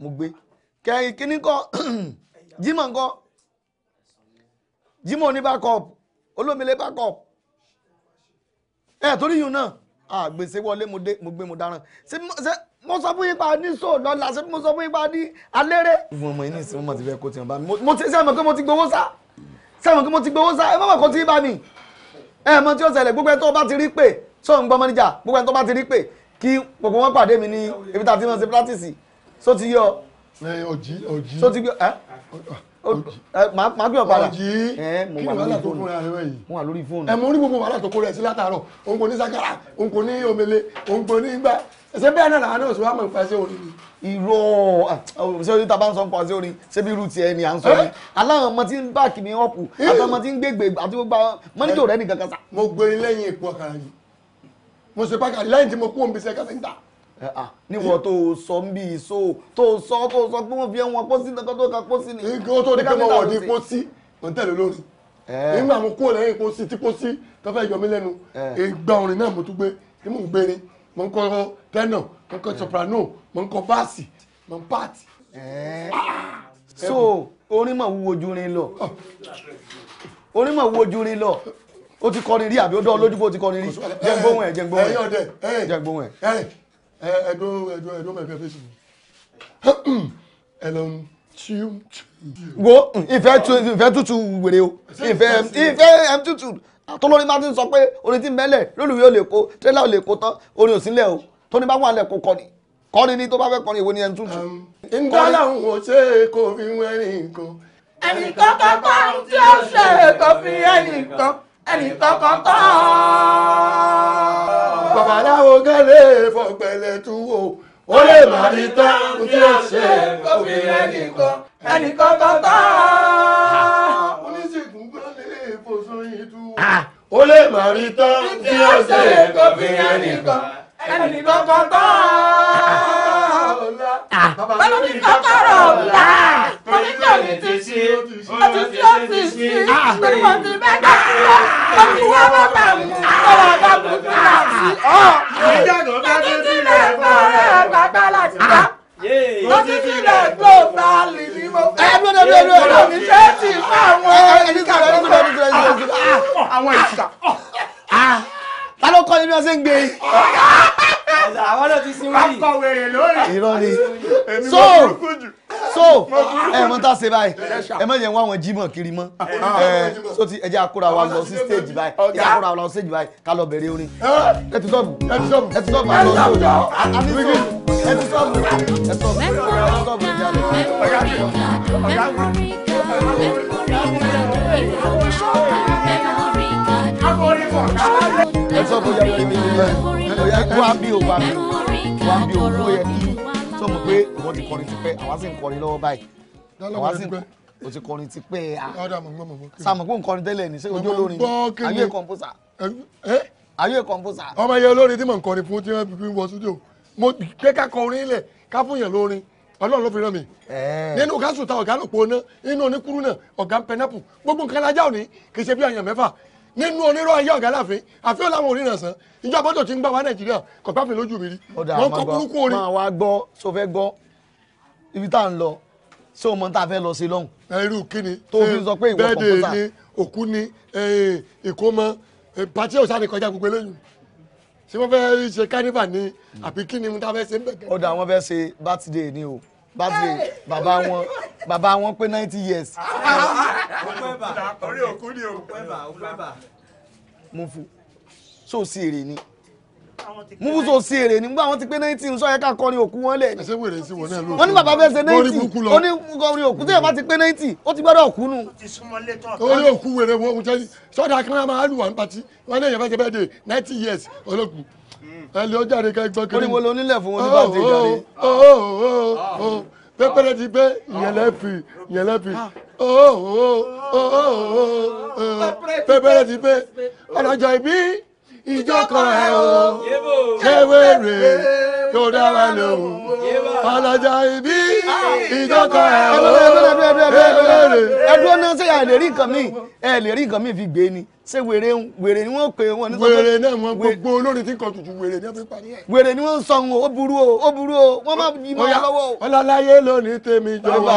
mo gbé kẹyìn kíní kọ jimọ nkọ jimọ ní backup olómìnira backup ẹ torí yìí náà àgbèsè wọlé mo gbé mo dáràn ṣé mo sọ fún yín pa ní so lọ́la ṣe mo sọ fún yín pa ní alẹ́rẹ́. fún ọmọ yìí ní ìsinmi mo ti fẹ́ kó tiwọn bá mi mo ti sẹ́wọ̀n pé mo ti gbowó sá sẹ́wọ̀n pé mo ti gbowó sá ẹ má mọ̀ kó ti bá mi ẹ mọ tí ó ṣẹlẹ̀ gbogbo ẹ tó bá ti rí pé sọ̀rọ̀ ń gbọ́ mọ́níjà gbogbo ẹ tó bá ti rí pé kí gbogbo wọn pàdé mi ní ibi tá a ti mọ̀ sí pírátìsì só ti yọ. ọjì ọjì só ti gbé ẹ máa gbé ọ̀padà ọjì kí wàhálà tó kún ara rẹ yìí wọn wà lórí fóònù. ẹ mọ orí gbogbo wàhálà tó kún rẹ sí látàárọ̀ òun kò ní sakara òun kò ní omele òun kò ní gbà ṣé bẹ́ẹ̀ náà làwọn náà sọ wá mọ̀ nípa sí orin ni. irọ́ ah, oh, ṣé tá a bá ń sọ nípa sí orin ṣé bí irú tiẹ̀ ni à ń sọ ni eh? aláwọn ọmọ tí ń bá kìnìún ọ̀pù àti ọmọ tí ń gbégbé àti gbogbo àwọn mọ́nítò rẹ̀ nìkan kan sá. mo gbórí lẹ́yìn èpo ọ̀kàrà yìí mo ṣe pákà lẹ́yìn tí mo kú òun bí sẹ́kà sẹ́ńtà eh, ah, níwọ̀ tó sọ ń bí so tó sọ tó sọ pé wọ́n fi ẹ̀wọ̀n pósí nǹkan tó kan pósí ni. ìgbà tó di pé mo wọ̀ ní pósí mo ń tẹ̀lé olórin eh. nígbà mo kúrò lẹ́yìn pósí tí pósí tó fẹ́ yọ mí lẹ́nu mo tún gbé ń gbé ni mo ń kọ́ tẹ́nọ̀ mo ń kọ eh. soprano mo ń kọ báàsì mo ń pààtì. Eh. Ah! so orin mọ̀ wúwo ju rin lọ oh. orin mọ̀ wúwo ju rin lọ o ti kọrin rí àbí ó dán lójú bó ti kọrin rí jẹ́ ń eh, gbóhùn ẹ̀ jẹ́ ń gbóhùn ẹ̀ jẹ́ ń gbóhùn ẹ̀. ẹ̀ẹ́dọ́ ẹ̀dọ́ ẹ̀dọ́ mẹ́fẹ́ fèsì mi ẹ̀lọ́n tí ó wo ìfẹ́ tútù wèrè o ìfẹ́ tútù àtọ́lórí bá ti ń sọ pé orin ti mẹ́lẹ̀ lólùwé ò lè kó tírélà ò lè kó tán orin ò sílẹ̀ o tó ní bá wà lẹ̀ kó kọ́ ni kọ́ni tó bá fẹ́ kọ́ni èwo ni ẹni tuntun. ǹdọ́là ń wò ṣe kò fi wọ́n ẹnìkan. ẹnìkan kankan tí ó ṣe kò fi ẹnìkan ẹnìkan kankan. babaláwo gẹ́lẹ́ fọ̀gbẹ́lẹ̀ tú o ó lè má rí tán tí ó ṣe kò fi ẹnìkan ẹnìkan kankan. oníṣègùn gẹ́lẹ́ fọ̀sọ̀yìn tú o ó lè má rí tán tí ó ṣe kò fi ẹnìkan ẹnì kankan kọ́ pẹ̀lú ní kọ́kọ́rọ̀ ńlá torí tí òní ti ṣe ọtún tí ó ti ṣe torí wọn ti bẹ́ẹ̀ ká sí ọ wọn ti wá bàbá mu ọ̀rọ̀ ọ̀gá mu ti rà sí ọ. lọ́tí tí lè gbọ́ ọ̀rẹ́ gbàgbá láti bá lọ́tí tí lè gbọ́ báàlì ni mo fẹ́. ẹ bí ọdọ bí ọdọ bí ọdọ mi ṣe é ti fún àwọn ẹni tí a lọ sí ọdún tó ń ṣe àwọn ìṣà ta ló kọ́ ni bí wọ́n ṣe ń gbé. àwọn náà so so ẹ mọ tá a ṣe báyìí ẹ mọ yẹn wá àwọn jímọ̀ kiri mọ́ ẹ so ti ẹ jẹ́ àkóra wa lọ sí stage báyìí ẹ jẹ́ àkóra wa lọ sí stage báyìí ká lọ bẹ̀rẹ̀ orin ẹ ti sọ́ọ̀bù ẹ ti sọ́ọ̀bù ẹ ti sọ́ọ̀bù àlọ́ sọ́ọ̀bù ẹ ti sọ́ọ̀bù ẹ ti sọ́ọ̀bù ẹ ti sọ́ọ̀bù ẹ ti sọ́ọ̀bù ẹ ti sọ́ọ̀bù ẹ ti sọ́ọ̀bù ẹ ti sọ́ọ̀bù ẹ ti sọ́ọ̀bù ẹ ti sọ́ọ̀bù ẹ ti sọ́ọ̀bù wá bí o wá bí o wá bí o ló yẹ kí tó mọ̀ pé ìwọ ti kọrin tipẹ́ àwa sì ń kọrin lọ́wọ́ báyìí àwa sì ń kọrin o ti kọrin ti pé a sàmù pé nkọrin tẹ́lẹ̀ ní ṣé ojú olórin ayé kọ̀ǹpútà ayé kọ̀ǹpútà. ọmọ yẹn olórin tí mò ń kọrin fún tí wọ́n fi wọ studio mo pé ká kọrin lẹ̀ ká fún yẹn lórin ọlọ́run ló fi rán mi nínú ká sùn ta ọ̀gá lòpọ̀ náà oníkúrú náà ọ̀gá pẹnápù gbogbo nǹkan lajá òní kì í ṣe bí àyàn mẹ́fà nínú onírọ̀ ayé ọ̀gá láàfin àfihàn làwọn oríran sàn ìjọba tó ti ń gbà wá nàìjíríà kò bá fi lójú mi rí wọn kọ burúkú orin. máa wá gbọ́ so fẹ́ gbọ́ ibi tá à ń lọ ṣé o tá a fẹ́ lọ sí lọ́hùn. irú kíni tó fi sọ pé ìwọ kọ̀ǹpútà bẹ́ẹ̀dẹ̀ ni òkú ni ìkómọ pàtí ọ̀sán ni kọjá gbogbo eléyìí ṣé wọ́n fẹ́ ṣe kánífà ni àbí kíni mo tá a fẹ́ ṣe ń bẹ̀ birthday bàbá wọn bàbá wọn pé ninety years. orí òkú ni o. mo fún so sí èrè ni mo fún so sí èrè ni nígbà wọn ti pé ninety sọ yẹ ká kọrin òkú wọn lẹ ni. ẹsẹ wèrè sí wọn náà lóòótọ́. wọn ní bàbá bẹ́ẹ̀ ṣe ninety ó ní kọrin òkú tí yàrá ti pé ninety ó ti gbọ́dọ̀ kú nu. orí òkú wèrè wọn kò tẹ́lẹ̀ sọ́dà kan máa lù wá ń patí wọn ní èèyàn fẹ́ ṣe bẹ́ẹ̀ ninety years olókùn ẹ lè ọjà rẹ ká gbọ́ kiri. oníwọlé onílẹ̀ fún wọn ní bàtẹ́ ìjà rẹ. pẹ́pẹ́rẹ́ ti pé ìyẹn lẹ́fì ìyẹn lẹ́fì pẹ́pẹ́rẹ́ ti pé ọ̀nà jọ ìbí ìjọkọ ẹ o kéwèrè tó dá wa lóhùn alájà ibi ìjọkọ ẹ o kéwèrè. ẹ dúró náà ṣé ẹ lè rí nǹkan míì ẹ lè rí nǹkan míì fi gbé ni ṣé wèrè ń wèrè ni wọ́n pè wọ́n. wèrè náà wọ́n gbogbo olórin tí kan tuntun wèrè ni wọ́n fi parí ẹ̀. wèrè ni wọ́n sọ ń wo ó burú o ó burú o wọ́n má yí mọ́ lọ́wọ́ o. ọlọ́láyé lónìí tèmi jọba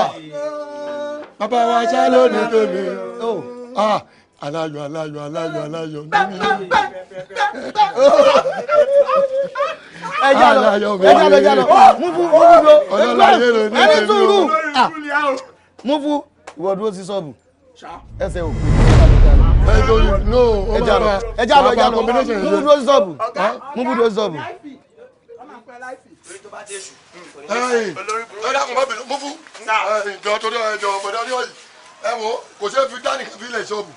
bàbá wa ṣá lónìí tèmi. Oh. Ah, aláyọ̀ aláyọ̀ aláyọ̀ aláyọ̀ ẹja lọ ẹja lọ ẹja lọ mufu mufu lo ọlọlọyẹ lo ní ẹni tuuru ah. mufu ìwọ dúró sí sọọbù ẹsẹ òkú ẹja lọ ẹja lọ ẹja lọ mufu dúró sí sọọbù mufu dúró sí sọọbù ẹjọ torí ẹjọ ọmọdé ọdún yìí ẹ wo kò sí fi dání kàfílẹ̀ ṣọ́ọ̀bù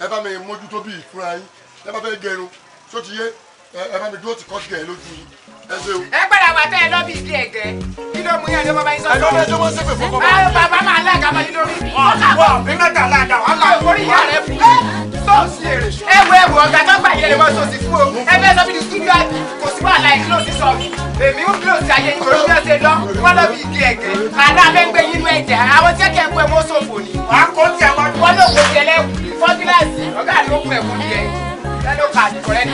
ẹ bá mi mójútó bí ìfúnra yín ẹ bá fẹ́ gẹrun sótìyé ẹ bá mi dúró tì kọ́ gẹ̀ lójú yìí ẹ padà wà tẹ́ ẹ lọ́bì ilé ẹ̀gẹ́ kí ló mú yẹn ló bàbá yín sọ́kọ́. ẹlọ́dẹ tó máa ń sẹ́pẹ̀ fún ẹ bàbá máa lága ẹ wo ẹ wo ọ̀gá tó gbà yẹn lè wọ́n sọ́ọ̀sì fún o. ẹ fẹ́ lọ bí ní studio kò sí wàhálà ẹ̀ kílòsì sọ èmi ń kílòsì ayé ní oṣù náà lọ wọn lọ bí igi ẹ̀gẹ́ àná abẹ́ngbẹ́ yínú ẹ̀jẹ̀ àwọn tí ẹ̀kẹ́ ẹ̀kọ́ ẹ̀ mọ́ sọ̀fọ̀ ni. wà á kọ́ ti àwọn. wọn ló kò tẹ̀lé fọ́gíláàsì ọ̀gá àlókùn ẹ̀kọ́ ni ẹ̀ ẹ̀ ló kà á kọ̀rẹ́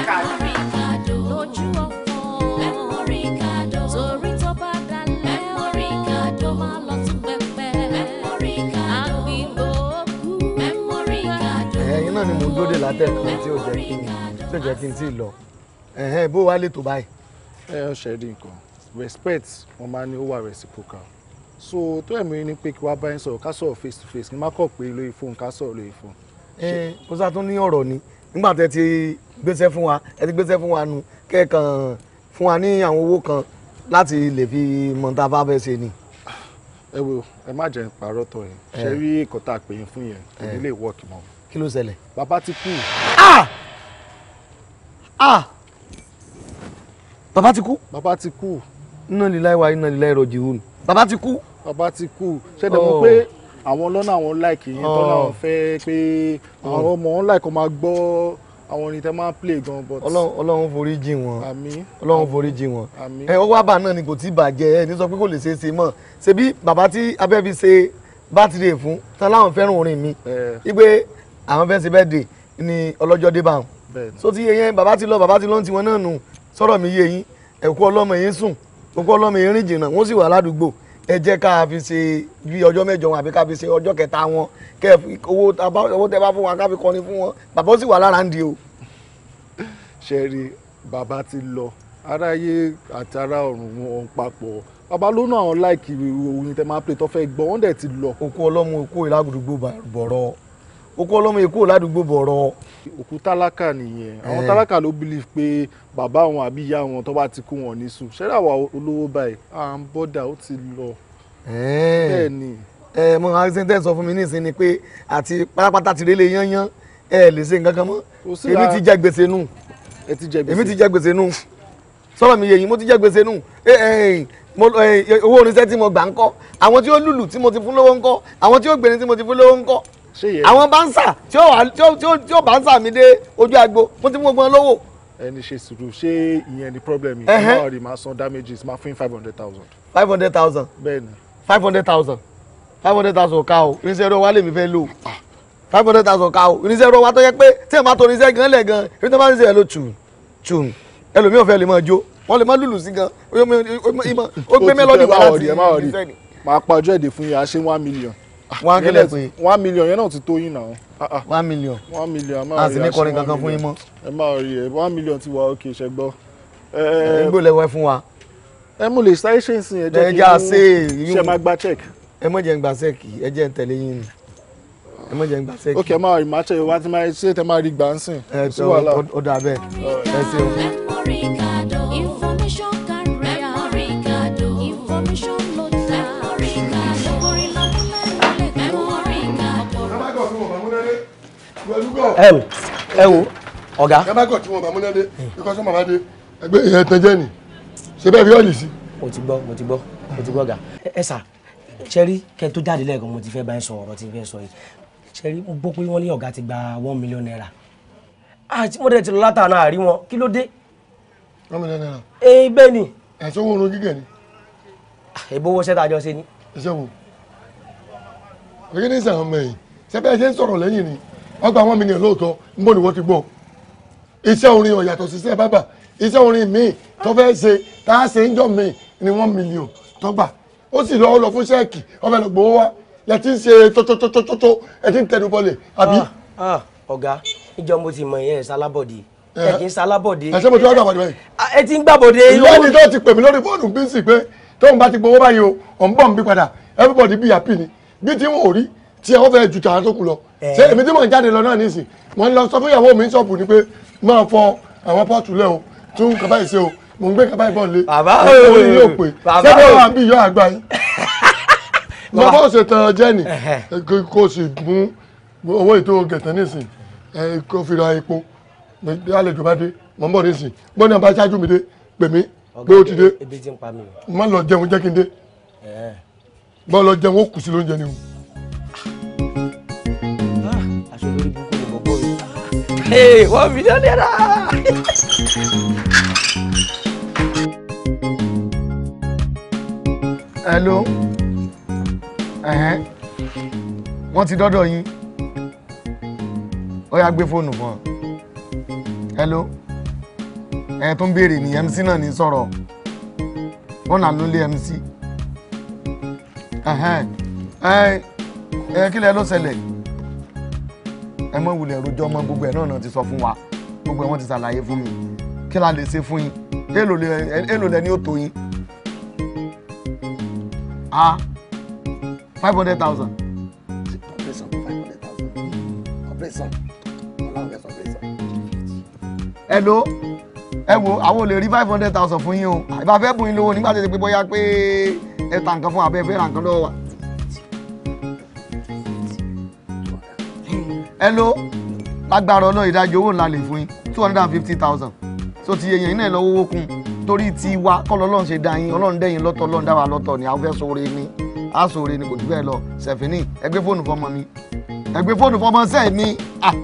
dúró dè látẹ̀kùn tí ò jẹ́ kí n tí ò jẹ́ kí n tí ì lọ ẹ̀hẹ́n bó wá lètò báyìí. ẹ ọ ṣe rí nǹkan respect wọn máa ní ó wà reciprocal so tó ẹ̀mí ni pé kí wá bá yín sọ̀rọ̀ ká sọ̀rọ̀ face to face ní má kọ̀ pé lórí fóun ká sọ̀rọ̀ lórí fóun. ẹ ó sá tún ní ọ̀rọ̀ ni nígbà tẹ ti gbéṣẹ́ fún wa ẹ ti gbéṣẹ́ fún wa nu kẹ́ẹ̀kan fún wa ní àwọn owó kan láti lè fi mọ̀ta bá bẹ́ẹ̀ ṣe ni ẹ wo ẹ má jẹ́ n yẹn ṣe rí ìkọ́tà pé yín fún yẹn kò lè wọ́ọ̀kì mọ́ kí ló ṣẹlẹ̀. bàbá ti kú. ah ah bàbá ti kú. bàbá ti kú. iná lílá ìwà iná lílá ìrọ̀jì òun. bàbá ti kú. bàbá ti kú ṣẹ̀dá mọ̀ pé oh. àwọn lọ́nà àwọn láìkì yẹn tọ́lá àwọn oh. fẹ́ pé àwọn oh. ọmọ wọn láìkọ́ máa gbọ́ àwọn orin tẹ máa play gan but. ọlọ́run forí jì wọ́n àmín ọlọ́run forí jì wọ́n àmín ẹ ọwọ́ àbá náà ni kò tí ì bàjẹ́ ẹ ní sọ pé kò lè ṣeé ṣe mọ́ ṣebí bàbá tí abẹ́ fi ṣe bátìrì fún tán láwọn fẹ́ràn orin mi eh. wípé àwọn fẹ́ẹ́ ṣe bẹ́ẹ̀ dè ní ọlọ́jọ́ dé báwọn so ti yé yẹn bàbá ti lọ bàbá ti lọ tiwọn náà nù sọ̀rọ̀ mi yé yín ẹ̀kú ọlọ́mọ yín sùn òkú ọlọ́mọ yín rìn jìnnà wọ́n sì wà ládùúgbò ẹ jẹ́ ká fi ṣe bí ọjọ́ mẹ́jọ wọn àbí ká fi ṣe ọjọ́ kẹta wọn kẹ owó tẹ bá fún wọn ká fi kọrin fún wọn bàbá ó sì wà lára ń di o. ṣe rí bàbá ti lọ aráyé àti ará ọ̀run wọn papọ̀ bàbá ló náà láìkì oyin tẹ máa pè tó fẹ́ gbọ́ wọ́n dẹ̀ ti lọ. òkú ọlọ́mọ òkú ìlàgùdùgbò bọ̀rọ̀ okú ọlọ́mọ èkó ládùúgbò bọ̀rọ̀. òkú tálákà nìyẹn àwọn eh. tálákà ló believe pé bàbá wọn àbí ìyá wọn tó bá ti kú wọn ní sùn ṣẹ́rẹ́ àwa olówó báyìí à ń bọ́dà ó ti lọ. Eh. bẹ́ẹ̀ ni. ẹ mọ alexander sọ fún mi nísìnyí ni pé àti pátápátá ti rélé yányán ẹ lè ṣe nǹkan kan mọ́ èmi ti jẹ gbèsè nù èmi ti jẹ gbèsè nù sọ́rọ̀ mi yẹ̀yìn mo ti jẹ gbèsè nù eh, owó oníṣẹ́ tí mo gbà ń kọ́ àwọn tí ó lùlù tí mo ti fún lówó ń kọ́ àwọn tí ó gbèrè tí mo ti fún lówó ń kọ́ àwọn bánsà tí ó bánsà mi dé ojú agbo mo ti mú gbọ́n lówó. ẹni ṣe sùúrù ṣé ìyẹn ni problem yìí náà rí máa san damages máa fún five hundred thousand. five hundred thousand. bẹ́ẹ̀ni. five hundred thousand five hundred thousand ká o irinṣẹ́ ẹ̀rọ wa lèmi fẹ́ lò five hundred thousand ká o irinṣẹ́ ẹ̀rọ wa tó yẹ pé tí ẹ̀ máa tó irinṣẹ́ gan lẹ̀ gan ibi tó bá ń ṣe ẹ̀ ló tù tù ẹlòmíì ò fẹ́ lè máa jó wọ́n lè máa lùlù sí gan ó gbé mélòdì wá láti irinṣẹ́ ni. máa pa ọjọ́ èdè fún yàrá ṣé one million one ah, kílẹ̀ pé one million yẹn náà ti tó yín náà. Ah, ah. one million one million a máa rí àṣìwọ́n mi àti ní kọrin kankan fún yín mọ́. ẹ máa rí ẹ one million ti wà òkè ṣẹgbọ́. ẹ ń gbọ́dọ̀ wẹ fún wa. ẹ mú lè sáré ṣe ń sìn ẹ jẹ́ kí n ṣe máa gba check. ẹ mọ̀ jẹ́ ń gba check ẹ jẹ́ ń tẹ̀lé yín ni ẹ mọ̀ jẹ́ ń gba check. ok ẹ máa rí màá ṣe wá tí máa ṣe tẹ máa rí gbà ń sìn. ẹ ṣe ọ̀dà bẹ́ẹ̀ ẹ ṣeun. ẹ wò ẹ wò ọ̀gá. ẹ bá kọ̀ tí wọn bá múná dé ikọ́ sọ́mọ̀ bá dé ẹgbẹ́ ìyẹn tán jẹ́ nì ṣe bẹ́ẹ̀ fi ọ̀lì sí. mo ti gbọ́ mo ti gbọ́ mo ti gbọ́ ọ̀gá ẹ sà ṣẹ́rí kẹ́ tó jáde lẹ́ẹ̀kan mo ti fẹ́ bá ẹ sọ ọ̀rọ̀ tí fẹ́ sọ yìí ṣẹ́rí mo gbọ́ pé wọ́n ní ọ̀gá ti gba one million naira àti mo dẹ̀ ti lọ látàánà àrí wọn kí ló dé. one million naira. ee bẹ́ẹ̀ ni. ẹ̀sọ́ wo orun gígẹ̀ ni. ìbówó ah, ṣẹ́ta àjọṣe ni. iṣẹ́ wo? òye ní sàn án mẹ́yìn ṣẹ́fẹ́ ṣe ń sọ̀rọ̀ lẹ́yìn ni wọ́n gba one million lóòótọ́ níbo ni wọ́n ti gbọ́ iṣẹ́ orin ó yàtọ̀ sí iṣẹ́ bábà iṣẹ́ orin míì tó fẹ́ ṣe tá a ṣe ń jọ míì ni one million tó gbà ó sì lọ́ọ́ lọ fún ṣẹ́ẹ̀kì ọbẹ̀ lọ gbowó wá lẹ́tí ń ṣe tótótótótó ẹtí ń tẹnu bọ́lẹ̀ àbí. Ah, ah, ọ̀gá ìjọ mo ti mọ ìyẹn sálábọ̀dì eh. ẹ kì í sálábọ̀dì. ẹ ṣe mo ti wá gbàbọ̀dì báyìí. Ah, ẹ ti ń gbàbọ̀dì. lẹ́ni tó ti pè mí lórí fóònù bí ń sì pé tóun bá ti gbowó báyìí o òun bọ̀ ń bí padà everybody be happy ni bí tí wọn ò rí tí ẹ wọ́n fẹ́ ju tààrà tó kù lọ Eh. ṣé èmi tí mò ń jáde lọ náà nísìn mo ń lọ sọ fún ìyàwó mi ṣọ́ọ̀bù ni pé máa fọ àwọn pọ́ọ̀tù lẹ́ o tún kaba ìṣe o mò ń gbé kaba ìbọn lé bàbá òun yóò pè ṣé bí wọn àbí ìyá àgbà yín mo bá ọ̀sẹ̀ tán jẹ́ o sì mú owó ètò gẹ̀tẹ̀ nísìn kó fi ra epo àlejò bá dé mo ń bọ̀ nísìn bọ́ni àbá ṣáájú mi dé pè mí pé ó ti dé má lọ jẹun jẹ́ kí n dé bọ́ lọ jẹun ó kù sí lóúnjẹ ni o. Hey, one million Hello. Wọ́n ti dọ́dọ̀ yín. Ó yá gbé fóònù fún ọ. Hello. Ẹ tó ní MC náà ní sọ̀rọ̀. na nule m.c. lólé MC. Ẹ kí lo sele? ẹ mọ̀ wulẹ̀ rojọ́ mọ́ gbogbo ẹ̀ náà náà ti sọ fún wa gbogbo ẹ̀ wọ́n ti ṣàlàyé fún mi kí la lè ṣe fún yín èlò lẹ ó tó yín a five hundred thousand. operation five hundred thousand operation ọlọ́run kẹsàn-án operation. ẹ ló ẹ wo àwọn ò lè rí five hundred thousand fún yín o ìbá fẹ́ bùn yín lówó nígbà tó ti pé bóyá pé ẹ ta nǹkan fún abẹ́ fẹ́ ra nǹkan lọ́wọ́ wa. ẹ ló lágbára ọlọ́run ìdájọ́ owó ńlá lè fún yín two hundred and fifty thousand so ti èèyàn yín náà lọ́wọ́ kún torí ti wa kọ́ lọ́lọ́run ṣe dá yín ọlọ́run dẹ́yìn lọ́tọ̀ ọlọ́run dá wa lọ́tọ̀ ni àwọn fẹ́ sóore ni á sóore ni kò jù bẹ́ẹ̀ lọ sẹ̀fínì ẹ gbé fóònù fọmọ mi ẹ gbé fóònù fọmọ sẹ́ẹ̀ ni ah!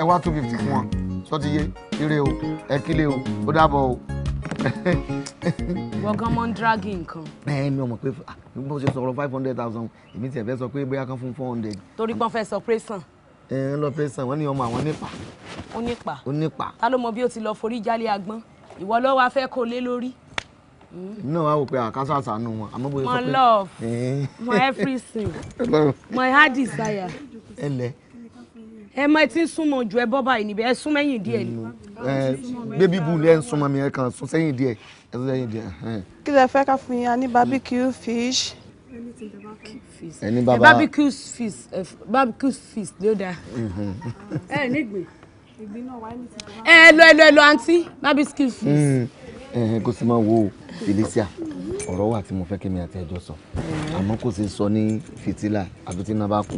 ẹ wá two fifty fún wọn sọ ti yé ire o ẹ kílẹ̀ o ó dàbọ̀ o gbọ̀ngàn mọ́ ń drágì nǹkan. ẹ mi ò mọ̀ pé ah, bó ṣe sọ̀rọ̀ five hundred thousand èmi tiẹ̀ fẹ́ sọ pé bóyá kan fún four hundred. torí pọ́n fẹ́ sọ pé sàn. ẹ ń lọ pé sàn wọ́n ní ọmọ àwọn nípa. ó nípa ó nípa. ta ló mọ bí o ti lọ forí jálẹ̀ agbọ́n ìwọ ló wá fẹ́ lé lórí. náà wá wò pé àkásà ah, àṣàánú wọn àmọ́ bóyá sọ pé. my love my everything my heart desire. ẹ lẹ ẹ mọ ẹ ti ń súnmọ́ ju ẹ bọ́ báyìí níbi ẹ sún mẹ́yìn díẹ̀ ni. bébí bù lẹ́ ń súnmọ́ mi ẹ kàn sún sẹ́yìn díẹ̀ ẹ sún sẹ́yìn díẹ̀. kí lẹ fẹ́ ká fún yín ní barbecue fish. ẹni bàbá barbecue fish barbecue fish ló dáa. ẹ nígbè ìgbín náà wà ní ti bàbá. ẹ lọ ẹ lọ ẹ lọ àǹtí barbecue fish. Hmm, kó sì máa wo felicia ọ̀rọ̀ wà tí mo fẹ́ kémi àti ẹjọ́ sọ àmọ́ kò sí sọ ní fìtílà àbí tí iná bá kú.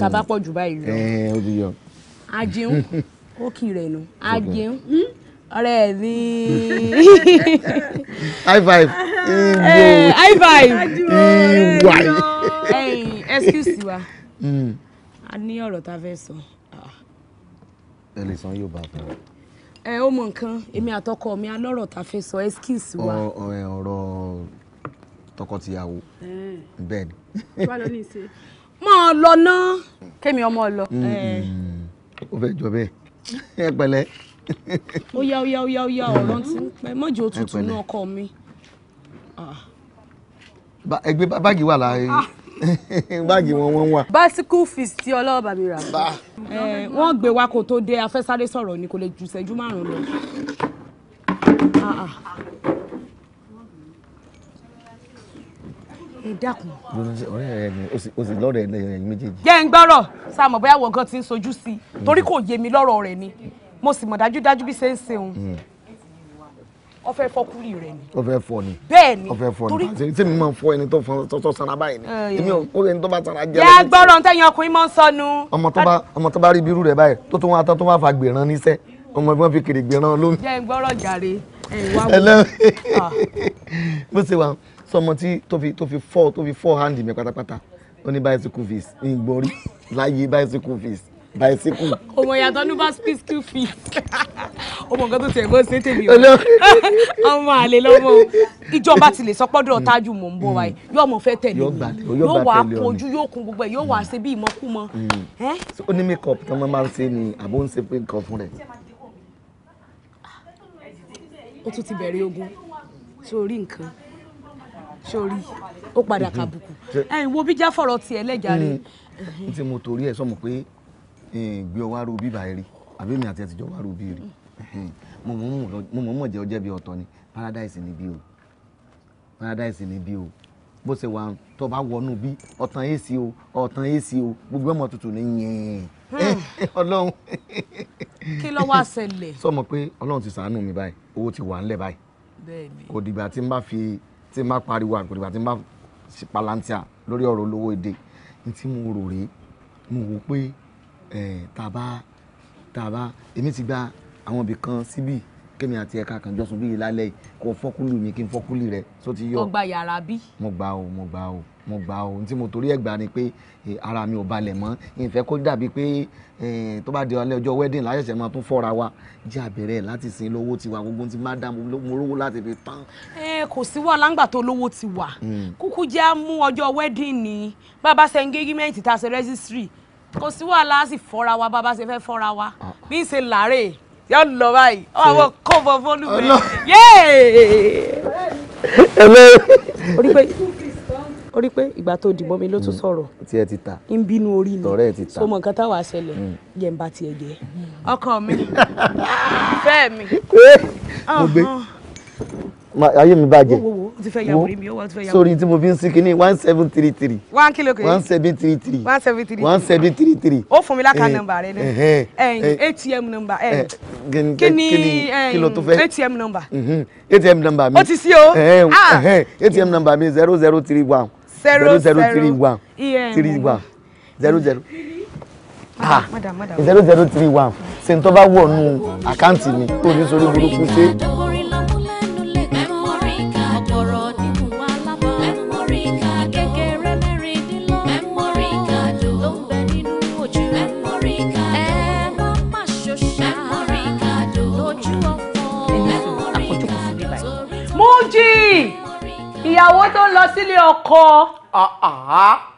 tá a bá pọ̀ jù báyìí lọ o ti yọ. àjẹun ó kì í rẹ̀ nù àjẹun hmm, ọ̀rẹ́ mi. high five. high five. iwai. excuse wa hmm. a ní ọ̀rọ̀ tá a fẹ́ sọ. Ah. ẹ lè san yóò bá a fẹ́ ẹ ó mọ nǹkan èmi àtọkọ mi alọ́rọ̀ tá a fẹ́ sọ excuse wa. ọ̀rọ̀ tọkọtìyàwó bẹ́ẹ̀ ni. wà ló ní í ṣe. mọ ọ lọ náà kémi ọmọ lọ. ó fẹ́ jọ bẹ́ẹ̀ ẹ pẹ̀lẹ́. ó yá ó yá ó yá ó yá ọ̀rọ̀ ti ń pẹ́ mọ́jọ́ òtútù náà ọkọ mi. Ah. ẹgbẹ́ báàgì wà láàárín. Ah. báàgì wọn wọ́n wà. bicycle fees tí ọlọ́wọ́ bàbí rà. wọ́n gbé wa kó tó dé afẹ́sáré sọ̀rọ̀ ni kò lè ju ìṣẹ́jú márùn-ún lọ. Ah, ah. ẹ dákun. ọ̀rẹ́ rẹ ni o sì lọ́rọ̀ ẹ̀yìn méjèèjì. jẹ́ ń gbọ́rọ̀ sáà mọ̀ bóyá wọ̀ngàn ti ń sojú sí i torí kò yé mi lọ́rọ̀ rẹ̀ ni mo sì mọ̀ dájúdájú bí ṣe ń ṣe òun mm ọfẹ fọkúrì rẹ ni. ọfẹ fọ ni bẹ́ẹ̀ni torí ṣe mi máa fọ ẹni tó fọ tọ́tọ́ sanra báyìí ni èmi ò kó ẹni tó bá sanra jẹ́. yà á gbọ́dọ̀ tẹ̀yìn ọkùnrin máa ń sọnù. ọmọ tó bá rí ibirú rẹ báyìí tó tún wá tán tó wá fa gbèrán níṣẹ́ ọmọ ìbọn fi kèrè gbèrán lómi. jẹ́ gbọ́rọ̀ jàre ẹ̀wá wò. Ah. bó ṣe wà bicycle. ọmọ ìyàtọ̀ ní basket school fees ọmọ nǹkan tó tiẹ̀ kó ṣe tèmi o ọmọ àlè lọ́mọ ìjọba ti lè sọ pọ́dọ̀ tájù mò ń bọ̀ wáyé hmm. yóò mọ̀ fẹ́ tẹ̀lé mi yóò wà á kojú yóò kun gbogbo ẹ̀ yóò wà á ṣe bí ìmọ̀kúmọ̀. Hmm. ó ní makeup tí wọ́n máa ń ṣe ni àbó ń ṣe pé nǹkan fún rẹ̀. ó tún ti bẹ̀rẹ̀ ogun sórí nǹkan sórí ó padà hmm. kàbùkù ẹ̀yin wo bíjà fọ̀rọ̀ tiẹ̀ lẹ́jà rẹ̀. n tí mo torí ẹ̀ sọ mọ̀ pé gbé ọ wá ro bíbà ẹ rí àbí èmi àti ẹ ti jọ bí rí mo mọ̀ mọ̀ jẹ́ ọjẹ́ bí ọ̀tọ̀ ni paradise ni bí o paradise ni bí o bó ṣe wà tó bá wọnú bí ọ̀tàn èsì o ọ̀tàn èsì o gbogbo ẹ̀mọ́ tutù ní yẹn hmm. ọlọ́run. kí ló wá ṣẹlẹ̀. sọ pé ọlọ́run ti ṣàánú mi báyìí owó ti wà ńlẹ̀ báyìí kò dìgbà tí n bá fi tí n bá pariwo àkò dìgbà tí n bá palantia lórí ọ̀rọ̀ olówó èdè ní tí mo rò rèé mo wò pé tàbá tàbá èmi ti gba àwọn ibì kan síbì kémi àti ẹ̀ka kan jọ́sùn bíi lálẹ́ yìí kò fọ́kúlù mi kí n fọ́kúlù rẹ̀ tó ti yọ. ọgbà yàrá bí. mo gbà o mo gbà o mo gbà o tí mo torí ẹ̀ gbà ni pé e, ara mi ò balẹ̀ mọ́ ìfẹ́ kó dàbí pé e, tó bá di alẹ́ ọjọ́ wedding láyẹ̀sẹ̀ máa tún fọ́ra wa jẹ́ àbẹ̀rẹ̀ láti sin lówó tiwa gbogbo tí má dá mo lówó láti fi tán. ẹ kò sí wà láǹgbà tó lówó ti wà hmm. kúkú jẹ́ mú ọjọ́ wedding ni bàbá sẹ́ńgẹ́gímẹ́ǹtì tá a ṣe rẹ́sísírì kò sí wàhálà á sì fọ́ra wa bàbá ṣe fẹ́ fọ́ra wa ah. bí ṣe làárẹ̀ yóò lọ báyìí ọ àwọn kò bọ fọlù bẹ yéè. orí pé orí pé ìgbà tó dìbọn mi ló tún mm. sọ̀rọ̀ tí ẹ ti ta ń bínú orí mi tọ̀rẹ́ ẹ ti ta so mọ nǹkan táwa ṣẹlẹ̀ yẹn mm. tiẹ̀ jẹ́ mm. ọkọ mi ìfẹ́ mi ayé mi bàjẹ́ sórí tí mo fi ń sin kínní one seven three three. one kilo kìíní one seven three three. one seven three three one seven three three. ó fún mi láka eh, nọ́mbà rẹ ní eh, eh, atm nọ́mbà ẹ kínní kilo tó fẹ́ atm nọ́mbà. atm mhm. nọ́mbà mi ó ti sí o atm ah. nọ́mbà mi zero zero three one zero zero three one e three one zero zero Ah. zero zero three one ṣe n tó bá wọ̀ nù àkáǹtì mi tó ní sórí burúkú ṣe. lọ sílé ọkọ.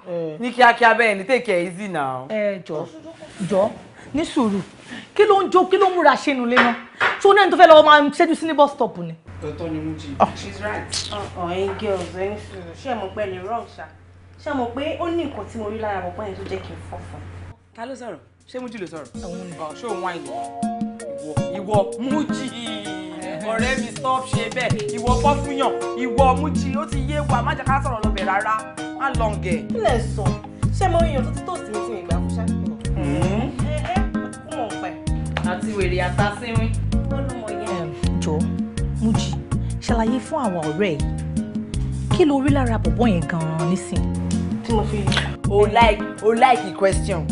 Eh. ní kíákíá bẹ́ẹ̀ ni take it easy now. ẹ eh, jọ jọ ní sùúrù kí ló ń jó kí ló ń múra ṣẹnu lé náà tó náà tó fẹ́ lọ́wọ́ máa ṣẹ́jú sí ní bus stop ni. tọ́tọ́ ni mo jí ah. she's right. ọ̀hún oh, ẹ̀yin girls ẹ̀yin sùúrù ṣé mo pẹ́ lè rọ̀ ṣá ṣé mo pé ó ní nǹkan tí mo rí lára àbọ̀pọ̀ yẹn tó jẹ́ kí n fọ́ fún. ta ló sọ̀rọ̀? ṣé Mújì ló sọ̀rọ̀ ṣé òun wáìnì ìwọ Mújì ọ̀rẹ́ mi stop ṣe bẹ́ẹ̀ ìwọ pọ́fúyàn ìwọ Mújì ó ti yé wa má jẹ́ ká sọ̀rọ̀ lọ́bẹ̀ rárá má lọ́ngẹ̀. kí lè sọ ṣé mo yan tó ti tòsí ní tìmí ìgbà fún ṣáàpì náà. Hmm? ẹ ẹ kú mọ̀ pẹ́. àti wèrè àtàsínwín lọ́lọ́mọ yẹn. jọ Mújì ṣàlàyé fún àwọn ọ̀rẹ́ yìí kí ló rí lára bọ̀bọ̀ yẹn gan-an nísìn. tí mo fi. o like o like the question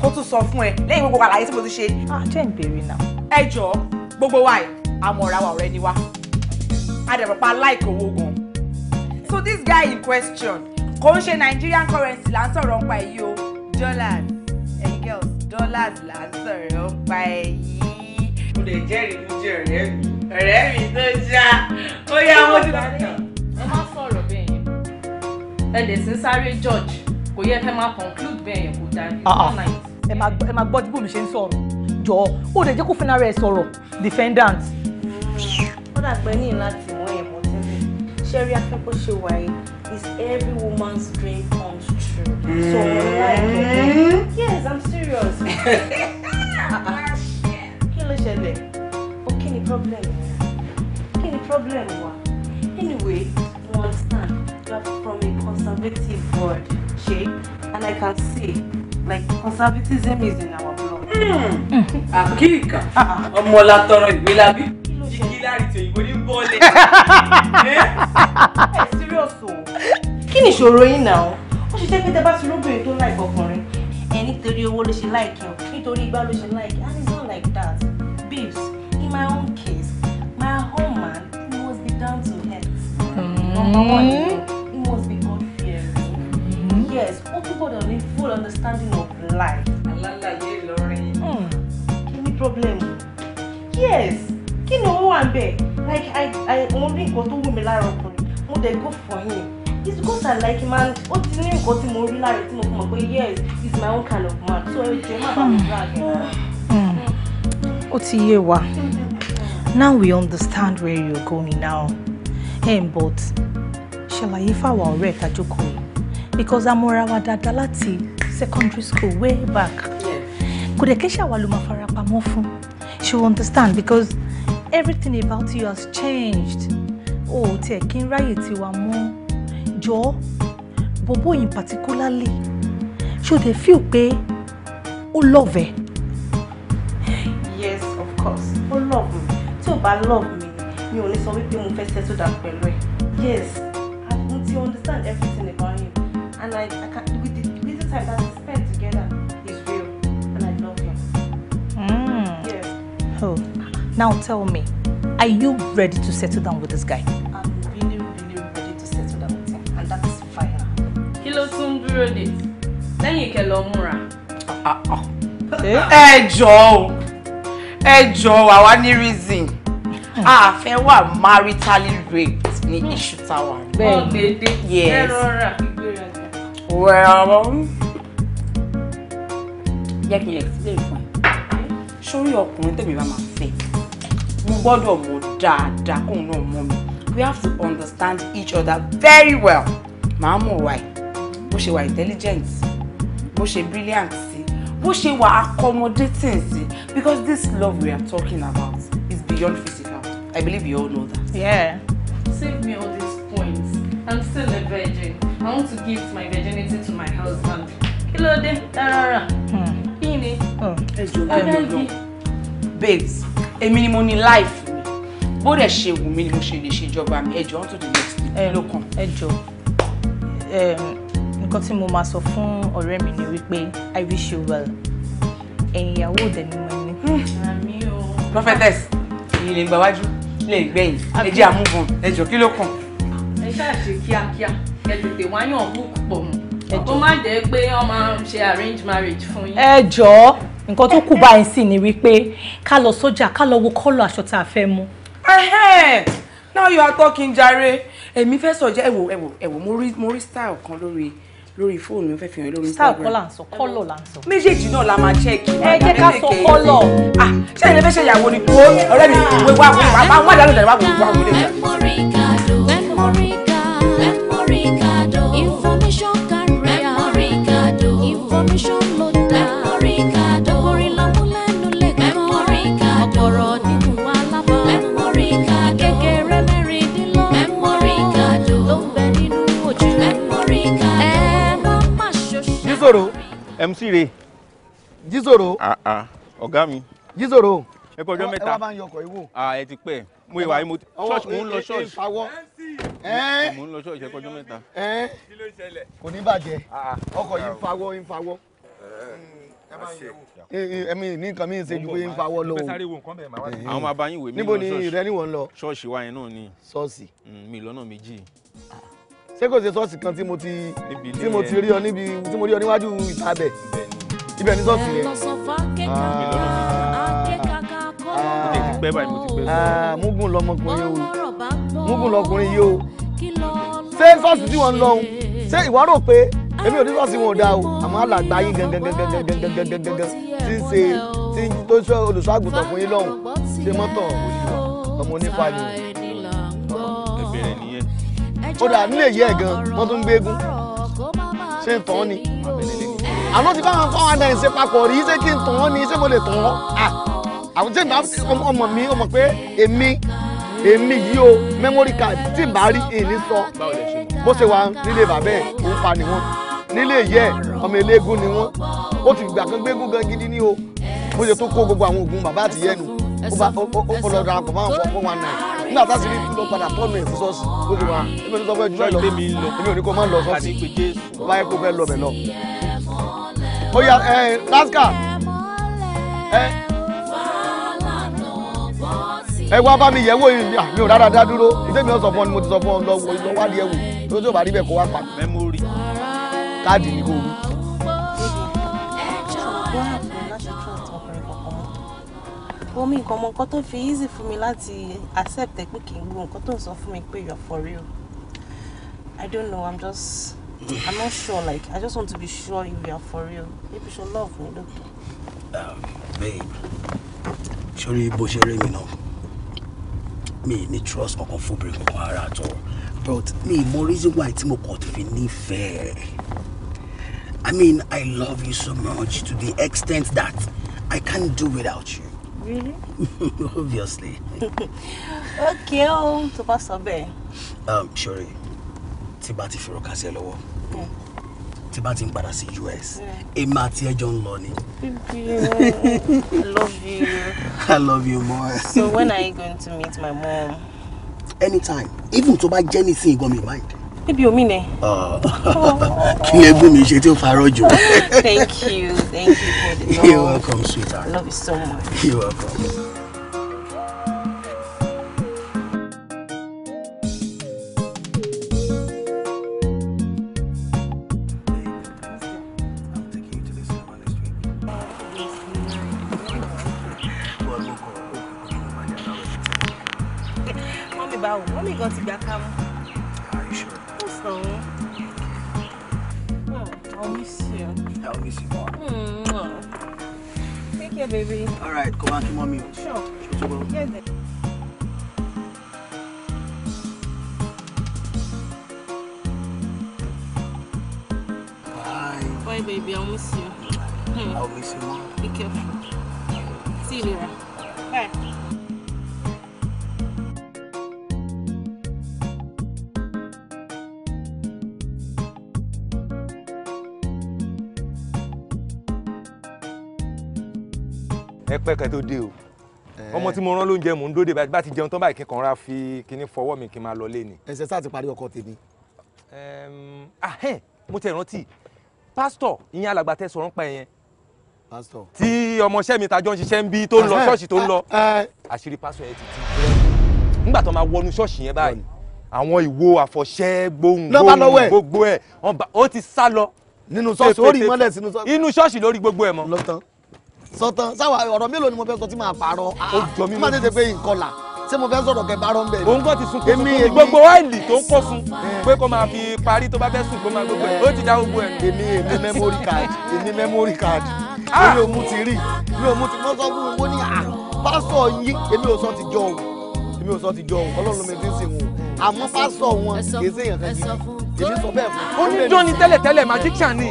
kó tún sọ fún ẹ lẹ́yìn gbogbo àlàyé tí mo ti ṣe. àjẹ́ ah, ń bèrè náà. ẹ jọ gbogbo wa yìí àmọ̀ra wa ọ̀rẹ́ ni wa adẹ̀rọ̀pá láìkò owó gan. so this guy in question kò ń ṣe Nigerian currency là ń sọ̀rọ̀ nípa èyí o dollars ẹ̀yin girls dollars là ń sọ̀rọ̀ nípa èyí. mo lè jẹ́rìí mo jẹ́ ọ̀rẹ́ mi ọ̀rẹ́ mi tó já ó yá mo ti bá tàn. ẹ má sọ̀rọ̀ bẹ́ẹ̀ yẹn ẹ lè sin sáré George kò yẹ kẹ́ máa conclude bẹ́ẹ̀ yẹn kò dájú. ẹ máa ẹ máa gbọ́ dípò mi ṣe ń sọ̀rọ̀ jọ ó lè jẹ́ kó fúnra rẹ̀ sọ̀rọ̀ defendant. ó dàgbẹ́ ní láti mọ ẹ̀mọ́ tẹ́lẹ̀ ṣẹ́rí afẹ́kọ́ ṣe wáyé is every woman's dream comes true. so mm-hmm. yes i'm serious. kí ló ṣẹlẹ̀ o kí ni problem kí ni problem wa anyway you understand you are from a conservative world shape and I can see like conservatism is in our blood. Àkíkà hmm. ah. ọmọ látọrọ ìwé lábí jíjí láàrìtì òyìnbó ní bọ́ọ̀lì. Ẹ eh? serious o. Kí ni ìṣòro yín náà? Ó ṣe jẹ́ pé tẹ́bá ti róbìnrin tó láì ọkùnrin. Ẹ nítorí owó ló ṣe láìkí o, nítorí igbá ló ṣe láìkí. And it's not like that. Babes, in my own case, my home man, he must be down to earth. Hmm. Number one, he must be yes ó túbọ̀dọ̀ ní full understanding of life. alálàyé Ìlọrin. Hmm, kí ni problem yes kí ni owó wà ń like i i mo rí nǹkan tó wù mí lára ọkùnrin mo dẹ̀ go for him it's because i like him and ó ti ní nǹkan tí mo rí lára tí mo fi mọ̀ pé yes he's my own kind of man so ẹ jẹ́ má bàa mi rà yẹn. ó ti yé wa now we understand where you're going now. Hey, but I fáwọn ọ̀rẹ́ ìtajọ́ kan yìí because amọ̀ra wa dáadáa láti secondary school way back kò dẹ̀ kí ṣàwa ló máa she will understand because everything about you has changed Oh, taking tiẹ̀ you are more. Joe, Bobo in particularly should dẹ̀ feel pé ó love yes of course ó love me So ò love me You only saw me being mo to that down yes i want to understand everything about and I, I can, with the little time that we spent together is real, and I love him. Mm. Yeah. Oh, now tell me, are you ready to settle down with this guy? I'm really, really ready to settle down with him, and that is fine. Kí ló Then you can love Mura. lọ múra. Hey eh? Joe, o, ẹ jọ̀ọ́ àwa ní reason. Hmm. A fẹ́ wà maritally raped ní hmm. issue tá a wà. Bẹ́ẹ̀ni. Yes. Well, yeah, can you explain fún ẹ. Sórí ọkùnrin tèmi bá máa fẹ́, mo gbọ́dọ̀ mọ̀ dad, kóun náà mọ̀ mi. We have to understand each other very well. Màá mọ̀ wá ẹ̀, bó ṣe intelligent, Who she brilliant Who she was accommodating because this love we are talking about is beyond physical. I believe you all know that. Yeah. Save me all these points. I'm still a virgin. I want to give my virginity to my husband. Kí ló dé? Rárá. Kí ni? Ẹ jọ bẹ́ẹ̀ lọ. Babes, èmi ni mo ní life mi. Bó dẹ̀ ṣe wù mí ni mo ṣe lè ṣèjọba mi. Ẹ jọ on to the next week. Lókàn. Edge. jọ. Nǹkan tí mo máa sọ fún ọ̀rẹ́ mi ni wípé I wish you well. Ẹ̀yin ìyàwó òde ni mo ní. Àmì o. Hmm. Prophetess, èyí lè gbà wájú, lè gbẹ̀yìn. Ẹ jẹ́ àmúbọ̀n. Ẹ jọ kí ló kàn? Ẹ ṣáà ṣe kíákíá ẹ tètè wá yàn kú pọ̀ mọ́ kó má jẹ́ pé wọ́n máa ṣe arrange marriage fún yín. ẹ jọ̀ọ́ nǹkan tó kù báyìí sì ni wípé ká lọ sọ́jà ká lọ wo kọ́lọ̀ aṣọ tá a fẹ́ mú. now you are talking jàre èmi fẹ́ sọ̀jẹ́ ẹ̀wò ẹ̀wò ẹ̀wò mo rí style kan lórí lórí fóònù mi fẹ́ fi hàn lórí instagram. style kọ́ là ń sọ kọ́lọ̀ là ń sọ. méjèèjì náà la máa check. ẹ jẹ́ ká sọ kọ́lọ̀. ah ṣé ẹni fẹ́ ṣe ìyàwó ni kó ọ̀rẹ́ mi ìwé wa wò wá wá wá dáná dáná wá wò wá wò lè. Ricardo. Information carrier. Ẹ Information loader. Ẹ mọ̀ Ricardo. Orin lamúlẹ́nu lẹ́kọ̀ọ́. Ẹ mọ̀ Ricardo. Ọ̀pọ̀rọ̀ nínú alábọ̀. Ẹ mọ̀ Ricardo. Kékeré mẹ́rìndínlọ́gbọ̀n. Ẹ mọ̀ Ricardo. Ló ń bẹ nínú ojú. Ẹ mọ̀ Ricardo. Ẹ má MC re. Jísòro. Àà mi. Jísòro. Ẹ kọjọ́ mẹ́ta. Ẹ wá bá ń yọkọ̀ ìwò. Ah, ẹ ti pẹ́ mo ìwà yìí mo church mo ń lọ church mo ń lọ church ẹ̀kọ́jọ́ mẹ́ta. kò ní bàjẹ́ ah, ah. ọkọ̀ yìí ń fawọ́ ń fawọ́ ẹmi mm, ní nǹkan mi ń ṣe ju pé ń fawọ́ lọ o àwọn máa bá yín wèé mi lọ ṣọ́ọ̀ṣì níbo ni rẹ níwọ̀n lọ ṣọ́ọ̀ṣì wa yẹn náà ni ṣọ́ọ̀ṣì mm, mi lọ́nà méjì ṣé kò ṣe ṣọ́ọ̀ṣì kan tí mo ti tí mo ti rí ọ níbi tí mo rí ọ níwájú ìta bẹ̀ ibẹ̀ ni ṣọ́ọ̀ṣì yẹn. Ah mo ah, lọmọkùnrin yìí o lọkùnrin yìí ṣé sọ́ọ̀sì tí wọ́n ń lọ òun ṣé ìwọ rò pé èmi ò ní sọ́ọ̀sì wọn ò dáa o àmọ́ alàgbà yín gangangangangangangangangangan ti ń ṣe ti ń tó ṣe olùṣọ́ fún yín lọ́hùn ṣe mọ́tò ọmọ onífà ni ẹ̀bẹ̀rẹ̀ dà nílé yẹ gan wọ́n tún ń gbégún ń tàn án ni àmọ́ ti bá wọn fáwọn àdáyìn ṣe papọ̀ rí ṣé kí n tàn án ni ṣé mo lè tàn án. Ah àwọn tí n ọmọ mi ọmọ pé èmi èmi yìí o memory card tí n rí èyí sọ bó ṣe wà nílé bàbá ẹ̀ òun pa ni wọ́n nílé ìyẹ́ ọmọ eléégún ni wọ́n ó ti gbà kan gbégún gan gidi ní o bó ṣe tó kó gbogbo àwọn oògùn bàbá àtìyẹ́ nu ó bá ó fọlọ́ ra àpò máa ń fọ́ one nine nígbà tá a sì rí tó lọ padà tọ́nu ẹ̀ sọ́ọ̀sì ó ti wá èmi ò sọ fẹ́ jùlọ lọ èmi ò ní kó má lọ sọ́ọ̀sì bá ẹ wá bá mi yẹ̀ wò yìí ah, mi ò rárá dá dúró ìdí mi ò sọ fún ọ ni mo ti sọ fún ọ lọ lọ wádìí ẹ wò tó tó bá rí bẹ́ẹ̀ kó wá pa mẹ́mórì káàdì ni kò wú. omi nǹkan ọmọ nǹkan tó fi easy fún mi láti accept ẹ pé kì í gbọ́ nǹkan tó ń sọ fún mi pé you're for real I don't know I'm just I'm not sure like I just want to be sure if are for real maybe should love me lókè. Um, babe ṣorí bó ṣe rí mi náà mi ní trust kankan fún obìnrin kankan ara àtọ but mi mọ reason why tí mo kàn fi nífẹ̀ẹ́ i mean i love you so much to the extent that i can't do without you. really. obviously. okay o tó bá sọ bẹ́ẹ̀. Um, sori tí bá ti fi rọ kásẹ̀ lọ́wọ́ hmm tí bá ti ń padà sí US èmi àti ẹjọ́ ń lọ ni. I love you. I love you more. So when are you going to meet my mom? Anytime even tó bá jẹ́ nísìnyí gan mi mind. Ebi omi nẹ. Ah, kí ni ẹ̀gbọ́n mi ṣe tí ó farọ́ jù? Thank you, thank you for the love. You're welcome, sweetheart. I love you so much. You're welcome. báwo wọ́n nìkan ti gbà ká mú. ó sọ wọn. I'll miss you. I'll miss you more. mm Take care, baby. All right, come back to mommy. Sure. Sure. Yeah, Bye. Bye, baby. I'll miss you. Hmm. I'll miss you more. Be careful. See you later. Bye. pẹ́ kẹ́ tó dé o ọmọ tí mo rán lóúnjẹ mò ń dóde bá ti jẹun tán báyìí kí n kàn ra fi kíní fọwọ́ mi kí n máa lọ lé ni. ẹsẹ sáà ti parí ọkọ tèmi. mo ti rántí pásítọ̀ ìyẹn alàgbà tẹ sọ̀rọ̀ ń pa ẹ̀yẹn tí ọmọọṣẹ́ mi tajọ́ ń ṣiṣẹ́ ń bí tó ń lọ ṣọ́ọ̀ṣì tó ń lọ àṣírí pásítọ̀ yẹn ti tú nígbà tó máa wọnú ṣọ́ọ̀ṣì yẹn báyìí àwọn ìwo àfọ̀ṣẹ́ gbohùngbohùn gbogbo ẹ̀ ó ti sá lọ nínú ṣọ́ọ̀ṣì ó rí mọ́lẹ̀ sínú ṣọ́ọ̀ṣì inú ṣọ́ọ̀ṣì lórí gbogbo ẹ̀ mọ́ sọtàn sáwà ọ̀rọ̀ mélòó ni mo fẹ́ sọ tí màá parọ́ ah, ó jọ mí lójú má tètè pé ìkọlà ṣé mo fẹ́ sọ̀rọ̀ kẹ bá rọ́ ń bẹ̀. òun kò ti sunkún sunkún gbogbo wáìlì tó ń kó sun eh. pé kó máa fi parí tó bá fẹ́ sùn kó máa gbogbo ẹ̀ ó ti já gbogbo ẹ̀. èmi èmi ah. memory card èmi memory card mi ò mú ti rí mi ò mú ti mọ́sán fún mi wọ́n ní ah, pásọ̀ yín èmi ò sọ ti jọ òun èmi ò sọ ti jọ òun ọlọ́run mi ti sìn wọn àmọ́ pásọ wọn kì í sí èèyàn kan gidi èmi sọ bẹ́ẹ̀ fún. ó ní jọ́ni tẹ́lẹ̀tẹ́lẹ̀ magician ni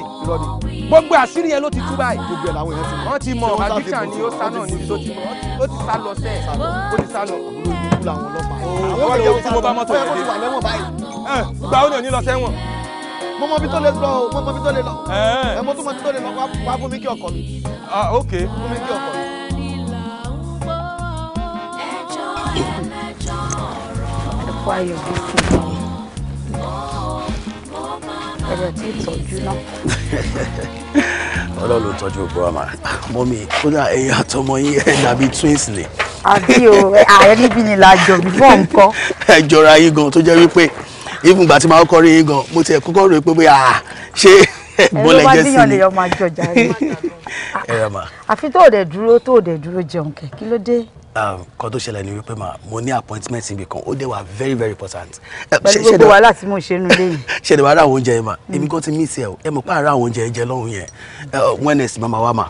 gbogbo àṣírí yẹn ló ti tú báyìí. gbogbo ẹ̀ làwọn èèyàn ti mọ̀. wọ́n ti mọ̀ magician ni ó sá náà ní tó ti mọ̀ ó ti sá lọ sẹ́ẹ̀ ó ti sá lọ. àbúrò ìlú làwọn ọlọ́pàá yìí. Oh, àwọn ọlọ́pàá yìí tí mo bá mọ́tò yẹn dé. gba ó ní òní lọ sẹ́wọ̀n. mo mọ bí tó lè lọ o mo mọ bí tó lè lọ. Eh. ẹ mo tún mọ bí tó lè lọ wá fún mi kí ọkọ mi. ah ok. fún mi kí ọkọ mi kó ayọ̀ bí fún mi ẹ̀rọ tí ìtọ́jú náà. ọlọ́run ló tọ́jú ògbó àmà mọ́mí kódà ẹ̀yin àtọmọ yín ẹ̀ dàbí twins ni. àbí o ààrẹ níbi ni la jọ bíbọ̀ nǹkan. ẹ jọra yín gan tó jẹ́ wípé even gbà tí màá kọ́ rí yín gan mo tiẹ̀ kọ́kọ́ rò pé bóyá ṣé bọ́lẹ̀ jẹ́ sí mi. ẹ̀rọ bá díyàn lè àfi tó o dẹ̀ dúró tó o dẹ̀ dúró jẹun kẹ̀ kí ló dé. Um, kan tó ṣẹlẹ̀ ni wípé ma mo ní appointment níbi kan ó dẹ̀ wà very very important. Eh, pẹ̀lú gbogbo wàhálà tí mo ṣe nu lẹ́yìn. ṣẹ̀dẹ̀ wàá ra àwọn oúnjẹ yẹn ma mm. èmi kan ti mí sí ẹ o ẹ mọ̀ pé àárá àwọn oúnjẹ jẹ lọ́hùn yẹn eh, wellness mama wa ma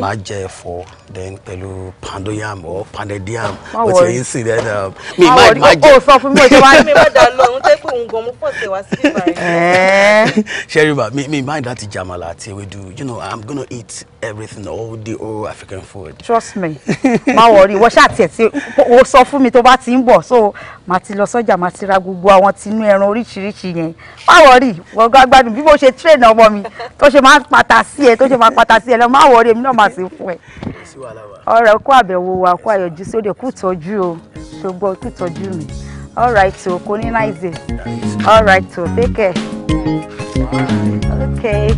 máa jẹ ẹ̀fọ́ then pẹ̀lú pandoyam or pandediam. yam o ti yẹn sìn then um, mi máa máa jẹ. o sọ fún mi o ṣe wá mi má dà lọ òun tẹ́ pé òun gan mo pọ̀ tẹ̀ wá sí ìgbà yẹn. ṣẹ́ríba mi mi máa láti jẹ àmàlà àti ewédú you know i'm gonna eat everything all the old African food. trust me má wọrí wọ́n ṣáà tiẹ̀ tí o sọ fún mi tó bá ti ń bọ̀ so màá ti lọ sọ́jà màá ti ra gbogbo àwọn tinú ẹran oríṣiríṣi yẹn má wọrí gbọ́ngàn agbádùn bí mo ṣe train ọmọ mi tó ṣe máa ń pata sí ẹ tó ṣe máa ń pata sí ẹ lọ má wọrí èmi náà máa ṣe fún ẹ. ọ̀rọ̀ kó àbẹ̀wò wa kó àyọ̀jú sóde kú tọ́jú o ṣùgbọ́n kú tọ́jú mi all o kò ní nice day all o take care okay.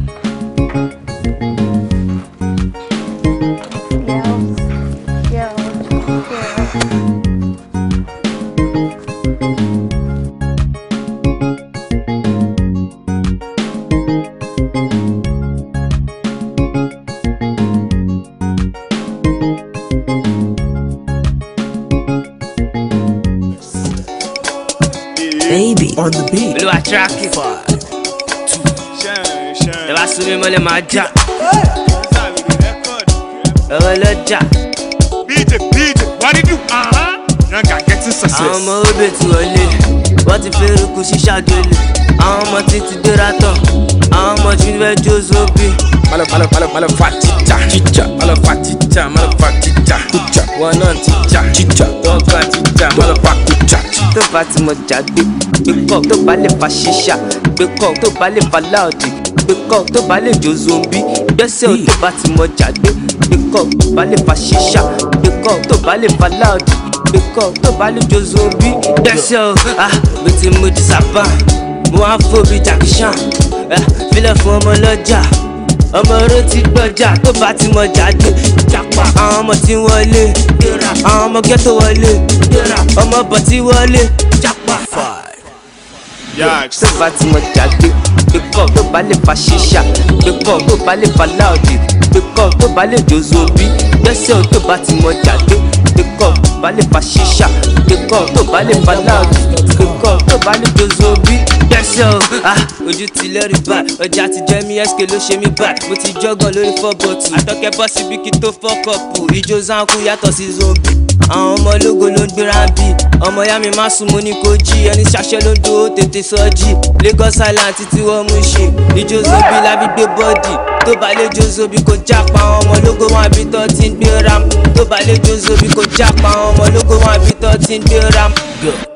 on the beat. Blue attractive. Five, two. Never see me money my jack. Ọlọ́jà. BJ BJ, what did you? Uh-huh. Nanga getting success. Àwọn ọmọ òbí tí wọlé, wọ́n ti a rúkú ṣíṣá jọlẹ̀. Àwọn ọmọ títí dóra tán, àwọn ọmọ tí wọ́n jó sóbì. Malafa malafa malafa jíjà jíjà malafa jíjà malafa jíjà chicha. Wọ́n náà jíjà chicha Wọ́n ká jíjà malafa jíjà tó bá ti mọ̀ jà gbé gbé kọ́ tó bá lè fa ṣíṣà gbé kọ́ tó bá lè fa láòdì gbé kọ́ tó bá lè jó zombi gbẹ́sẹ̀ tó bá ti mọ̀ jà gbé tó bá lè fa ṣíṣà gbé tó bá lè fa láòdì gbé tó bá lè jó zombi gbẹ́sẹ̀ ah mo ti mú ti sábà mo á fòbi jàkíṣà ah, filẹ̀ fún ọmọ lọ́jà ọmọ oró ti gbọ́jà tó bá ti mọ̀ jà gbé àwọn ọmọ tí wọlé àwọn ọmọ ghetto wọlé náírà ọmọ bọ̀tí wọlé jápa. tó bá ti mọ jàgbé gbé pọ̀ tó bá lè fa ṣíṣà gbé pọ̀ tó bá lè fa láòdì gbé pọ̀ tó bá lè jó zobi gbẹ́sẹ̀ tó bá ti mọ jàgbé gbé pọ̀ tó bá lè fa ṣíṣà gbé pọ̀ tó bá lè fa láòdì gbé tó bá lè jó zobi gbẹ́sẹ̀ o ah ojú ti lẹ́rìí bá ọjà ti jẹ́ mi sk ló ṣe mí bá mo ti jọ́gàn lórí fọ́ bọ̀tù àtọ́kẹ́ bọ́ síbi kí tó fọ́ kọ̀pù ìjó zánkú yàtọ̀ sí zombi àwọn ọmọ ológo ló ń gbéra bí ọmọ ya mi má sùn mo ní kó jí ẹni ṣàṣẹ ló dúró tètè sọjí Lagos Island títí wọ́n mú ṣe ijó zobi lábí gbé bọ́ọ̀dì tó bá lè jó zobi kò jápa àwọn ọmọ ológo wọn àbí tó ti ń gbéra tó bá lè zobi kò jápa àwọn ọmọ ológo wọn àbí tó ti ń gbéra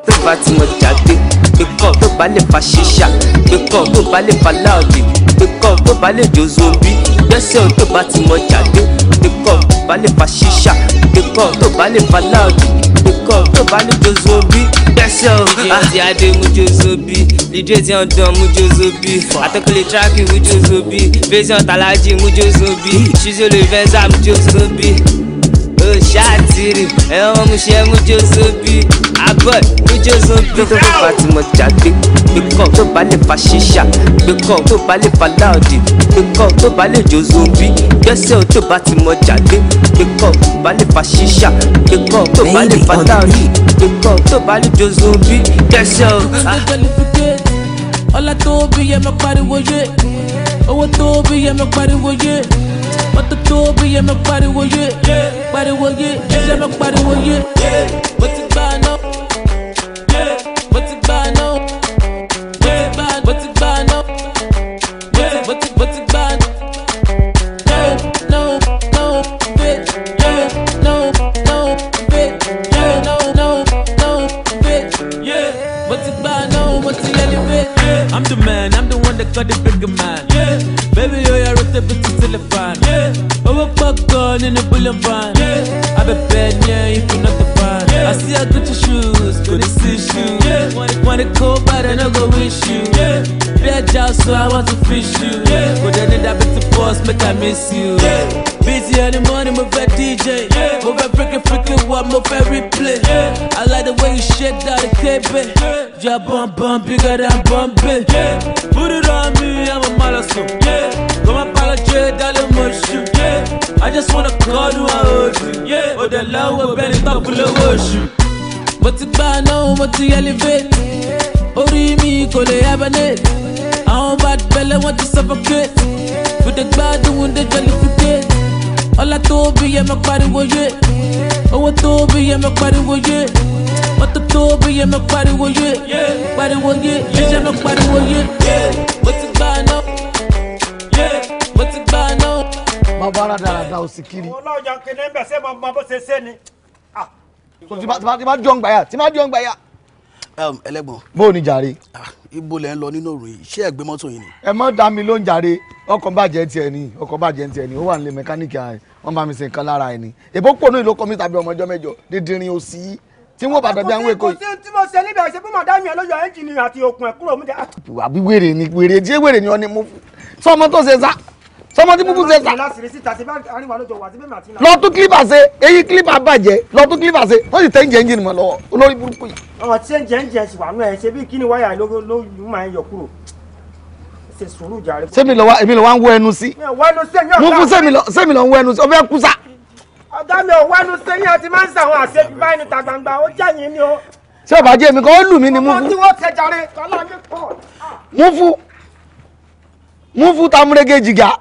tó bá ti mọ̀ jáde gbé kọ́ tó bá lè fa ṣíṣà gbé kọ́ tó bá lè fa láàbì gbé kọ́ tó bá lè jó zombi gbẹ́sẹ̀ tó bá ti mọ̀ jáde gbé kọ́ tó bá lè fa ṣíṣà gbé kọ́ tó bá lè fa láàbì gbé kọ́ tó bá lè jó zombi gbẹ́sẹ̀ o. ìyàtì adé mú jó zombi lídírètì ọ̀dàn mú jó zombi àtọ́kùnlé tíráàkì mú jó zombi fèsì ọ̀tàlájì mú jó zombi ṣíṣe olùfẹ́ shatiri ẹwọn mu ṣe mu jó sóbì abọ mu jó sóbì. tó bá mo Jagbe gbé kọ́ tó bá lè fa ṣíṣà gbé kọ́ tó bá lè fa láòdì gbé kọ́ tó bá lè jó sóbì gbẹ́sẹ̀ o tó bá ti mọ Jagbe gbé kọ́ tó bá lè fa ṣíṣà gbé kọ́ tó bá lè fa láòdì gbé kọ́ tó bá lè jó sóbì gbẹ́sẹ̀ o. Ah. ọlá tó bí yẹ mọ pariwo yé owó tó bí yẹ mọ pariwo yé. my body body you, you. you. ẹ̀mẹ́ pariwo yé pariwo yé ẹ̀jẹ̀ mẹ́ pariwo yé mo ti gbà náà mo ti gbà náà mo ti gbà náà mo ti mo ti gbà náà. I'm the man, I'm the one that got the bigger man. Living in the boulevard. Yeah. I bet bad, yeah, if you're not the fine. Yeah. I see I got your shoes, but it's issue. Yeah. Wanna, cold, but I don't go with you. Yeah. Bad job, so I want to fish you. Yeah. But then it happened to boss, make I miss you. Yeah. Busy in the morning, move that DJ. Yeah. Move that freaking freaking what, move every play. Yeah. I like the way you shake that the cape. Yeah. bump, bum bum bigger bump it. Yeah. Put it on me, I'm a malasso. Yeah. Come on, apologize, darling, mushroom. Yeah. I just wanna kọ́dún oṣù. Yeah, ó dẹ̀ lọ́wọ́ bẹ́ẹ̀ ni tọ́kù lówó oṣù. Mo ti gbà náà mo ti elevate. Orí mi kò lè hibernate. Àwọn bad belle wọ́n ti suffocate. Mo dẹ̀ gbádùn mo dẹ̀ jollificate. Ọlá tó bí yẹ mọ pariwo yé. Owó tó bí yẹ mọ pariwo yé. Mọ́tò tó bí yẹ mọ pariwo yé. Pariwo yé, jíjẹ mọ pariwo yé. Mo ti gbà náà. Yeah mọ bá ara dáradá o sì kiri. ọlọ́jà kìnìún ń bẹ̀ ṣé mo mọ bó ṣe ṣe ni. Ah. tí ma jọ ń gbàyà tí ma jọ ń gbàyà. Ah, ibo lẹ ń lọ nínú òrùn yìí ṣé ẹ gbé mọ́tò yìí ni. ẹ mọ dá mi ló ń jàre ọkọ̀ bàjẹ́ tiẹ̀ ni ọkọ̀ bàjẹ́ tiẹ̀ ni ó wà nílé mẹkáníìkì ààrẹ wọn bá mi ṣe nǹkan lára ẹ ni èbó pò náà ló kọ́ mi tàbí ọmọ ọjọ́ mẹ́jọ dídìrín òsì tí wọn bàtà bí àwọn èkó yìí. kò sí tí mo ṣe níbẹ̀ ṣe fún màdá mi ẹ lóyún ẹ́ńjìnì àti òkun ẹ̀ kúrò mú dẹ́. Ah. àbí wèrè ni wèrè tí wèrè ni ọ ni mo sọ ọmọ tó ṣe sá sọmọ tí búbú ṣe ta lọ tún kílípà ṣe èyí kílípà bàjẹ́ lọ tún kílípà ṣe wọ́n sì tẹ́ ń jẹ́ ń jẹ́ ni mọ̀ lọ́wọ́ olórí burúkú yìí. ọ̀ ṣé ń jẹ́ ń jẹ́ ṣùgbọ́n àánú ẹ̀ ṣe bí kíni wáyà ló ló máa ń yọ kúrò ṣe sùúrù jàre. sẹ́mi lọ́wọ́ èmi lọ́wọ́ ń wọ ẹnu sí. mo sẹ́mi lọ́wọ́ ń wọ ẹnu sí ọbẹ̀ kúsà. ọ̀dọ́ mi ò wẹ́nu sẹ́yìn ọtí máa ń sàwọn àṣẹ báyìí níta gbangba ó jẹ́ yín ni o. ṣé ọba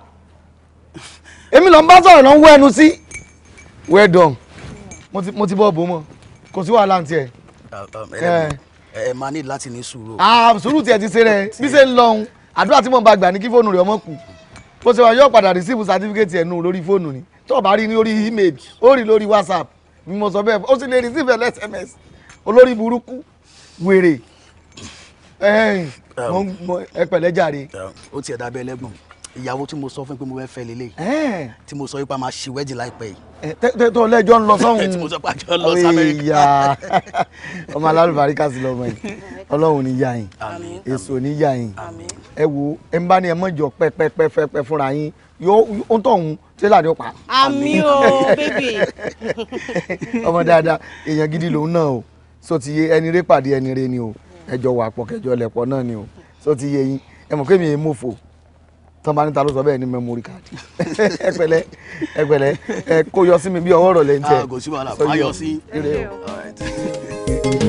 èmi lọ ń bá sọ̀rọ̀ náà ń wọ ẹnu sí well done mo ti bọ́ bò mọ́ kò sí wàhálà tiẹ̀. Um, um, um, eh. ẹ máa ní láti ní sùúrù. Ah, sùúrù tiẹ̀ ti ṣe rẹ̀ bí ṣe ń lọ́hùn àdúrà tí mò ń bá gbà ní kí fóònù rẹ̀ ọmọ kù bó ṣe wà yóò padà rìsíìbù sátífíkẹ́tì ẹ̀ nù lórí fóònù ni tó o bá rí ní orí email ó rí lórí whatsapp ni mo sọ bẹ́ẹ̀ ó sì lè rìsíìbù ẹ̀ sms olórí burúkú wèrè ẹ pẹ̀lẹ́ jàre. ó tiẹ̀ dábẹ́ lẹ́gbọ̀n ìyàwó tí mo sọ fún pé mo fẹ́ fẹ́ lélẹ̀ tí mo sọ wípé a máa ṣe wẹ́ẹ̀dì láìpẹ́ yìí. tó lẹ́jọ́ ń lọ sọ́hún tí mo sọ pé àjọ lọ sí amẹ́ríkà. ọmọ alálùbáríkà sí lọ́mọ yìí ọlọ́run ní yà yín èso ní yà yín ẹ wo ẹ ń bá ní ẹ mọ̀jọ pẹ́pẹ́pẹ́pẹ́ fúnra yín yóò ó ń tọ̀hún tẹ́lá ni ó pa. àmì o bébì. ọmọ dáadáa èèyàn gidi lòun náà o so ti yé ẹni rẹ pàdé ẹni rẹ ni o ẹjọ wà pọ̀ kẹjọ lẹ̀pọ̀ náà ni o so ti yé yín ẹ mọ̀ kémi èé mọ̀fọ̀ tán bá ní ta ló sọ bẹ́ẹ̀ ní memory card ẹ pẹ̀lẹ́ ẹ kó yọ sí mi bí ọwọ́ rọ̀ lẹ́ńtẹ́. Ah, kò sí wàhálà má yọ sí.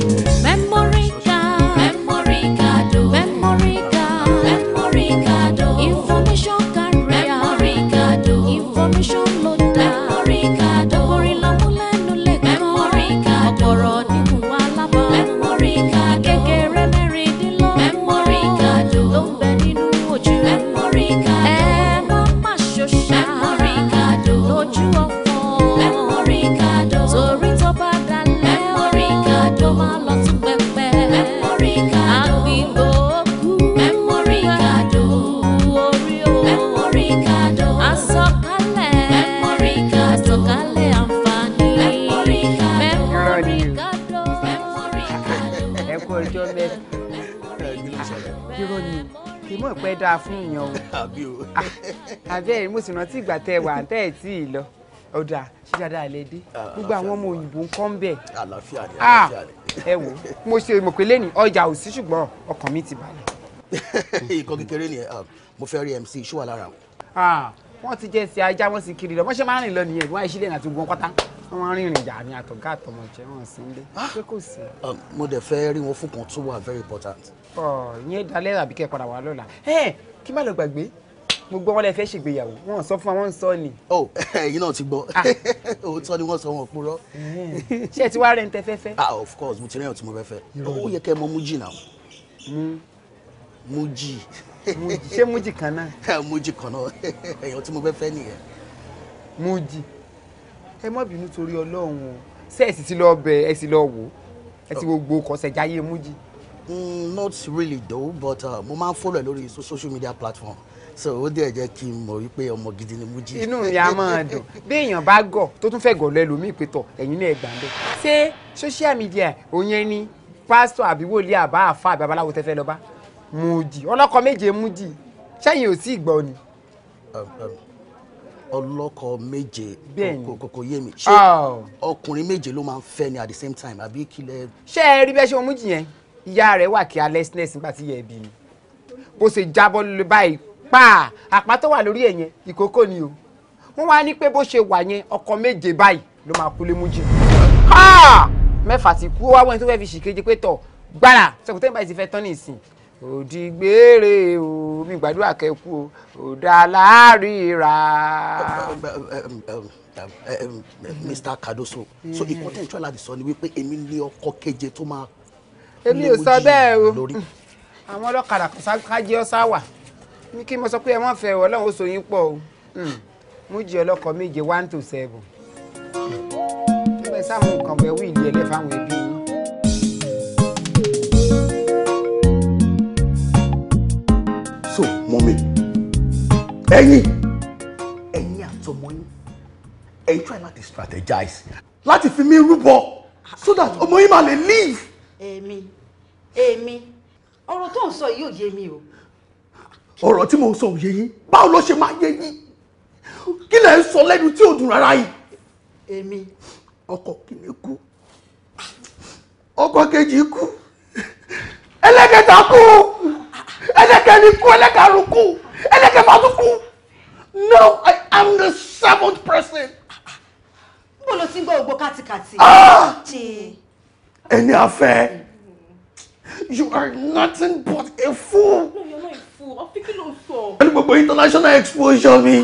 mọ̀ pé dáa fún èèyàn o àbí o ah, àbí ẹ̀yin mo sì rántí ìgbà tẹ wà tẹ́ ẹ̀ tí ì lọ ọ̀dà ṣé dáadáa lè dé ah, gbogbo àwọn ọmọ òyìnbó ń kọ́ ń bẹ̀. àlàáfíà ni ah, àlàáfíà ni. ẹ wo mo ṣe mọ̀ pé lẹ́nu ọjà ò sí ṣùgbọ́n ọkàn mi ti balẹ̀. ìkọ́ kékeré ni mo fẹ́ rí MC ṣúwà lára wọn. wọ́n ti jẹ́ ẹsẹ̀ ajá wọ́n sì kiri lọ wọ́n ṣe máa ń rìn lọ nìyẹn wọ́n àìsílẹ̀ àti gbọ́n pátá wọ́n máa ń rìnrìn ìjà ni àtọ̀gá àtọmọ̀jẹ́ wọn sí ń dé pé kò sí. mo dẹ̀ fẹ́ rí wọn fún kan tó wà very important ọ ìyẹn dalẹ́ àbí kẹ́ padà wá lọ́la ẹ kí má lọ gbàgbé mo gbọ́ wọn lẹ fẹ́ ṣègbéyàwó wọn sọ fún wa wọn sọ ni. ọ ẹyin náà ti gbọ́ ah. òótọ́ ni wọ́n sọ wọn purọ́. ṣé ẹ ti wá rẹ̀ ń tẹ fẹ́fẹ́. ah of course mo ti rẹ́yàn tí mo fẹ́ fẹ́ ó yẹ kẹ́ ẹ mọ mújì náà. mújì. ṣé mújì kan náà. mújì kan náà ẹ̀yàn tí mo fẹ́ fẹ́ nìyẹn. mújì ẹ má bínú torí ọlọ́run o ṣé ẹ sì ti lọ bẹ ẹ sì lọ wò ẹ ti gbogbo kọsẹ̀ jáyé mújì. Mm, not really though but uh, mo máa ń follow ẹ lórí social media platform so ó dẹ̀ jẹ́ kí n mọ̀ wípé ọmọ gidi ni Mují. inú mi á máa dùn bí èèyàn bá gọ̀ tó tún fẹ́ gọ̀ lẹ́lòmíì pé tọ̀ ẹ̀yin náà gbà ń bẹ̀. ṣé social media òun yẹn ni pásítọ̀ àbí wòlíì àbá àfa àbí babaláwo tẹ́fẹ́ lọ́ba Mují ọlọ́kọ méje Mují sẹ́yìn ò tí ì gbọ́ ni. ọlọ́kọ méje kò yé mi ṣé oh. ọkùnrin méje ló máa ń fẹ́ ni at the same time àbí kílẹ̀. ṣé ẹ rí bẹ́ẹ̀ ṣe Mují yẹn ìyá rẹ̀ wà kí alẹ́sínẹ́sì nígbà tí yẹ bí mi bó ṣe jábọ́ lulẹ̀ báyìí pa àpá tó wà lórí ẹ̀yẹn ìkókó ni o wọ́n wá ní pé bó ṣe wà yẹn ọkọ̀ méje báyìí ló máa kú lémújì mẹ́fà ti kú wá wọ́n tó fẹ́ fi ṣìkejì pé tọ̀ gbára sọ̀kùtẹ́ ìbáyìí ti fẹ́ tán ní ìsìn òdì gbére o mi gbàdúrà kẹ́kù o òdà láàrírà. Mr. Cardoso so ìkọ́tẹ̀ ìtura láti sọ ni wípé èmi ní ọkọ̀ keje tó máa èmi ò sọ bẹ́ẹ̀ o àwọn ọlọ́kadà kájí ọ́sá wà ní kí mo sọ pé ẹ wọ́n fẹ́ ọlọ́run ó so yín pọ̀ o hmm. mú jí ọlọ́kọ̀ méje one to seven nígbà sáwọn nǹkan bẹ̀ wí ìdí ẹlẹ́ fáwọn ẹbí yín. so mọ́mi ẹ̀yin ẹ̀yin àtọmọ yín ẹ̀yin try láti strategize láti fi mí rúbọ so that ọmọ yín máa lè live èmi èmi ọ̀rọ̀ tó ń sọ yìí ò yé mi o. ọ̀rọ̀ tí mo sọ ò yé yín báwo ló ṣe máa yé yín kí lẹ̀ ń sọ lẹ́nu tí ò dùn rárá yìí. èmi. ọkọ kìíní kú ọkọ kejì kú ẹlẹ́kẹta kú ẹlẹ́kẹni kú ẹlẹ́karùn kú ẹlẹ́kẹfà tún kú no i am the seventh person. bó ló ti ń gbọ́ ògbó kátikàti. ah. Any affair? You are nothing but a fool. No, you're not a fool. I'm thinking of so. Ẹni gbogbo international exposure mi.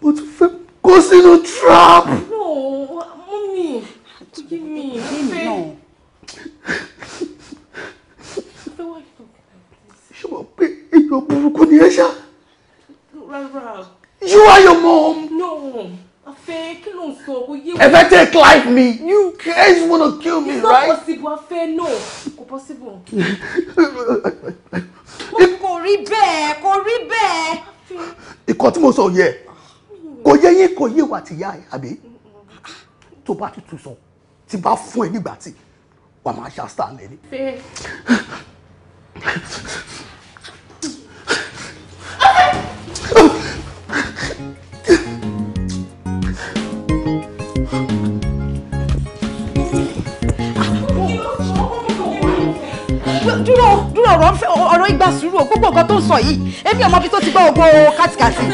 But tún fẹ́ kó a trap. No, mommy. kò me, give me, no. wá ìtọ́. Ṣé wọ́n pé èèyàn You are your mom. No. Afe, kí ló ń sọ? take life me. You guys wanna kill me, It's right? It's not possible, Afe, no. Kò possible. Kò rí bẹ́ẹ̀, kò rí bẹ́ẹ̀. Ìkọ́ tí mo sọ yẹ, kò yé yín kò yé wa tìyá ẹ̀ àbí? Tó bá tutù sàn, tí sùúrù ọ̀rọ̀ ń fẹ́ ọ̀rọ̀ ìgbà sùúrù o gbogbo nǹkan tó ń sọ yìí èmi ọmọ bíi tó ti gbọ́ ogbó kátìkátì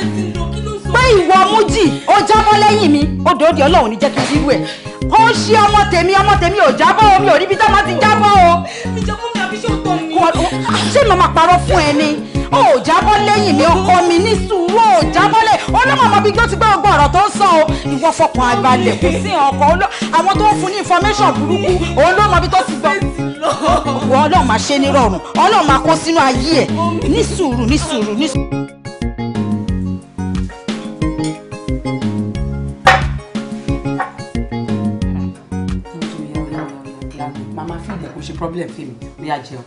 pé ìwọ mújì ó jábọ́ lẹ́yìn mi odò òdì ọlọ́run ní jẹ́ kí n rírú ẹ̀ ó ṣe ọmọ tèmi ọmọ tèmi ò jábọ́ omi ò níbi tó máa ti jábọ́ o. ìjọba mi àbí ṣé ó tọ́ mi. ṣé màmá parọ́ fún ẹ ni ó jábọ́ lẹ́yìn mi ọkọ mi ní sùúrù ó jábọ́ lẹ̀ ọlọ́mọ ọmọ bíi tó ti gbé gbogbo ọ̀rọ̀ tó ń sọ o ìwọ fọkàn àgbàlẹ̀ kò sí ọkọ̀ àwọn tó ń fún ní information burúkú òun ló tó ti gbọ́ ìwọ ọlọ́run máa ṣe nírọ̀rùn ọlọ́run máa kó sínú ayé ẹ̀ ní sùúrù ní sùúrù ní sùúrù. màmá fi ilẹ̀ kò ṣe problem fún mi bí a jẹun.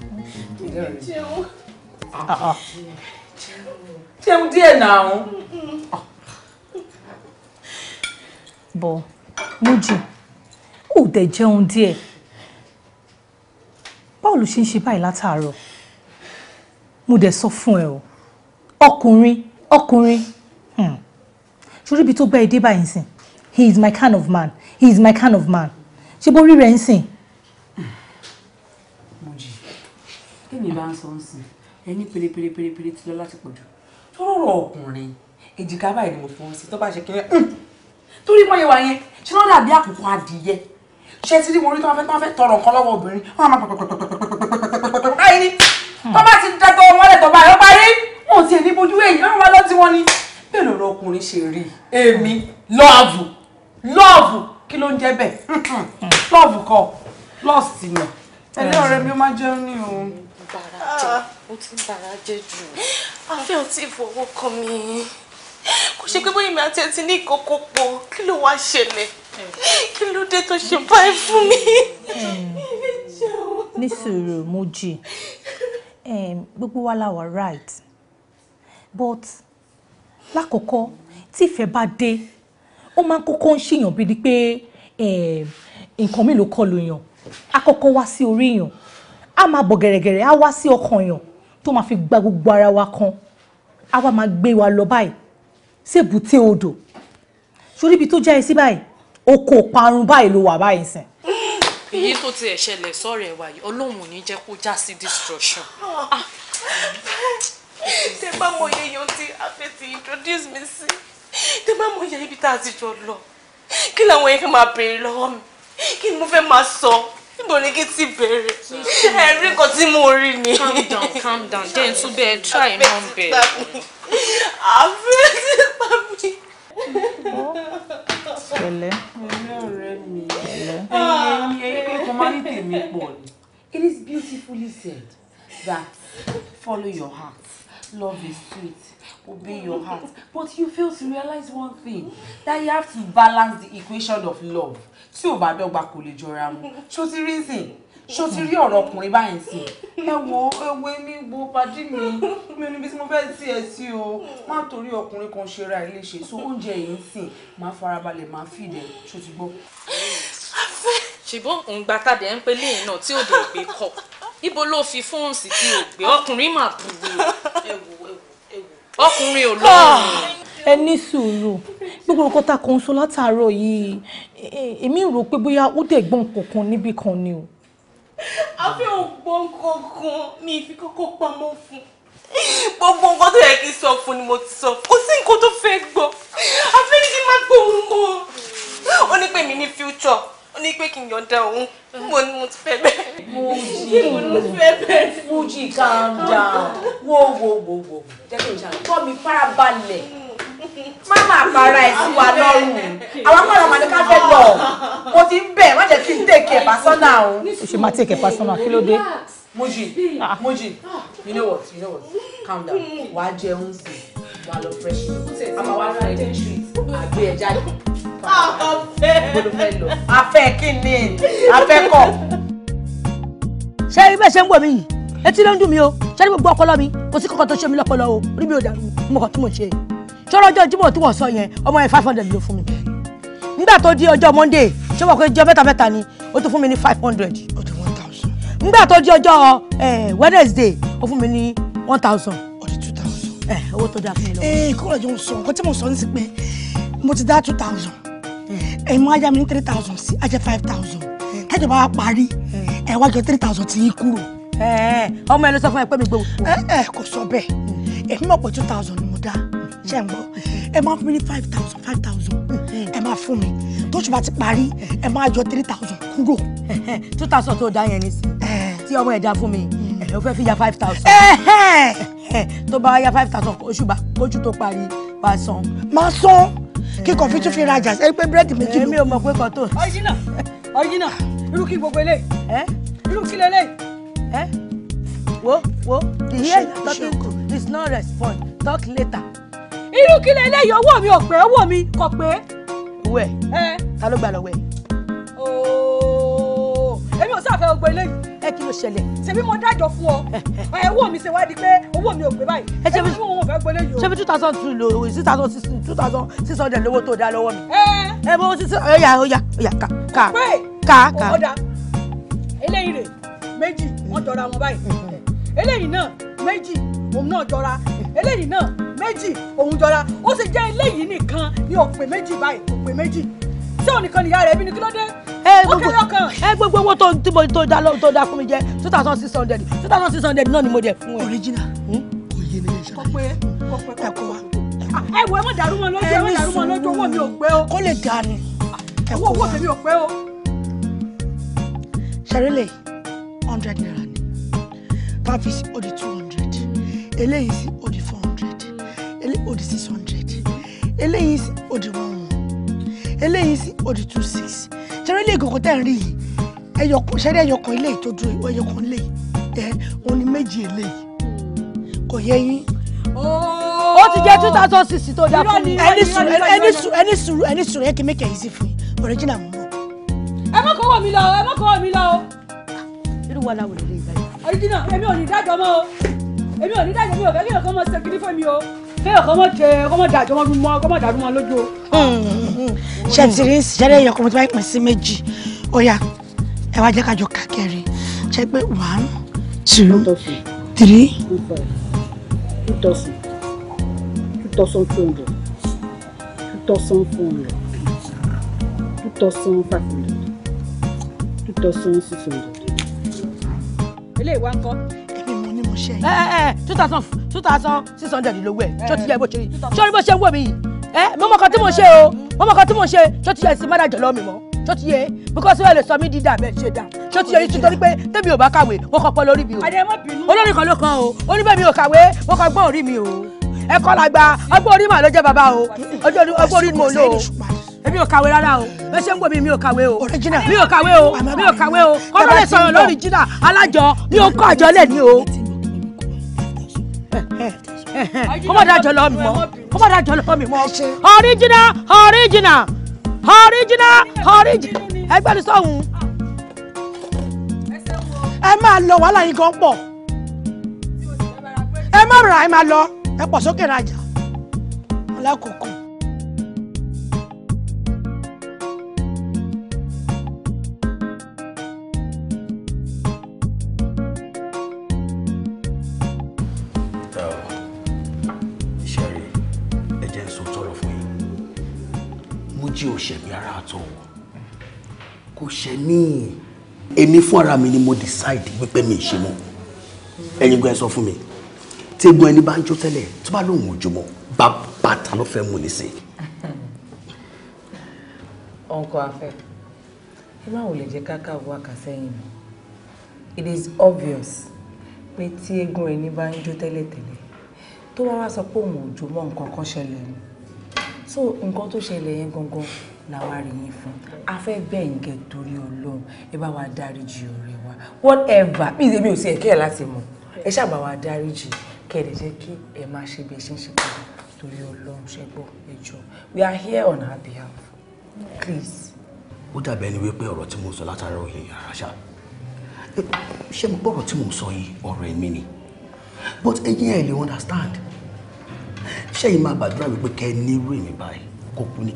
jẹun díẹ̀ náà bọ̀ mojú ò dẹ̀ jẹun díẹ̀ báwo ló ṣe ń ṣe báyìí látàárọ̀ mo dẹ̀ sọ fún ẹ o ọkùnrin ọkùnrin hmm. ṣorí ibi tó bá ẹ dé báyìí sìn he is my kind of man he is my kind of man ṣé bó rí rẹ ń sìn. mo bá ń sọ ń sìn ẹni pérépéré pérépéré tí lọ láti pọ̀jù tó rọrọ̀ ọkùnrin èjìká báyìí ni mo fọwọ́ sí tó bá ṣe kí n hmm. torí mọ́yẹ̀wá yẹn ṣé lọ́dà bí àkùkọ adìyẹ ṣé tí mo rí tí wọ́n fẹ́ tí wọ́n fẹ́ tọrọ nǹkan lọ́wọ́ obìnrin wọ́n á máa pẹ̀pẹ̀pẹ̀pẹ̀pẹ̀pẹ̀pẹ̀ báyìí ni wọn lẹ́tọ̀ máa jẹun kò ṣe pé bóyá mi àti ẹ ní ìkókó pọ̀ kí ló wá ṣẹlẹ̀ kí ló dé tó ṣe báyìí fún mi. ní sùúrù Mojí gbogbo wa la wà right but lákòókò tí ìfẹ́ bá dé ó máa ń kọ́kọ́ ń ṣèyàn bíi ni pé nǹkan mi ló kọlù yàn á kọ́kọ́ wá sí orí yàn á máa bọ̀ gẹ̀rẹ̀gẹ̀rẹ̀ á wá sí ọkàn yàn tó máa fi gba gbogbo ara wa kan á wá máa gbé wa lọ báyìí sèbùté odò sórí ibi tó já sí báyìí oko parun báyìí ló wà báyìí sìn. èyí tó ti ẹ̀ṣẹ̀lẹ̀ sọ̀rọ̀ ẹ̀ wáyé ọlọ́run ò ní jẹ́ kó já sí destruction. Ah. tẹ bá mọ iye èèyàn tí a fẹ́ ti introduce mi sí tẹ bá mọ iye ibi tá a ti jọ lọ kí làwọn yẹn fẹ́ máa béèrè lọ́wọ́ mi kí ni mo fẹ́ máa sọ níbo ni kí ti bẹ̀rẹ̀ ẹ̀rí kan tí mo rí ni. calm down calm down den tún bẹ́ẹ̀ try mọ́ bẹ́ẹ̀. àfẹ́ ti pa mi. pẹ̀lẹ́ ọ̀rẹ́ mi kò má ní tèmi pọ̀ ni. it is beautifully said that follow your heart love is sweet obey your heart but you fail to realize one thing that you have to balance the equation of love tí ò bá dọ́gba kò lè jọra mu ṣó ti rí sìn ṣó ti rí ọ̀rọ̀ ọkùnrin báyìí sí ẹ wo ewu mi wo padì mi mi níbi tí mo fẹ́ sí ẹ sí o má torí ọkùnrin kan ṣe ra ilé ṣe so oúnjẹ yìí ń sìn máa farabalẹ̀ máa fìdẹ ṣó ti gbọ́. ṣùgbọ́n òǹgbà tàdé ń pe léyìn náà tí ò dé gbé ibo ló fi fóònù sí tí ò gbé ọkùnrin mà bú ẹ wò ọkùnrin ò lóorùn. Ah, ẹ ní sùúrù gbogbo nǹkan ta kan sọ látàárọ̀ yìí èmi rò pé bóyá ó dẹ̀ gbọ́n kankan níbì kan ni o. afẹ́ ò gbọ́n kankan mi ìfi kókó pamọ́ fún gbogbo nǹkan tó yẹ kí n sọ fún ni mo ti sọ kò sí nǹkan tó fẹ́ gbọ́ afẹ́ kí n má gbóhùn mọ́ ó ní pé mi ní future ó ní pé kí n yọ̀ǹda òun mo ní mo ti fẹ́ bẹ́ẹ̀. Muji Muji calm down wo wo wo wo jẹ́ kí n ṣàlùkọ́ kọ́ mi farabalẹ̀ má má para ẹ̀ sí wa lọ́rùn àwọn akọ́lọ́ màdé ká fẹ́ lọ mo ti ń bẹ̀ má jẹ́ kí n tèkè pàṣọ́nà o. o ṣe máa tèkè pàṣọ́nà kí ló dé. Muji Muji you know what you know what calm down wàá jẹun sí wàá lọ fresh àmàwá rà ẹ̀ ten street àgbẹ̀ ẹ̀ jáde. Ah, afẹ́ kí ni afẹ́ kọ̀. ṣé ibẹ̀ ṣe ń wò mí yìí etí ló ń dùn mí o ṣé ní gbogbo ọpọlọ mi kò sí kankan tó ṣe mí lọ́pọlọ o orí mi ò dàrú mo kàn tí mo ṣe ṣọ́rọ́ ọjọ́ Jímọ̀ tí wọ́n sọ yẹn ọmọ yẹn five hundred ló fún mi nígbà tó di ọjọ́ Monday ṣé wọ́n pé jọ mẹ́ta mẹ́ta ni ó tún fún mi ní five hundred nígbà tó di ọjọ́ Wednesday ó fún mi ní one thousand. ọdún two thousand. ẹ owó tó dáa fún mi lọ. ee kókòrò jọ ń sọ nǹkan tí mo sọ ní sí pé mo ti dá two thousand ẹ̀yin wá yá mi ní three thousand sí ajẹ́ five thousand eh. tẹ́jọ́ bá eh. wá parí ẹ̀ wá three thousand tí í kúrò. Eh, ọmọ ẹ ló sọ fún ẹ pé mi gbowó. ẹ ẹ kò sọ bẹ́ẹ̀ èmi mọ̀ pé two thousand ni mo dá ṣe ń gbọ́ ẹ máa fún mi ní five thousand five thousand ẹ máa fún mi tó ṣùgbọ́n ti parí ẹ máa jọ three thousand kúrò. two thousand tó dá yẹn ní sí tí ọmọ ẹ dá fún mi hmm. ẹ fẹ́ fi ya five thousand tó bá ya five thousand oṣù bá kójú tó parí wàá san. máa san kí kọfí tún fi rajà ẹ pé búrẹ́dì méjì ló. èmi ò mọ̀ pé kò tó. ọ̀yìnà ọ̀yìnà irú kí gbogbo eléyìí irú kí lélẹ́yìí wo wo the head talking to is not respond talk later. irú kí lélẹ́yìí owó mi ò owó mi kò pé. ta ló gbà lọ́wọ́ ẹ. ooo oh fẹ́ gbogbo eléyìí ẹ kí ló ṣẹlẹ̀ ṣebí mo dájọ́ fún ọ owó mi ṣe wá di pé owó mi ò gbé báyìí ẹ ṣebí mo fẹ́ gbogbo eléyìí o. ṣebí two thousand two lo two thousand six two thousand six hundred lówó tó dá lọ́wọ́ mi. ẹ bọ́ sísè ọ̀yà ọ̀yà ọ̀yà ká ká ká ọ̀dà eléyìí rè méjì wọ́n jọra wọn báyìí eléyìí náà méjì òun náà jọra eléyìí náà méjì òun jọra ó sì jẹ́ eléyìí nìkan ní ọ̀pẹ méjì báyìí ọ̀pẹ méjì tí òun nìkan nìyá rẹ̀ bí ni kí ló dé. ó kéré ọkàn. ẹ gbogbo owó tó tó da fún mi jẹ two thousand six hundred two thousand six hundred náà ni mo jẹ fún ẹ. original hmm? kò yé mi yẹn ṣàlàyé. kò pé kò pé kò kó wa. ẹ ah, wọ ẹ má dàrú mọ́ lójú ẹ má dàrú mọ́ lójú owó mi ò pé o. kó lè dà ní. Ah, owó owó tèmi ò pé o. sẹ́rẹ́lẹ̀ hundred naira ni táfi sí odi two hundred eléyìí sí odi four hundred eléyìí odi six hundred eléyìí sí odi one hundred eléyìí sí odi two six ṣẹ́rẹ́ ilé ìkọ̀kọ̀ tẹ̀ ń rí yìí ẹyọkọ̀ ṣẹ́rẹ́ ẹyọkọ̀ ilé tó dúró ilé ẹ òun ni méjì eléyìí kò yẹ yín. ó ti jẹ́ two thousand six tó dá fún mi. ẹni sùúrù ẹni sùúrù ẹni sùúrù ẹni sùúrù ẹ kì í mẹ́kẹ̀ yìí sí fún yín original mú ẹ má kọ́wọ́ mi lọ ẹ má kọ́wọ́ mi lọ. irú wa làwọn ò lè dájọ́. original èmi ò ní dájọ́ mọ́ o èmi ò ní dájọ́ mi ò fẹ́ kí ọkọ mọ ṣe kiri fún mi o kí ọkọ mọ jẹ ọkọ mọ́ dàjọ́ mọ́ lójú o. Hmm ṣe ti rí sí jẹ́rẹ́ pín sí méjì ó ẹ wá jẹ́ ká jọ kàkẹ́rì pé one two three. two thousand two thousand ẹ ẹ eh, eh, eh, two thousand six hundred lówó ẹ ṣó ti yẹ bó ṣe rí bó ṣe wọ̀ mí yìí ẹ eh, mọ mọ kan tí mo ṣe o mọ mọ kan tí mo ṣe ṣó ti yẹ ẹsìn mọ́dà jọ̀lọ́ mi mọ́ ṣó ti yẹ because wẹ́ẹ̀ lè sọ mí dídà bẹ́ẹ̀ ṣe dà ṣó ti yẹ yìí nítorí pé tèmi ò bá kàwé mo kọ́ pọ́ lórí mi o olórí kan ló kan o oníbẹ̀ mi ò kàwé mo kọ́ gbọ́n orí mi o ẹ̀kọ́ la gba ọgbọ́n orí mà ló jẹ́ bàbá o ọgbọ́n orí mo lò o èmi ò kàwé rárá o bẹ́ẹ̀ ṣe ń wò mí mi ò kàwé o mi ò kàwé o mi ò kàwé o kọ́ ló lè sọ̀rọ̀ lórí jìnnà alájọ mi ò kọ́ àjọ lẹ̀ ní o kọ́mọ̀dájọ lọ́ọ́ mi mọ́ kó má dájọ́ lọ́wọ́ mi mọ́ original original original original ẹgbẹ́ ni sọ̀hún ẹ máa lọ wàhálà yín gan pọ̀ ẹ má ra ẹ máa lọ ẹ pọ̀ sókè rajà alákòókò. ṣe mí èmi fún ara mi ni mo decide wípé mi ṣe mọ ẹ̀yin gan ẹ sọ fún mi tégun ẹni bá ń jó tẹ́lẹ̀ tó bá lóun ò jùmọ̀ bá bàtà ló fẹ́ mú ní sí. ọkọ afẹ ẹ má wò lè jẹ káká wá kà sẹ́yìn mi it is obvious pé tí eégún ẹni bá ń jó tẹ́lẹ̀tẹ́lẹ̀ tó bá wá sọ pé òun ò jùmọ̀ nǹkan kan ṣẹlẹ̀ ni so nǹkan tó ṣẹlẹ̀ yẹn gangan la wá rí yín fún a fẹ́ gbẹ̀ǹgẹ̀ torí ọlọ́run ẹ bá wa dáríjì ọ̀rẹ́ wa whatever bí èmi ò sí ẹ̀kẹ́ ẹ̀ láti mọ̀ ẹ ṣàbà wa dáríjì kẹ́ ẹ̀ lè jẹ́ kí ẹ máa ṣe bí ẹ ṣe ń ṣe pẹ̀lú torí ọlọ́run ṣẹ́gbọ́ we are here on her behalf please. ó dàbí ẹni wípé ọ̀rọ̀ tí mo sọ látara òye àràṣà ṣé mo gbọ́rọ̀ tí mo sọ yìí ọ̀rọ̀ ẹ̀mí ni but ẹ̀yin ẹ̀ lè understand ṣé yìí máa gbàdúrà wípé kẹ́ ẹ ní irú èmi báyìí kó kú ní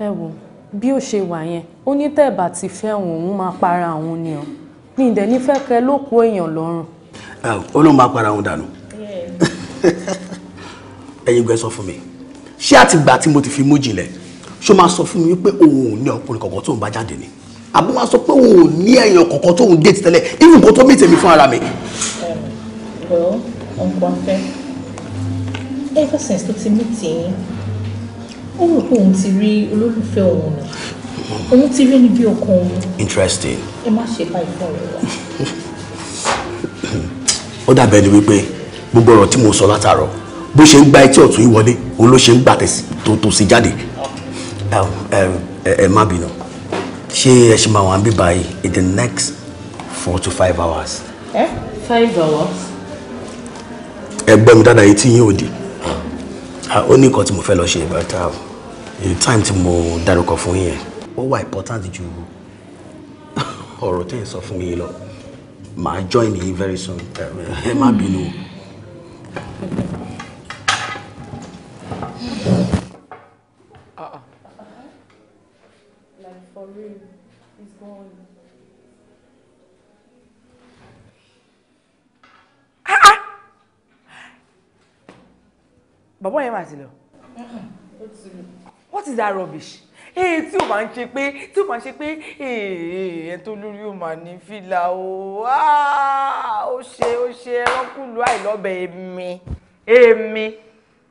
ẹ wo bí ó ṣe wà yẹn ó ní tẹ̀bà ti fẹ́ òun òun máa para òun ni ọ ní ìdẹ nífẹ̀ẹ́ kẹ ló kó èèyàn lọ́rùn. ó lóun máa para òun dànù ẹ̀yin gbẹ sọ fún mi ṣé àtìgbà tí mo ti fi mú jinlẹ̀ ṣó máa sọ fún mi pé òun ò ní ọkùnrin kankan tóun bá jáde ni àbí máa sọ pé òun ò ní ẹ̀yàn kankan tóun dé ti tẹ́lẹ̀ even kó tó mí tèmi fún ara mi. ọ̀pọ̀ nǹkan fẹ́ ever since tó ti mú tìyín ó rò pé òun ti rí olólùfẹ́ òun ni òun ti rí ẹni bí ọkọ òun. interesting. ẹ má ṣe báyìí fún ọ̀rẹ́ wa. ó dàbẹ̀ ni wípé gbogbo ọ̀rọ̀ tí mo sọ látàárọ̀ bó ṣe ń gba etí ọ̀tún yìí wọlé òun ló ṣe ń gbà tó tó sí jáde um, ẹ má bínú ṣé ẹ ṣe máa wà ń bí báyìí in the next four to five hours. ẹ eh? five hours. ẹ gbọ́ mi dáadáa etí yín ò dì. Ah, ó ní nǹkan tí mo fẹ́ lọ ṣe but in um, time tí mo dárúkọ fún yín ó wà important ju ọ̀rọ̀ tẹ́ ẹ̀ sọ fún mi lọ màá join yín very soon um, ẹ má bínú. Ah, ah bàbá yẹn mà ti lọ. what is that rubbish? ee eh, tí o máa ń ṣe pé tí o máa ń ṣe pé ee eh, eh, ẹ tó lórí o máa ní fìlà o ah, ó ṣe ó ṣe ẹrọ́kùlù àìlọ́bẹ̀ èmi èmi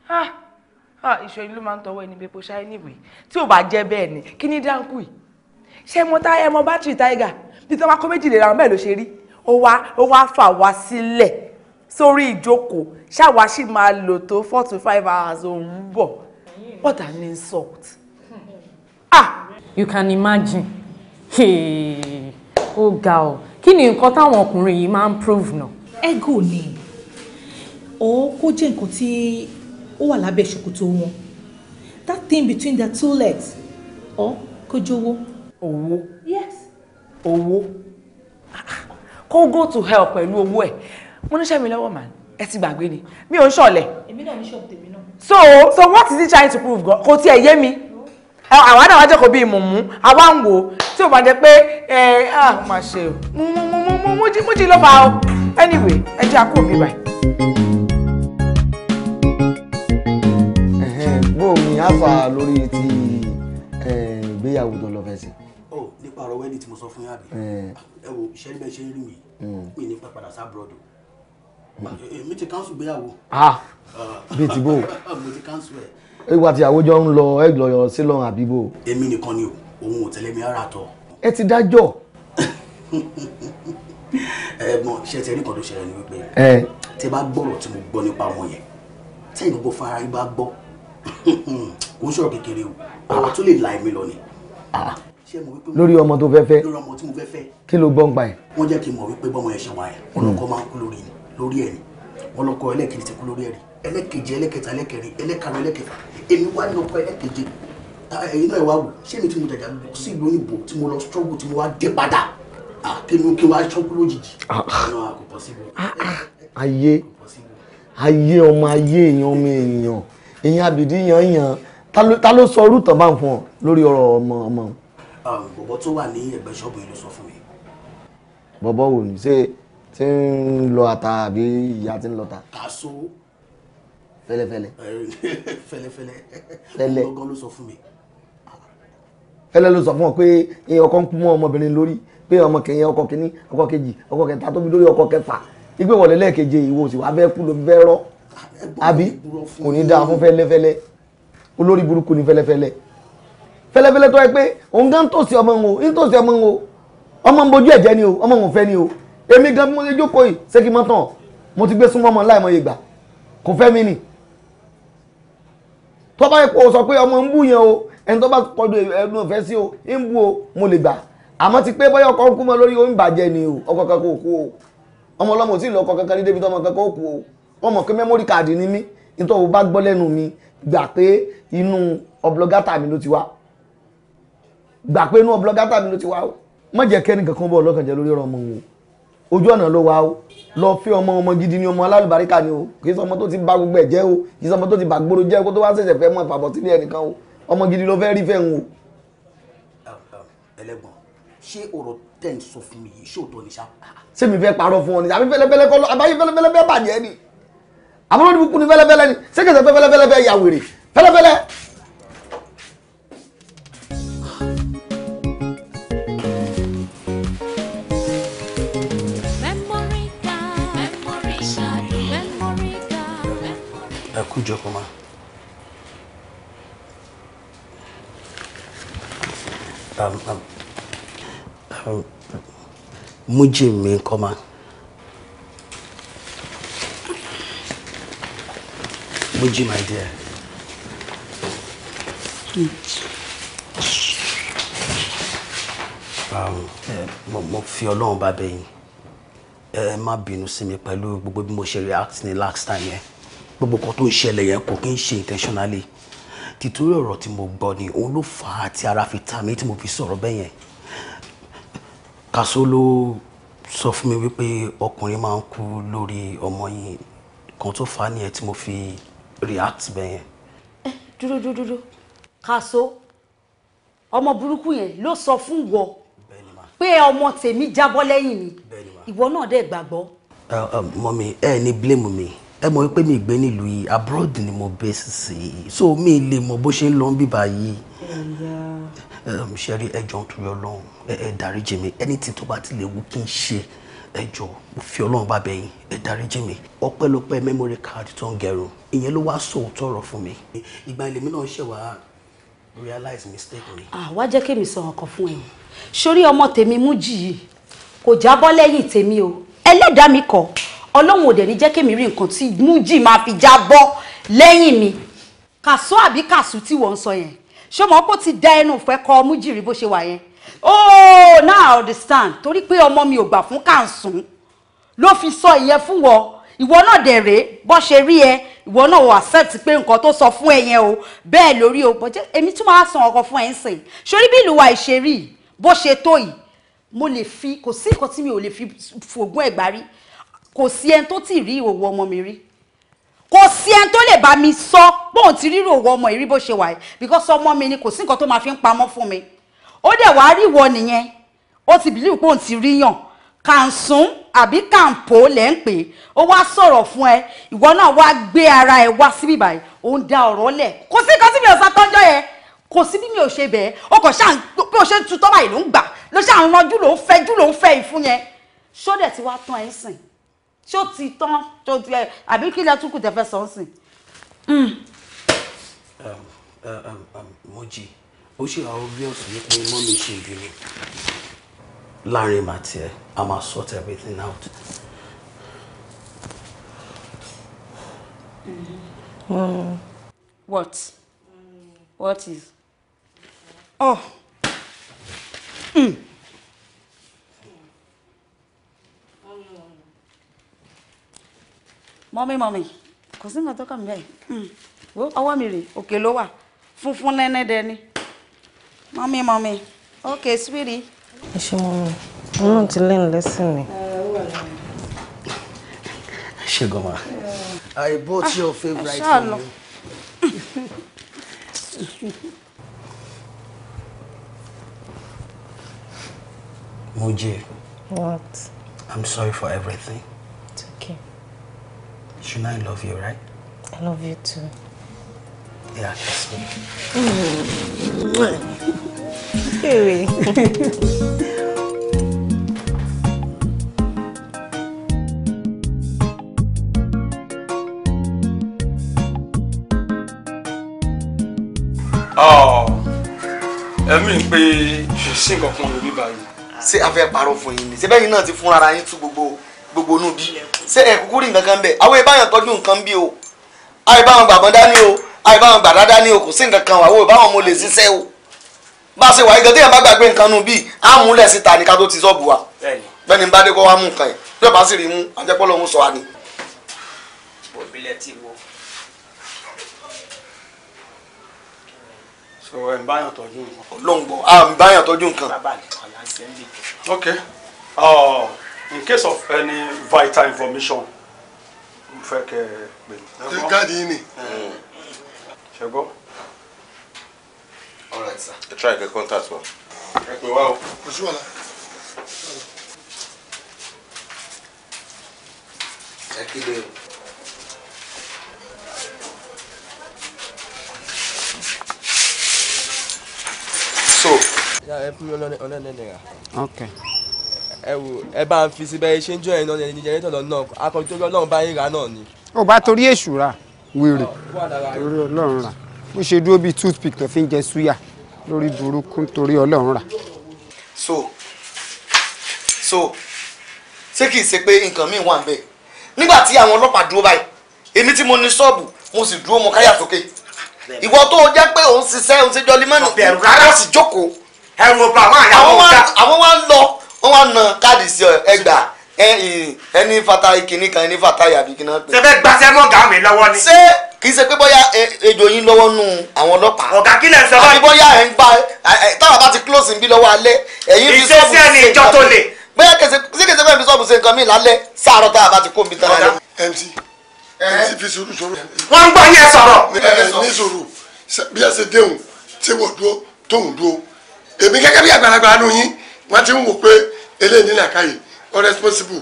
ah, ah, ìṣòyìn ló máa ń tọwọ́ ẹni bí epo ṣáá níwèé tí ò bá jẹ́ bẹ́ẹ̀ ni kí ni dáńkù yìí ṣé mo ta ẹmọ bátìrì tiger bí tí wọ́n bá kó méjìlélá bẹ́ẹ̀ ló ṣe rí ó wá ó wá fà wá sílẹ̀ sórí ìjókòó ṣáwa sì máa lò tó four to five hours òun bọ̀ what an insult. ah. you can imagine ó ga ọ kí ni nǹkan táwọn ọkùnrin yìí máa ń prove náà. ego ni ọ kó jẹ́ nǹkan tí ó wà lábẹ́ ṣòkòtò wọn that thing between their two legs ọ kó jówó. owó. yes. owó. kó go to hell pẹ̀lú owó ẹ̀ mo níṣẹ́ mi lọ́wọ́ mà ẹ ti gbàgbé ni mi ò ń ṣọ̀lẹ̀. èmi náà ní ṣọ́ọ̀bù tèmi náà. so so what is he trying to prove gan kò tiẹ̀ yé mi àwa náà wá jẹ́ kó bí ìmùmú àwa ń wò tí ò bá jẹ́ pé ẹ ah mà ṣe o mo mo mo mo mo jí ló fa o anyway ẹ jẹ́ àkó mi báyìí. gbóòmì àfà lórí ti ìgbéyàwó tó lọ fẹ́ sí nípa ọ̀rọ̀ wẹ́ẹ̀lì tí mo sọ fún yàrá ẹ wo ṣẹ́rí bẹ́ẹ̀ ṣe mi hmm. mi nípa padà sábúrọ̀dù mete ti káńsù gbéyàwó. ah bíi ti bò. mo ti káńsù ẹ. ìgbà tí àwùjọ ń lọ ẹ lọ sí lọrun àbí bò. èmi nìkan ni o òun ò tẹ̀lé mi rárá tọ. ẹ ti dájọ́. ẹ̀gbọ́n ṣe ti rí kan tó ṣẹlẹ̀ ní wípé tí ẹ bá gbọ́rọ̀ tí mo gbọ́ nípa ọmọ yẹn tẹ́yìn gbogbo fara yín bá gbọ́ kò ń sọ̀rọ̀ kékeré o ah. ọ̀rọ̀ tó lè la ẹ̀mí lọ ni ah. lórí ọmọ tó fẹ́ fẹ́ kí ló gbọ́ ń pa ẹ̀. wọ́n jẹ́ kí n mọ̀ wípé bọ́mọ yẹn ṣe wáyà ọ̀nà hmm. máa ń kú lórí ni lórí ẹ̀rí wọn lọ́kọ ẹlẹ́ẹ̀kejì ti kú lórí ẹ̀rí ẹlẹ́ẹ̀kejì ẹlẹ́ẹ̀kẹta ẹlẹ́ẹ̀kẹrin ẹlẹ́ẹ̀karùn ẹlẹ́ẹ̀kẹfà èmi wá ní ọkọ ẹlẹ́ẹ̀keje èyí náà wá wò ṣé mi ti mo jàjà bọ̀ sí ìlú òyìnbó tí mo lọ struggle tí mo wá dé padà kémi kí wá ṣọ́kú lójijì ah, ah. Ah, ayé ayé ọmọ ayé èèyàn ọmọ èèyàn èèyàn àbìdí yan yan ta ló sọ orúkọ bá ń fún ọ lórí ọ̀rọ̀ ọmọ ọmọ. bọ̀bọ̀ tó wà ní ẹgbẹ́ ṣọ́ọ̀bù yìí ló sọ fún mi. bọ̀bọ̀ wò ní ṣe tí ń lọ ata àbí ìyá tí ń lọ ta. kàṣó. fẹlẹfẹlẹ. fẹlẹfẹlẹ. fẹlẹ. ọgán ló sọ fún mi. fẹlẹ ló sọ fún ọ pé ọkọ ń kú mọ ọmọbìnrin lórí pé ọmọ kẹyìn ọkọ kìíní ọkọ kejì ọkọ kẹta tó bí lórí ọkọ kẹfà igbe wọlé lẹ́ẹ̀keje ìwọ òsì wàá fẹ́ kú ló fẹ́ rọ́ àbí kò ní dáa fún fẹlẹfẹlẹ olórí burúkú ni fẹlẹfẹlẹ fẹlẹfẹlẹ tó yẹ pé òun gan tòsí ọmọ wo ń tòsí ọmọ wo ọmọ ń bojú ẹ̀jẹ̀ ni o ọmọ ń fẹ́ ni o èmi gan mo ṣe jókòó yìí ṣé kí n mọ́ tán mo ti gbé súnmọ́ ọmọ láì mọ ìgbà kò fẹ́ mi nì tó bá yẹ kó o sọ pé ọmọ ń bù yẹn o ẹni tó bá kọjú ẹnu ọ̀fẹ́ sí o ń bù o mo lè gbà àmọ́ ti pé bóyá ọkọ̀ ń kú mọ́ lórí o bàjẹ́ ni o ọkọ̀ kan kò kú o ọmọ ọlọ́mọ ò tí ì lọ́kọ̀ kankan ní débi tó ọmọ kankan ó kú o wọ́n mọ̀ pé mẹ́mórì káàdì ni mí nítorí o bá gbọ́ lẹ́nu mi gbà pé inú ọ̀blọ́gátà mi ló ti wá gbà pé inú ọ̀blọ́gátà mi ló ti wá o má jẹ́ kẹ́nìkan kan ọlọ́kànjẹ́ lórí ọmọ wọn ojú ọ̀nà ló wà o lọ fẹ́ ọmọ ọmọ gidi ni ọmọ alálùbáríkà ni o kì í sọ ọmọ tó ti ba gbogbo ẹ̀ jẹ́ o kì í sọ ọmọ tó ti bà gbòòrò jẹ́ kó tó wá ṣẹ̀ṣẹ̀ fẹ́ mọ ìfàbọ̀ sílé ẹnìkan o ọmọ gidi ló fẹ́ rí fẹ́ ń o. ẹlẹ́gbọ̀n ṣé ọ̀rọ̀ tẹ̀ ń sọ fún mi yìí ṣé òótọ́ ni ṣá. ṣé mi fẹ́ parọ́ fún ọ ni àbí fẹ́lẹ́fẹ́lẹ́ kọ́ lọ àbáyé fẹ́lẹ́fẹ́lẹ́ bẹ́ẹ̀ bàjẹ́ ni àbúrò jókòó ma. mújì mi ń kọ́ ma. mújì my dear. Um, mo fi ọlọ́run bá bẹ̀ yín ẹ má bínú sí mi pẹ̀lú gbogbo bí mo ṣe react ní last time yẹn. Yeah gbogbo kan tó ń ṣẹlẹ̀ yẹn kò kí ń ṣe intentionally tìtorí ọ̀rọ̀ tí mo gbọ́ ni òun ló fà á tí ara fi ta mi tí mo fi sọ̀rọ̀ bẹ́ẹ̀ yẹn kàṣó ló sọ fún mi wípé ọkùnrin máa ń kú lórí ọmọ yìí kan tó fà á nìyẹn tí mo fi react bẹ́ẹ̀ yẹn. ẹ eh, dúró dúró dúró kàṣó ọmọ burúkú yẹn ló sọ fún wọ pé ọmọ tèmi jábọ́ lẹ́yìn mi ìwọ náà dẹ̀ gbàgbọ́. Eh, eh, mọ́mi ẹ ní blame mi ẹ mọ̀ pé mi gbé nílùú yìí abroad ni mo bẹ́ sí so mi lè mọ bó ṣe ń lọ bí báyìí ṣẹ́rí ẹjọ́ tó yọ lọ́hùn ẹ dáríjì mi anything tó bá ti lè wú kí n ṣe ẹjọ́ mo fi ọlọ́run bá bẹ̀ yín ẹ dáríjì mi ọpẹ́lọpẹ́ memory card tó ń gẹrun ìyẹn ló wá sòótọ́ ọ̀rọ̀ fún mi ìgbà ilé mi náà ṣẹ̀wá realize mistake mi. àwa ah, jẹ́ kí mi sọ ọkàn fún ẹ sórí ọmọ tèmi mú jì yìí kò jábọ́ lẹ́yìn tèmi o ẹlẹ́dàá mi kọ́ ọlọ́run ò dẹ̀ ní jẹ́ kémi rí nǹkan tí mújì máa fi já bọ́ lẹ́yìn mi kàṣọ àbí kàṣù tí wọ́n ń sọ yẹn ṣé mo kó ti da ẹnu ìfẹ́ kọ mújì rí bó ṣe wà yẹn oh now I understand torí pé ọmọ mi ò gbà fún kàǹsùn ló fi sọ ìyẹn fún wọn ìwọ náà dẹ̀ rèé bó ṣe rí ẹ ìwọ náà wò accept pé nǹkan tó sọ fún ẹ yẹn o bẹ́ẹ̀ lórí o bọ́jẹ́ èmi tún máa san ọkọ fún ẹ ń sìn sórí bí ìlú wa ìṣe bó ṣe tó yìí mo lè fi kò sí nǹkan tí mi ò lè fi fògùn ẹ̀gbá rí kò sí ẹni tó ti rí ìhòòhò ọmọ mi rí kò sí ẹni tó lè bá mi sọ bóun ti rí ìhòòhò ọmọ ìrí bó ṣe wà yìí because ọmọ mi ni kò sí nǹkan tó máa fi ń pamọ́ fún mi ó dẹ̀ wá rí ìwọ nìyẹn ó ti bìlíwì pé òun ti rí yàn kàǹsùn àbí kàǹpó lẹ́ ń pè é ó wá sọ̀rọ̀ fún ẹ ìwọ náà wá gbé ara ẹ wá síbí báyìí ó ń da ọ̀rọ̀ lẹ̀ kò sí nǹkan tí mi ò sá tọ́jọ́ kò sí bí mi ò ṣe bẹ́ẹ̀ ó kàn ṣáà bí o ṣe ń tutọ́ báyìí ló ń gbà ló ṣáà ń ranjú ló ń fẹjú ló ń fẹ́ ìfún yẹn ṣó dẹ̀ ti wá tán ẹ̀ sìn ṣé ó ti tán tó ti ẹ àbí kí ilẹ̀ tún kù tẹ́fẹ́ sọ́n sìn. Hmm. Um, uh, um, um, Mojí ó ṣe àwọn obvious wípé mọ́mí ṣe ìbínú láàrin màtí ẹ a máa sort everything out. Hmm. What? What is? Oh. Mm. mọ́mí mọ́mí kò sí nǹkan tó kàn mí bẹ́ẹ̀ hmm. wo ọwọ́ mi rè òkè ló wà funfun lẹ́nẹ́ dẹni mọ́mí mọ́mí ok sweetie. ẹ ṣe mọ mi òun náà ti lẹ́nu lẹ́sìn mi. ṣe gọ́mà I bought your favourite ah, for you. Moji. What? I'm sorry for everything. It's okay. You I love you, right? I love you too. Yeah, trust me. Anyway. Oh, ẹ̀mí pé kò sí nǹkan kan lórí báyìí. ṣé a fẹ́ parọ́ fún yín ni ṣé bẹ́ẹ̀ yín náà ti fún ara yín tú gbogbo gbogbo inú bí ṣé ẹ kúkú rí nǹkan kan bẹ àwọn ìbáyàn tọ́jú nǹkan bí o àìbáwọn gbàgbọ́n dání o àìbáwọn gbàdá dání o kò sí nǹkan kan wà àwọn ìbáwọn mo lè ṣiṣẹ́ o bá a ṣe wà igan téèyàn bá gbàgbé nǹkan nu bíi á mú lẹ̀ síta ní ká tó ti sọ́ọ̀bù wa bẹ́ẹ̀ ni bá dé kó wá mú nǹkan yẹn bí ọba sì rí mú ajẹ́pọ̀ lòun sọ wa ni. sọ̀rọ̀ tọ́jú nǹkan. ok. Oh in case of any vital information n fẹ́ kẹ́ ẹ pè mí. ṣé káàdì yìí ni. ṣe gbọ́. all right sir. ẹ try get contact wa. ẹ pè wá o. kò sí wàhálà. ẹ kéde o. so. ya ẹ fún mi ọlọ́ni ọlọ́ni náírà. okay ẹ wò ẹ bá ń fi síbẹ̀ iṣẹ́ ń jọ ẹ̀ náà ní jẹ́rẹ́tọ̀ lọ náà akọni tó lọ́ọ́ bá yín rà náà ni. ó bá torí èṣù rà wèrè torí ọlọ́run rà bó ṣe dúró bíi toothpick tó fi ń jẹ súyà lórí burúkú torí ọlọ́run rà. so so ṣé kìí ṣe pé nǹkan míì wà ń bẹ nígbà tí àwọn ọlọ́pàá dúró báyìí èmi tí mo ní ṣọ́ọ̀bù mo sì dúró mo káyà sókè ìwọ tó jẹ́ pé òun ṣiṣẹ́ òun ṣe jọlímọ́nù rárá sì jókòó ẹ̀rù ọ̀pọ̀ àwọn àyàwó ọ̀gá àwọn wa ń lọ wọ́n wá na káàdì sí ẹgbàá ẹni fata kìíní kan ẹni fata yàbí kìíní náà pè. sẹbẹ gbàsẹ mọ ọgá mi lọ́wọ́ ni. ṣé kì í ṣe pé bóyá e, ejò yín lọ́wọ́ nù àwọn ọlọ́pàá. ọ̀gá kí lè sọ báyìí. àbí bóyá ẹ̀ ń gba táwọn bá ti close níbi lọ́wọ́ alẹ́ ẹ̀yìn fi sọ́ọ̀bù ṣe nǹkan mi. ìṣesí ẹni ìjọ tó lè. bóyá kìí ṣe bẹ́ẹ̀ fi sọ́ọ̀bù ṣe nǹkan mi lálẹ́ sáàrọ̀ tá bá ti kó mi tán lálẹ́. MC MC fi sùúrù sọ̀rọ̀. wọ́n ń gbọ́ yẹn sọ̀rọ̀. ní sùúrù bí ẹ ṣe déhùn tí wọ́n dúró tóun wọ́n ti ń wò pé eléyìí ní làkàyè ó responsible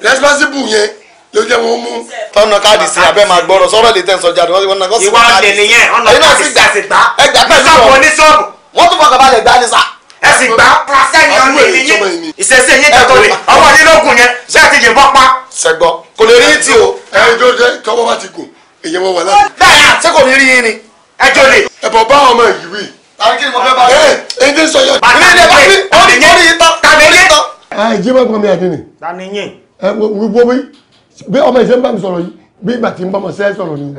responsible yẹn ló jẹ́ wọn mú. tọ́nà káàdì sí abẹ́ máa gbọ́rọ̀ sọ́rọ̀ lè tẹ̀ sọ́jà lọ́wọ́ wọn nàkọ́ sí káàdì. ìwà lè nìyẹn ọ̀nà káàdì sí àti gbà. ẹ gbà pẹ̀lú ọ̀rọ̀ ní sọ́ọ̀bù. wọ́n tún fọkàn balẹ̀ gbani sa. ẹ sì gbà pàṣẹ ni ọ̀nà èyí yín ìṣẹ̀ṣẹ̀ yín tẹ̀tọ̀ rẹ̀ ọmọ yẹn ṣé àti yìnbọn pa. sẹgbọ kò lè rí ti o. ẹ jọ jẹ tọwọ́ bá ti gùn èyí wọn wà láti. bẹ́ẹ̀ kí ni mo fẹ́ bá ṣe. ẹ ẹ ní sọ yọ. bàtà ní pé orí orí ìtọ́ tàbí yé. ẹ jí bọ́ mi àdínì. tani yín. ẹ wo mi bí ọmọ ìṣe ń bá mi sọ̀rọ̀ yìí bí ìgbà tí ń bá ọmọ sẹ́ sọ̀rọ̀ ni.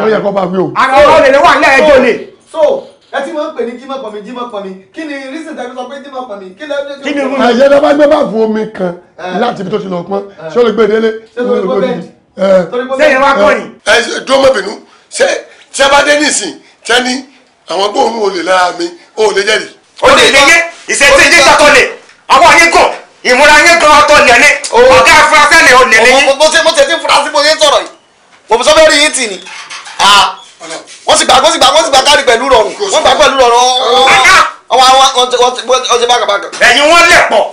ẹ yẹ kó bá wí o. àwọn ọ̀rọ̀ lè wà ní ẹjọ́ lè. so ẹ ti máa ń pè ní jímọ̀ pọ̀ mi jímọ̀ pọ̀ mi kí ni reason tàbí sọ pé jímọ̀ pọ̀ mi kí lẹ́nu tó ń bọ̀. àyè ló bá gbé bá fún omi kan eh. láti ibi tó ti lọ pọ́n eh. ṣé o lè gbé délé. ṣé o lè gbé bẹ́ẹ̀ ṣé ìyẹn wá kọ́ ni. ẹ eh, dúró mọ́ bínú ṣé tí a bá dé nísìn tí a ní àwọn gbóhùn olè lára mi ó lè jẹ́rìí. ó lè lè yé ìṣètì ìdí ìtọ́tọ̀ lè àwọn yín gàn ìmúra yín gan ọtọ lẹ̀ ní ọ̀gá afurasí lè olè lè yín. mo ṣe mo ṣe ti ń fura sí bó ṣe ń sọ̀rọ̀ yìí mo sọ fẹ́ rí yín tì ní. wọ́n sì gbà wọ́n sì gbà wọ́n sì gbà kárí pẹ̀lú rọrùn wọ́n gbà pẹ̀lú rọrùn wọ́n ṣe bákàbákà. ẹ̀yin wọ́n lẹ̀ pọ̀.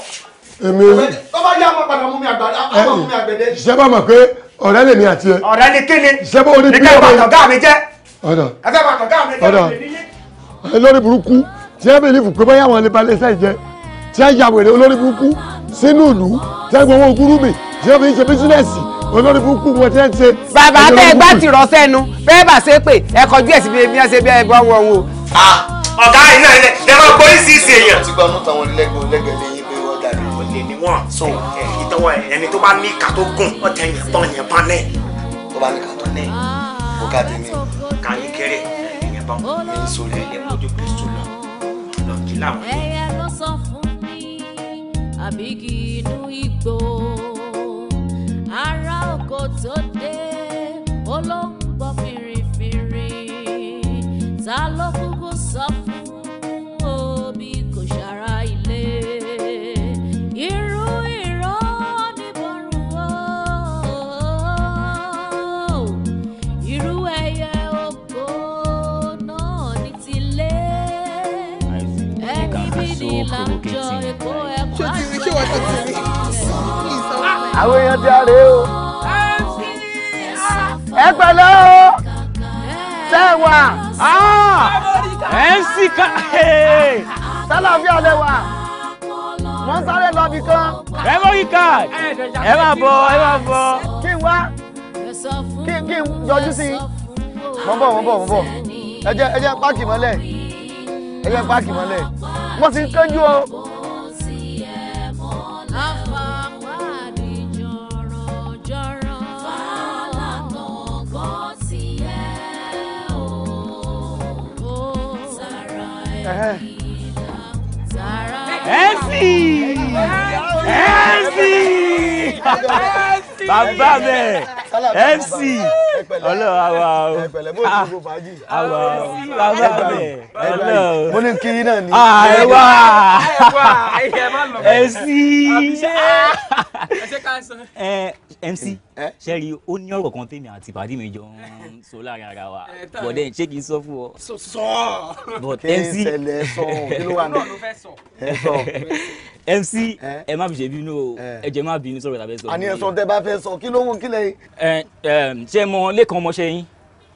èmi tó bá yá wọn padà mú mi àgbẹ̀dẹ. ṣé lórí burúkú tí ẹ bèèrè fún pé bóyá àwọn ẹlẹ́balẹ̀ ṣáà jẹ tí ẹ yà wèrè olórí burúkú sínú ìlú tí ẹ gbọ́n owó gúrúmì tí ẹ fi ṣe bísínẹ́sì olórí burúkú wọn tí ẹ ń ṣe. bàbá tẹ ẹ gbá tìrọ sẹnu bẹ́ẹ̀ bá ṣe pé ẹ kọjú ẹ sí bí ẹ ṣe bí ẹ bọ wọn ah, ọ̀gá iná ẹ̀ ẹ̀ máa gbọ́ ìsinsìnyí e èèyàn. àti gbanú táwọn lẹ́gbẹ̀ẹ́ lẹ́yìn gbọ́ èso rẹ̀ lè mójú kristu lọ lọ kí làwọn. ẹyẹ ló sọ fún mi àbíkí inú igbó ará oko tó dé ó ló ń gbọ́ fìrìfìrì ta ló kọ́. àwọn èèyàn ti àrè o. ẹ pẹ̀lẹ́ o sẹ́wà ah! ẹ ń sì ká. sálàfíà lẹ́wà wọ́n sáré lọ bí kan. ẹ bọ́ yí card ẹ máa bọ̀ ẹ máa bọ̀. kí n wá kí n kí n yọjú sí i. mo ń bọ̀ mo ń bọ̀ mo bọ̀ ẹ jẹ́ ẹ jẹ́ páàkì mọ́lẹ̀ ẹ jẹ́ páàkì mọ́lẹ̀ mo ti ń kánjú o. ẹ̀sì ẹ̀sì bàbá mi ẹ̀sì ọlọ́wà wà ó àwà bàbá mi ọlọ́wà. mo ní kí náà ni. àìwá ẹ̀sì. ẹ mc eh? ṣẹ́ẹ̀rì ó ní ọ̀rọ̀ kan tèmi àti ìpàdé mi jọ ń sọ láàrin ara wa but eh, then ṣé kì í sọ fún ọ. sọ but mc kí n ṣẹlẹ̀ sọ kí ló wà mc eh? ẹ má fi ṣe bínú o ẹ jẹ má bínú sọ̀rọ̀ tàbí sọ. àní ẹ̀sán tẹ bá fẹ́ sọ kí ló ń kí lẹ́yìn. ṣé mo lẹ́kàn ọmọṣẹ́ yín.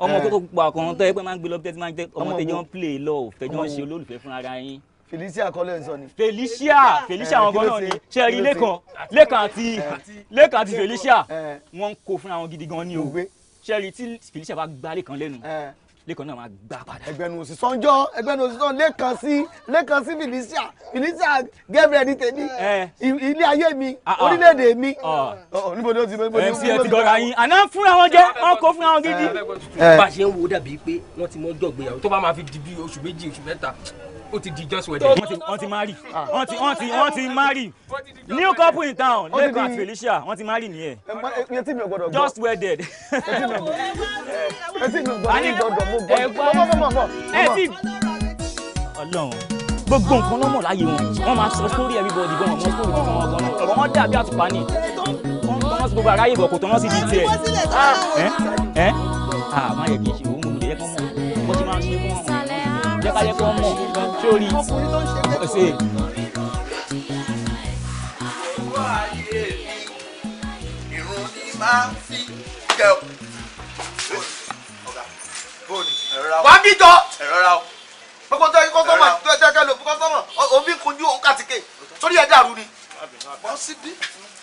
ọmọ eh. kókó pupa kan tó yẹ pé máa ń gbé lọ́pítẹ́ tí máa ń jẹ́ ọmọ tẹjọ́ ń play love tẹjọ́ ń ṣe olólùfẹ́ fún ara yín. Felicia kọ́lẹ̀ ń sọ ni. Felicia Felicia wọn kan náà ni ṣe rí lẹ́kàn lẹ́kàn àti lẹ́kàn eh. àti Felicia eh. wọ́n ń kó fúnra wọn gidi gan ni o ṣe rí tí Felicia bá gbá lẹ́kàn lẹ́nu lẹ́kọ̀ọ́ náà máa gbà padà. ẹgbẹ́nu òsì sanjọ́ ẹgbẹ́nu òsì sanjọ́ lẹ́kan sí lẹ́kan sí felicia felicia gabriel ní tèmi ilé ayé mi orílẹ̀-èdè mi níbo ni ó ti bẹ́ẹ̀ bọ́ọ̀ ní. mc ti gọra yín àná fúnra wọn jẹ wọn fúnra wọn gidi. bá a ṣe ń wo dàbí pé wọ́n ti mọ́ jọ̀gbéyàwó tó bá máa fi di bí oṣù méjì oṣù mẹ́ta ó ti di just wedding. wọ́n ti wọ́n ti marry ah. wọ́n ti wọ́n ti wọ́n ti marry new couple in town lẹ́kọ̀ọ́ àti felicia wọ́n ti marry nìyẹn. etí mi ò gbọdọ̀ gbọ́ just wedded. etí mi ò gbọdọ̀ mo gbọ́ mo mọ̀ mọ̀ mọ̀. ọlọ́run gbogbo nǹkan ló mọ̀ láyé wọn wọ́n máa sọ sórí everybody gan wọn sórí tuntun wọn gan wọn dàbí àtùpà wọn sí gbogbo àráyè bọ̀ kò tọ́ wọn sí di tiẹ̀. ẹ ah, ẹ àmọ́ ah, yẹ kí n ṣe òun fẹ́ káyẹ́ kí wọ́n mọ̀ sórí ṣe. ìrùn ni máa ń fi kẹ́ ọ fóònù ẹ̀rọra o. wà á bí jọ. ẹ̀rọra o. gbogbo tó yẹ kọ́kọ́ máa tó ẹjẹ́ kẹ́lò kọ́kọ́ mọ̀ òbí kunjú òun kàtíkè sórí ẹ̀ dàrú ni. wọ́n sì bí.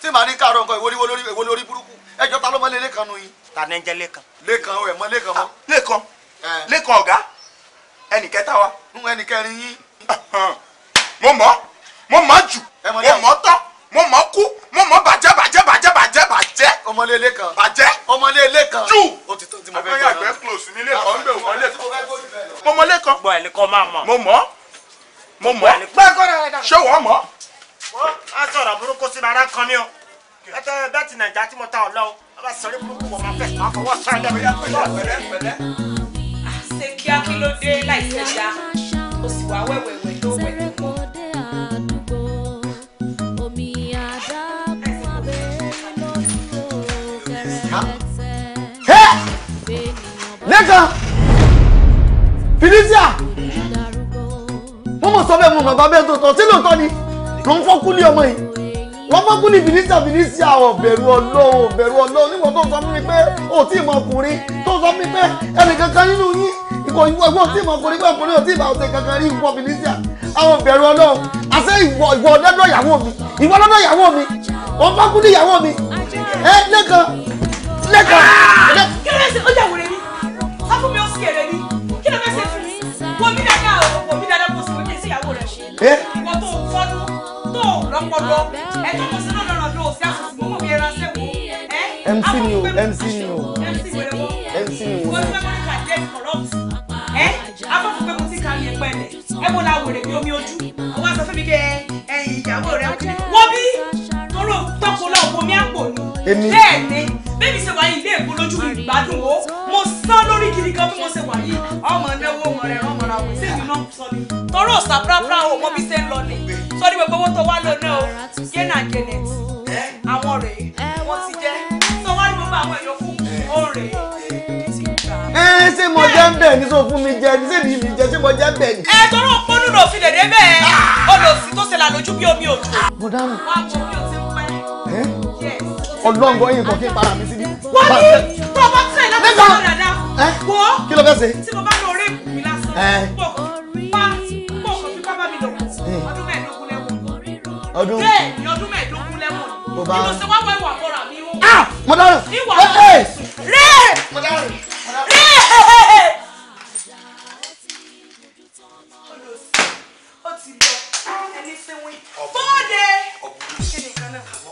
tí màá ní káàárọ̀ nǹkan ìwọlé olórí ìwọlé olórí burúkú ẹjọ́ ta ló mọ lé lẹ́kan nu yín. ta ni ń jẹ́ lẹ́kan. lẹ́kan o ẹ̀ mọ lẹ́kan mọ́. lẹ́kan lẹ́kan ọ̀gá ẹnì kẹta wa ẹnì kẹrin yín. mo mọ̀ mo mọ̀ jù mo mọ̀ tán mo mọ̀ kú mo mọ̀ bàjẹ́ bàjẹ́ bàjẹ́ bàjẹ́ bàjẹ́. ọmọléle kan bàjẹ́ ọmọléle kan jù òtítọ́ tí mo fẹ́ gbọ́. abẹ́yẹ àgbẹ̀ close nílé kan ń bẹ̀ wọ́n lé kan. mo mọ̀ lé kan. gbọ́ ẹnì kan máa mọ̀. mo mọ̀ mo mọ̀ ṣé wọ́n mọ̀. wọ́n á sọ̀rọ̀ burúkú sí ara kan mi o ẹ tẹ́ bẹ́ẹ̀ ti nàìjà tí mo ta ọ̀ lọ́wọ́ bá sọ̀rọ̀ burúkú wọ̀ máa fẹ̀ máa fọwọ́ sọ̀rọ̀ bóyá kí ló dé láìsẹ̀ dá ó sì wá wẹ̀wẹ̀wẹ̀ tó wẹ̀ tó mọ́. lẹ́kan Felicia mo mọ̀ sọ bẹ́ẹ̀ mo mọ̀ bá bẹ́ẹ̀ tó tọ́ sí lóòótọ́ ni ló ń fọ́kúlé ọmọ yìí wọ́n fọ́kúlé Felicia Felicia ọ̀bẹ̀rù ọlọ́ọ̀ ọ̀bẹ̀rù ọlọ́ọ̀ nígbà tó sọ fún mi pé ò tí ì mọ ọkùnrin tó sọ fún mi pé ẹnìkankan nínú yín kọ ìwọ ìwọ tí mo kọ ọkùnrin ọtí ìbá ọ̀sẹ̀ kankan rí ìwọ mi àwọn bẹ̀rù Ọlọ́run àṣẹ ìwọ ìwọ lọ́dọ̀ ìyàwó mi ìwọ lọ́dọ̀ ìyàwó mi wọn bá kú ní ìyàwó mi ẹ lẹ́kan lẹ́kan. kérésì ó yàwó rẹ ní ápùmí ó sì kéré ní kí ló fẹ́ ṣe fún mi wọ́n mi dáadáa wọ́n mi dáadáa bó sì wọ́n kí n ṣe ìwọ tó fọ́nú tó rọpọlọ ẹ tó kọ sínú ọ̀nà ọ̀dọ̀ òsì àṣùṣù mọ́ mi ẹran ṣẹ́wó MC ni o MC ni o MC ni afọ́fún pé kò sí ká yẹ pẹ́lẹ̀ ẹ bó la wèrè bí omi ojú ó wá sọ fún mi kẹ ẹyin ìyàwó rẹ ọkùnrin wọ́n bí tóró tọ́kọlọ́ omi àpò ni bẹ́ẹ̀ ni bébí ṣe wáyé ilé èkó lójú ìgbádùn o mo sán lórí gidi gan bí mo ṣe wáyé ọmọ náwó ọmọ rẹ ọmọ ra wò sí mi náà sọ ni tóró sàprápra o mọ bí ṣe ń lọ ni sọ ni gbogbo owó tó wá lọ náà o gẹ́nà gẹ́nẹ̀tì àwọn rèé wọ́n ti jẹ́ sọ wá ní gbogbo àwọn èèyàn fún òun rèé ṣé mo jẹ́ ń bẹ̀ ní sọ fún mi jẹ ní sẹ́ni mi jẹ ṣé mo jẹ́ ń bẹ̀ ní. ẹ tọrọ pọnú lò fi dèdè bẹ́ẹ̀ olùsí tó ṣe lànà ojú bí omi òjò. mo dáhùn. wàá jẹ bí o ti ń pẹ́. ọlọ́ngọ yìí nǹkan kí n para mi síbi. wọ́n ní tó o bá tẹ̀ láti sọ̀rọ̀ dáadáa. wo kí ló fẹ́ ṣe. tí mo bá lọ rẹ́ mi lásán. pọ̀ kàn fi pápá mi dọ̀kọ̀ ọdún mẹ́ẹ̀ẹ́dógún lẹ́wọ̀n. ọdún bẹ́ẹ̀ ni ọdún mẹ́ẹ̀ẹ́dógún lẹ́wọ̀n. mo bá ah! mo dáhùn. ìwà Nó t h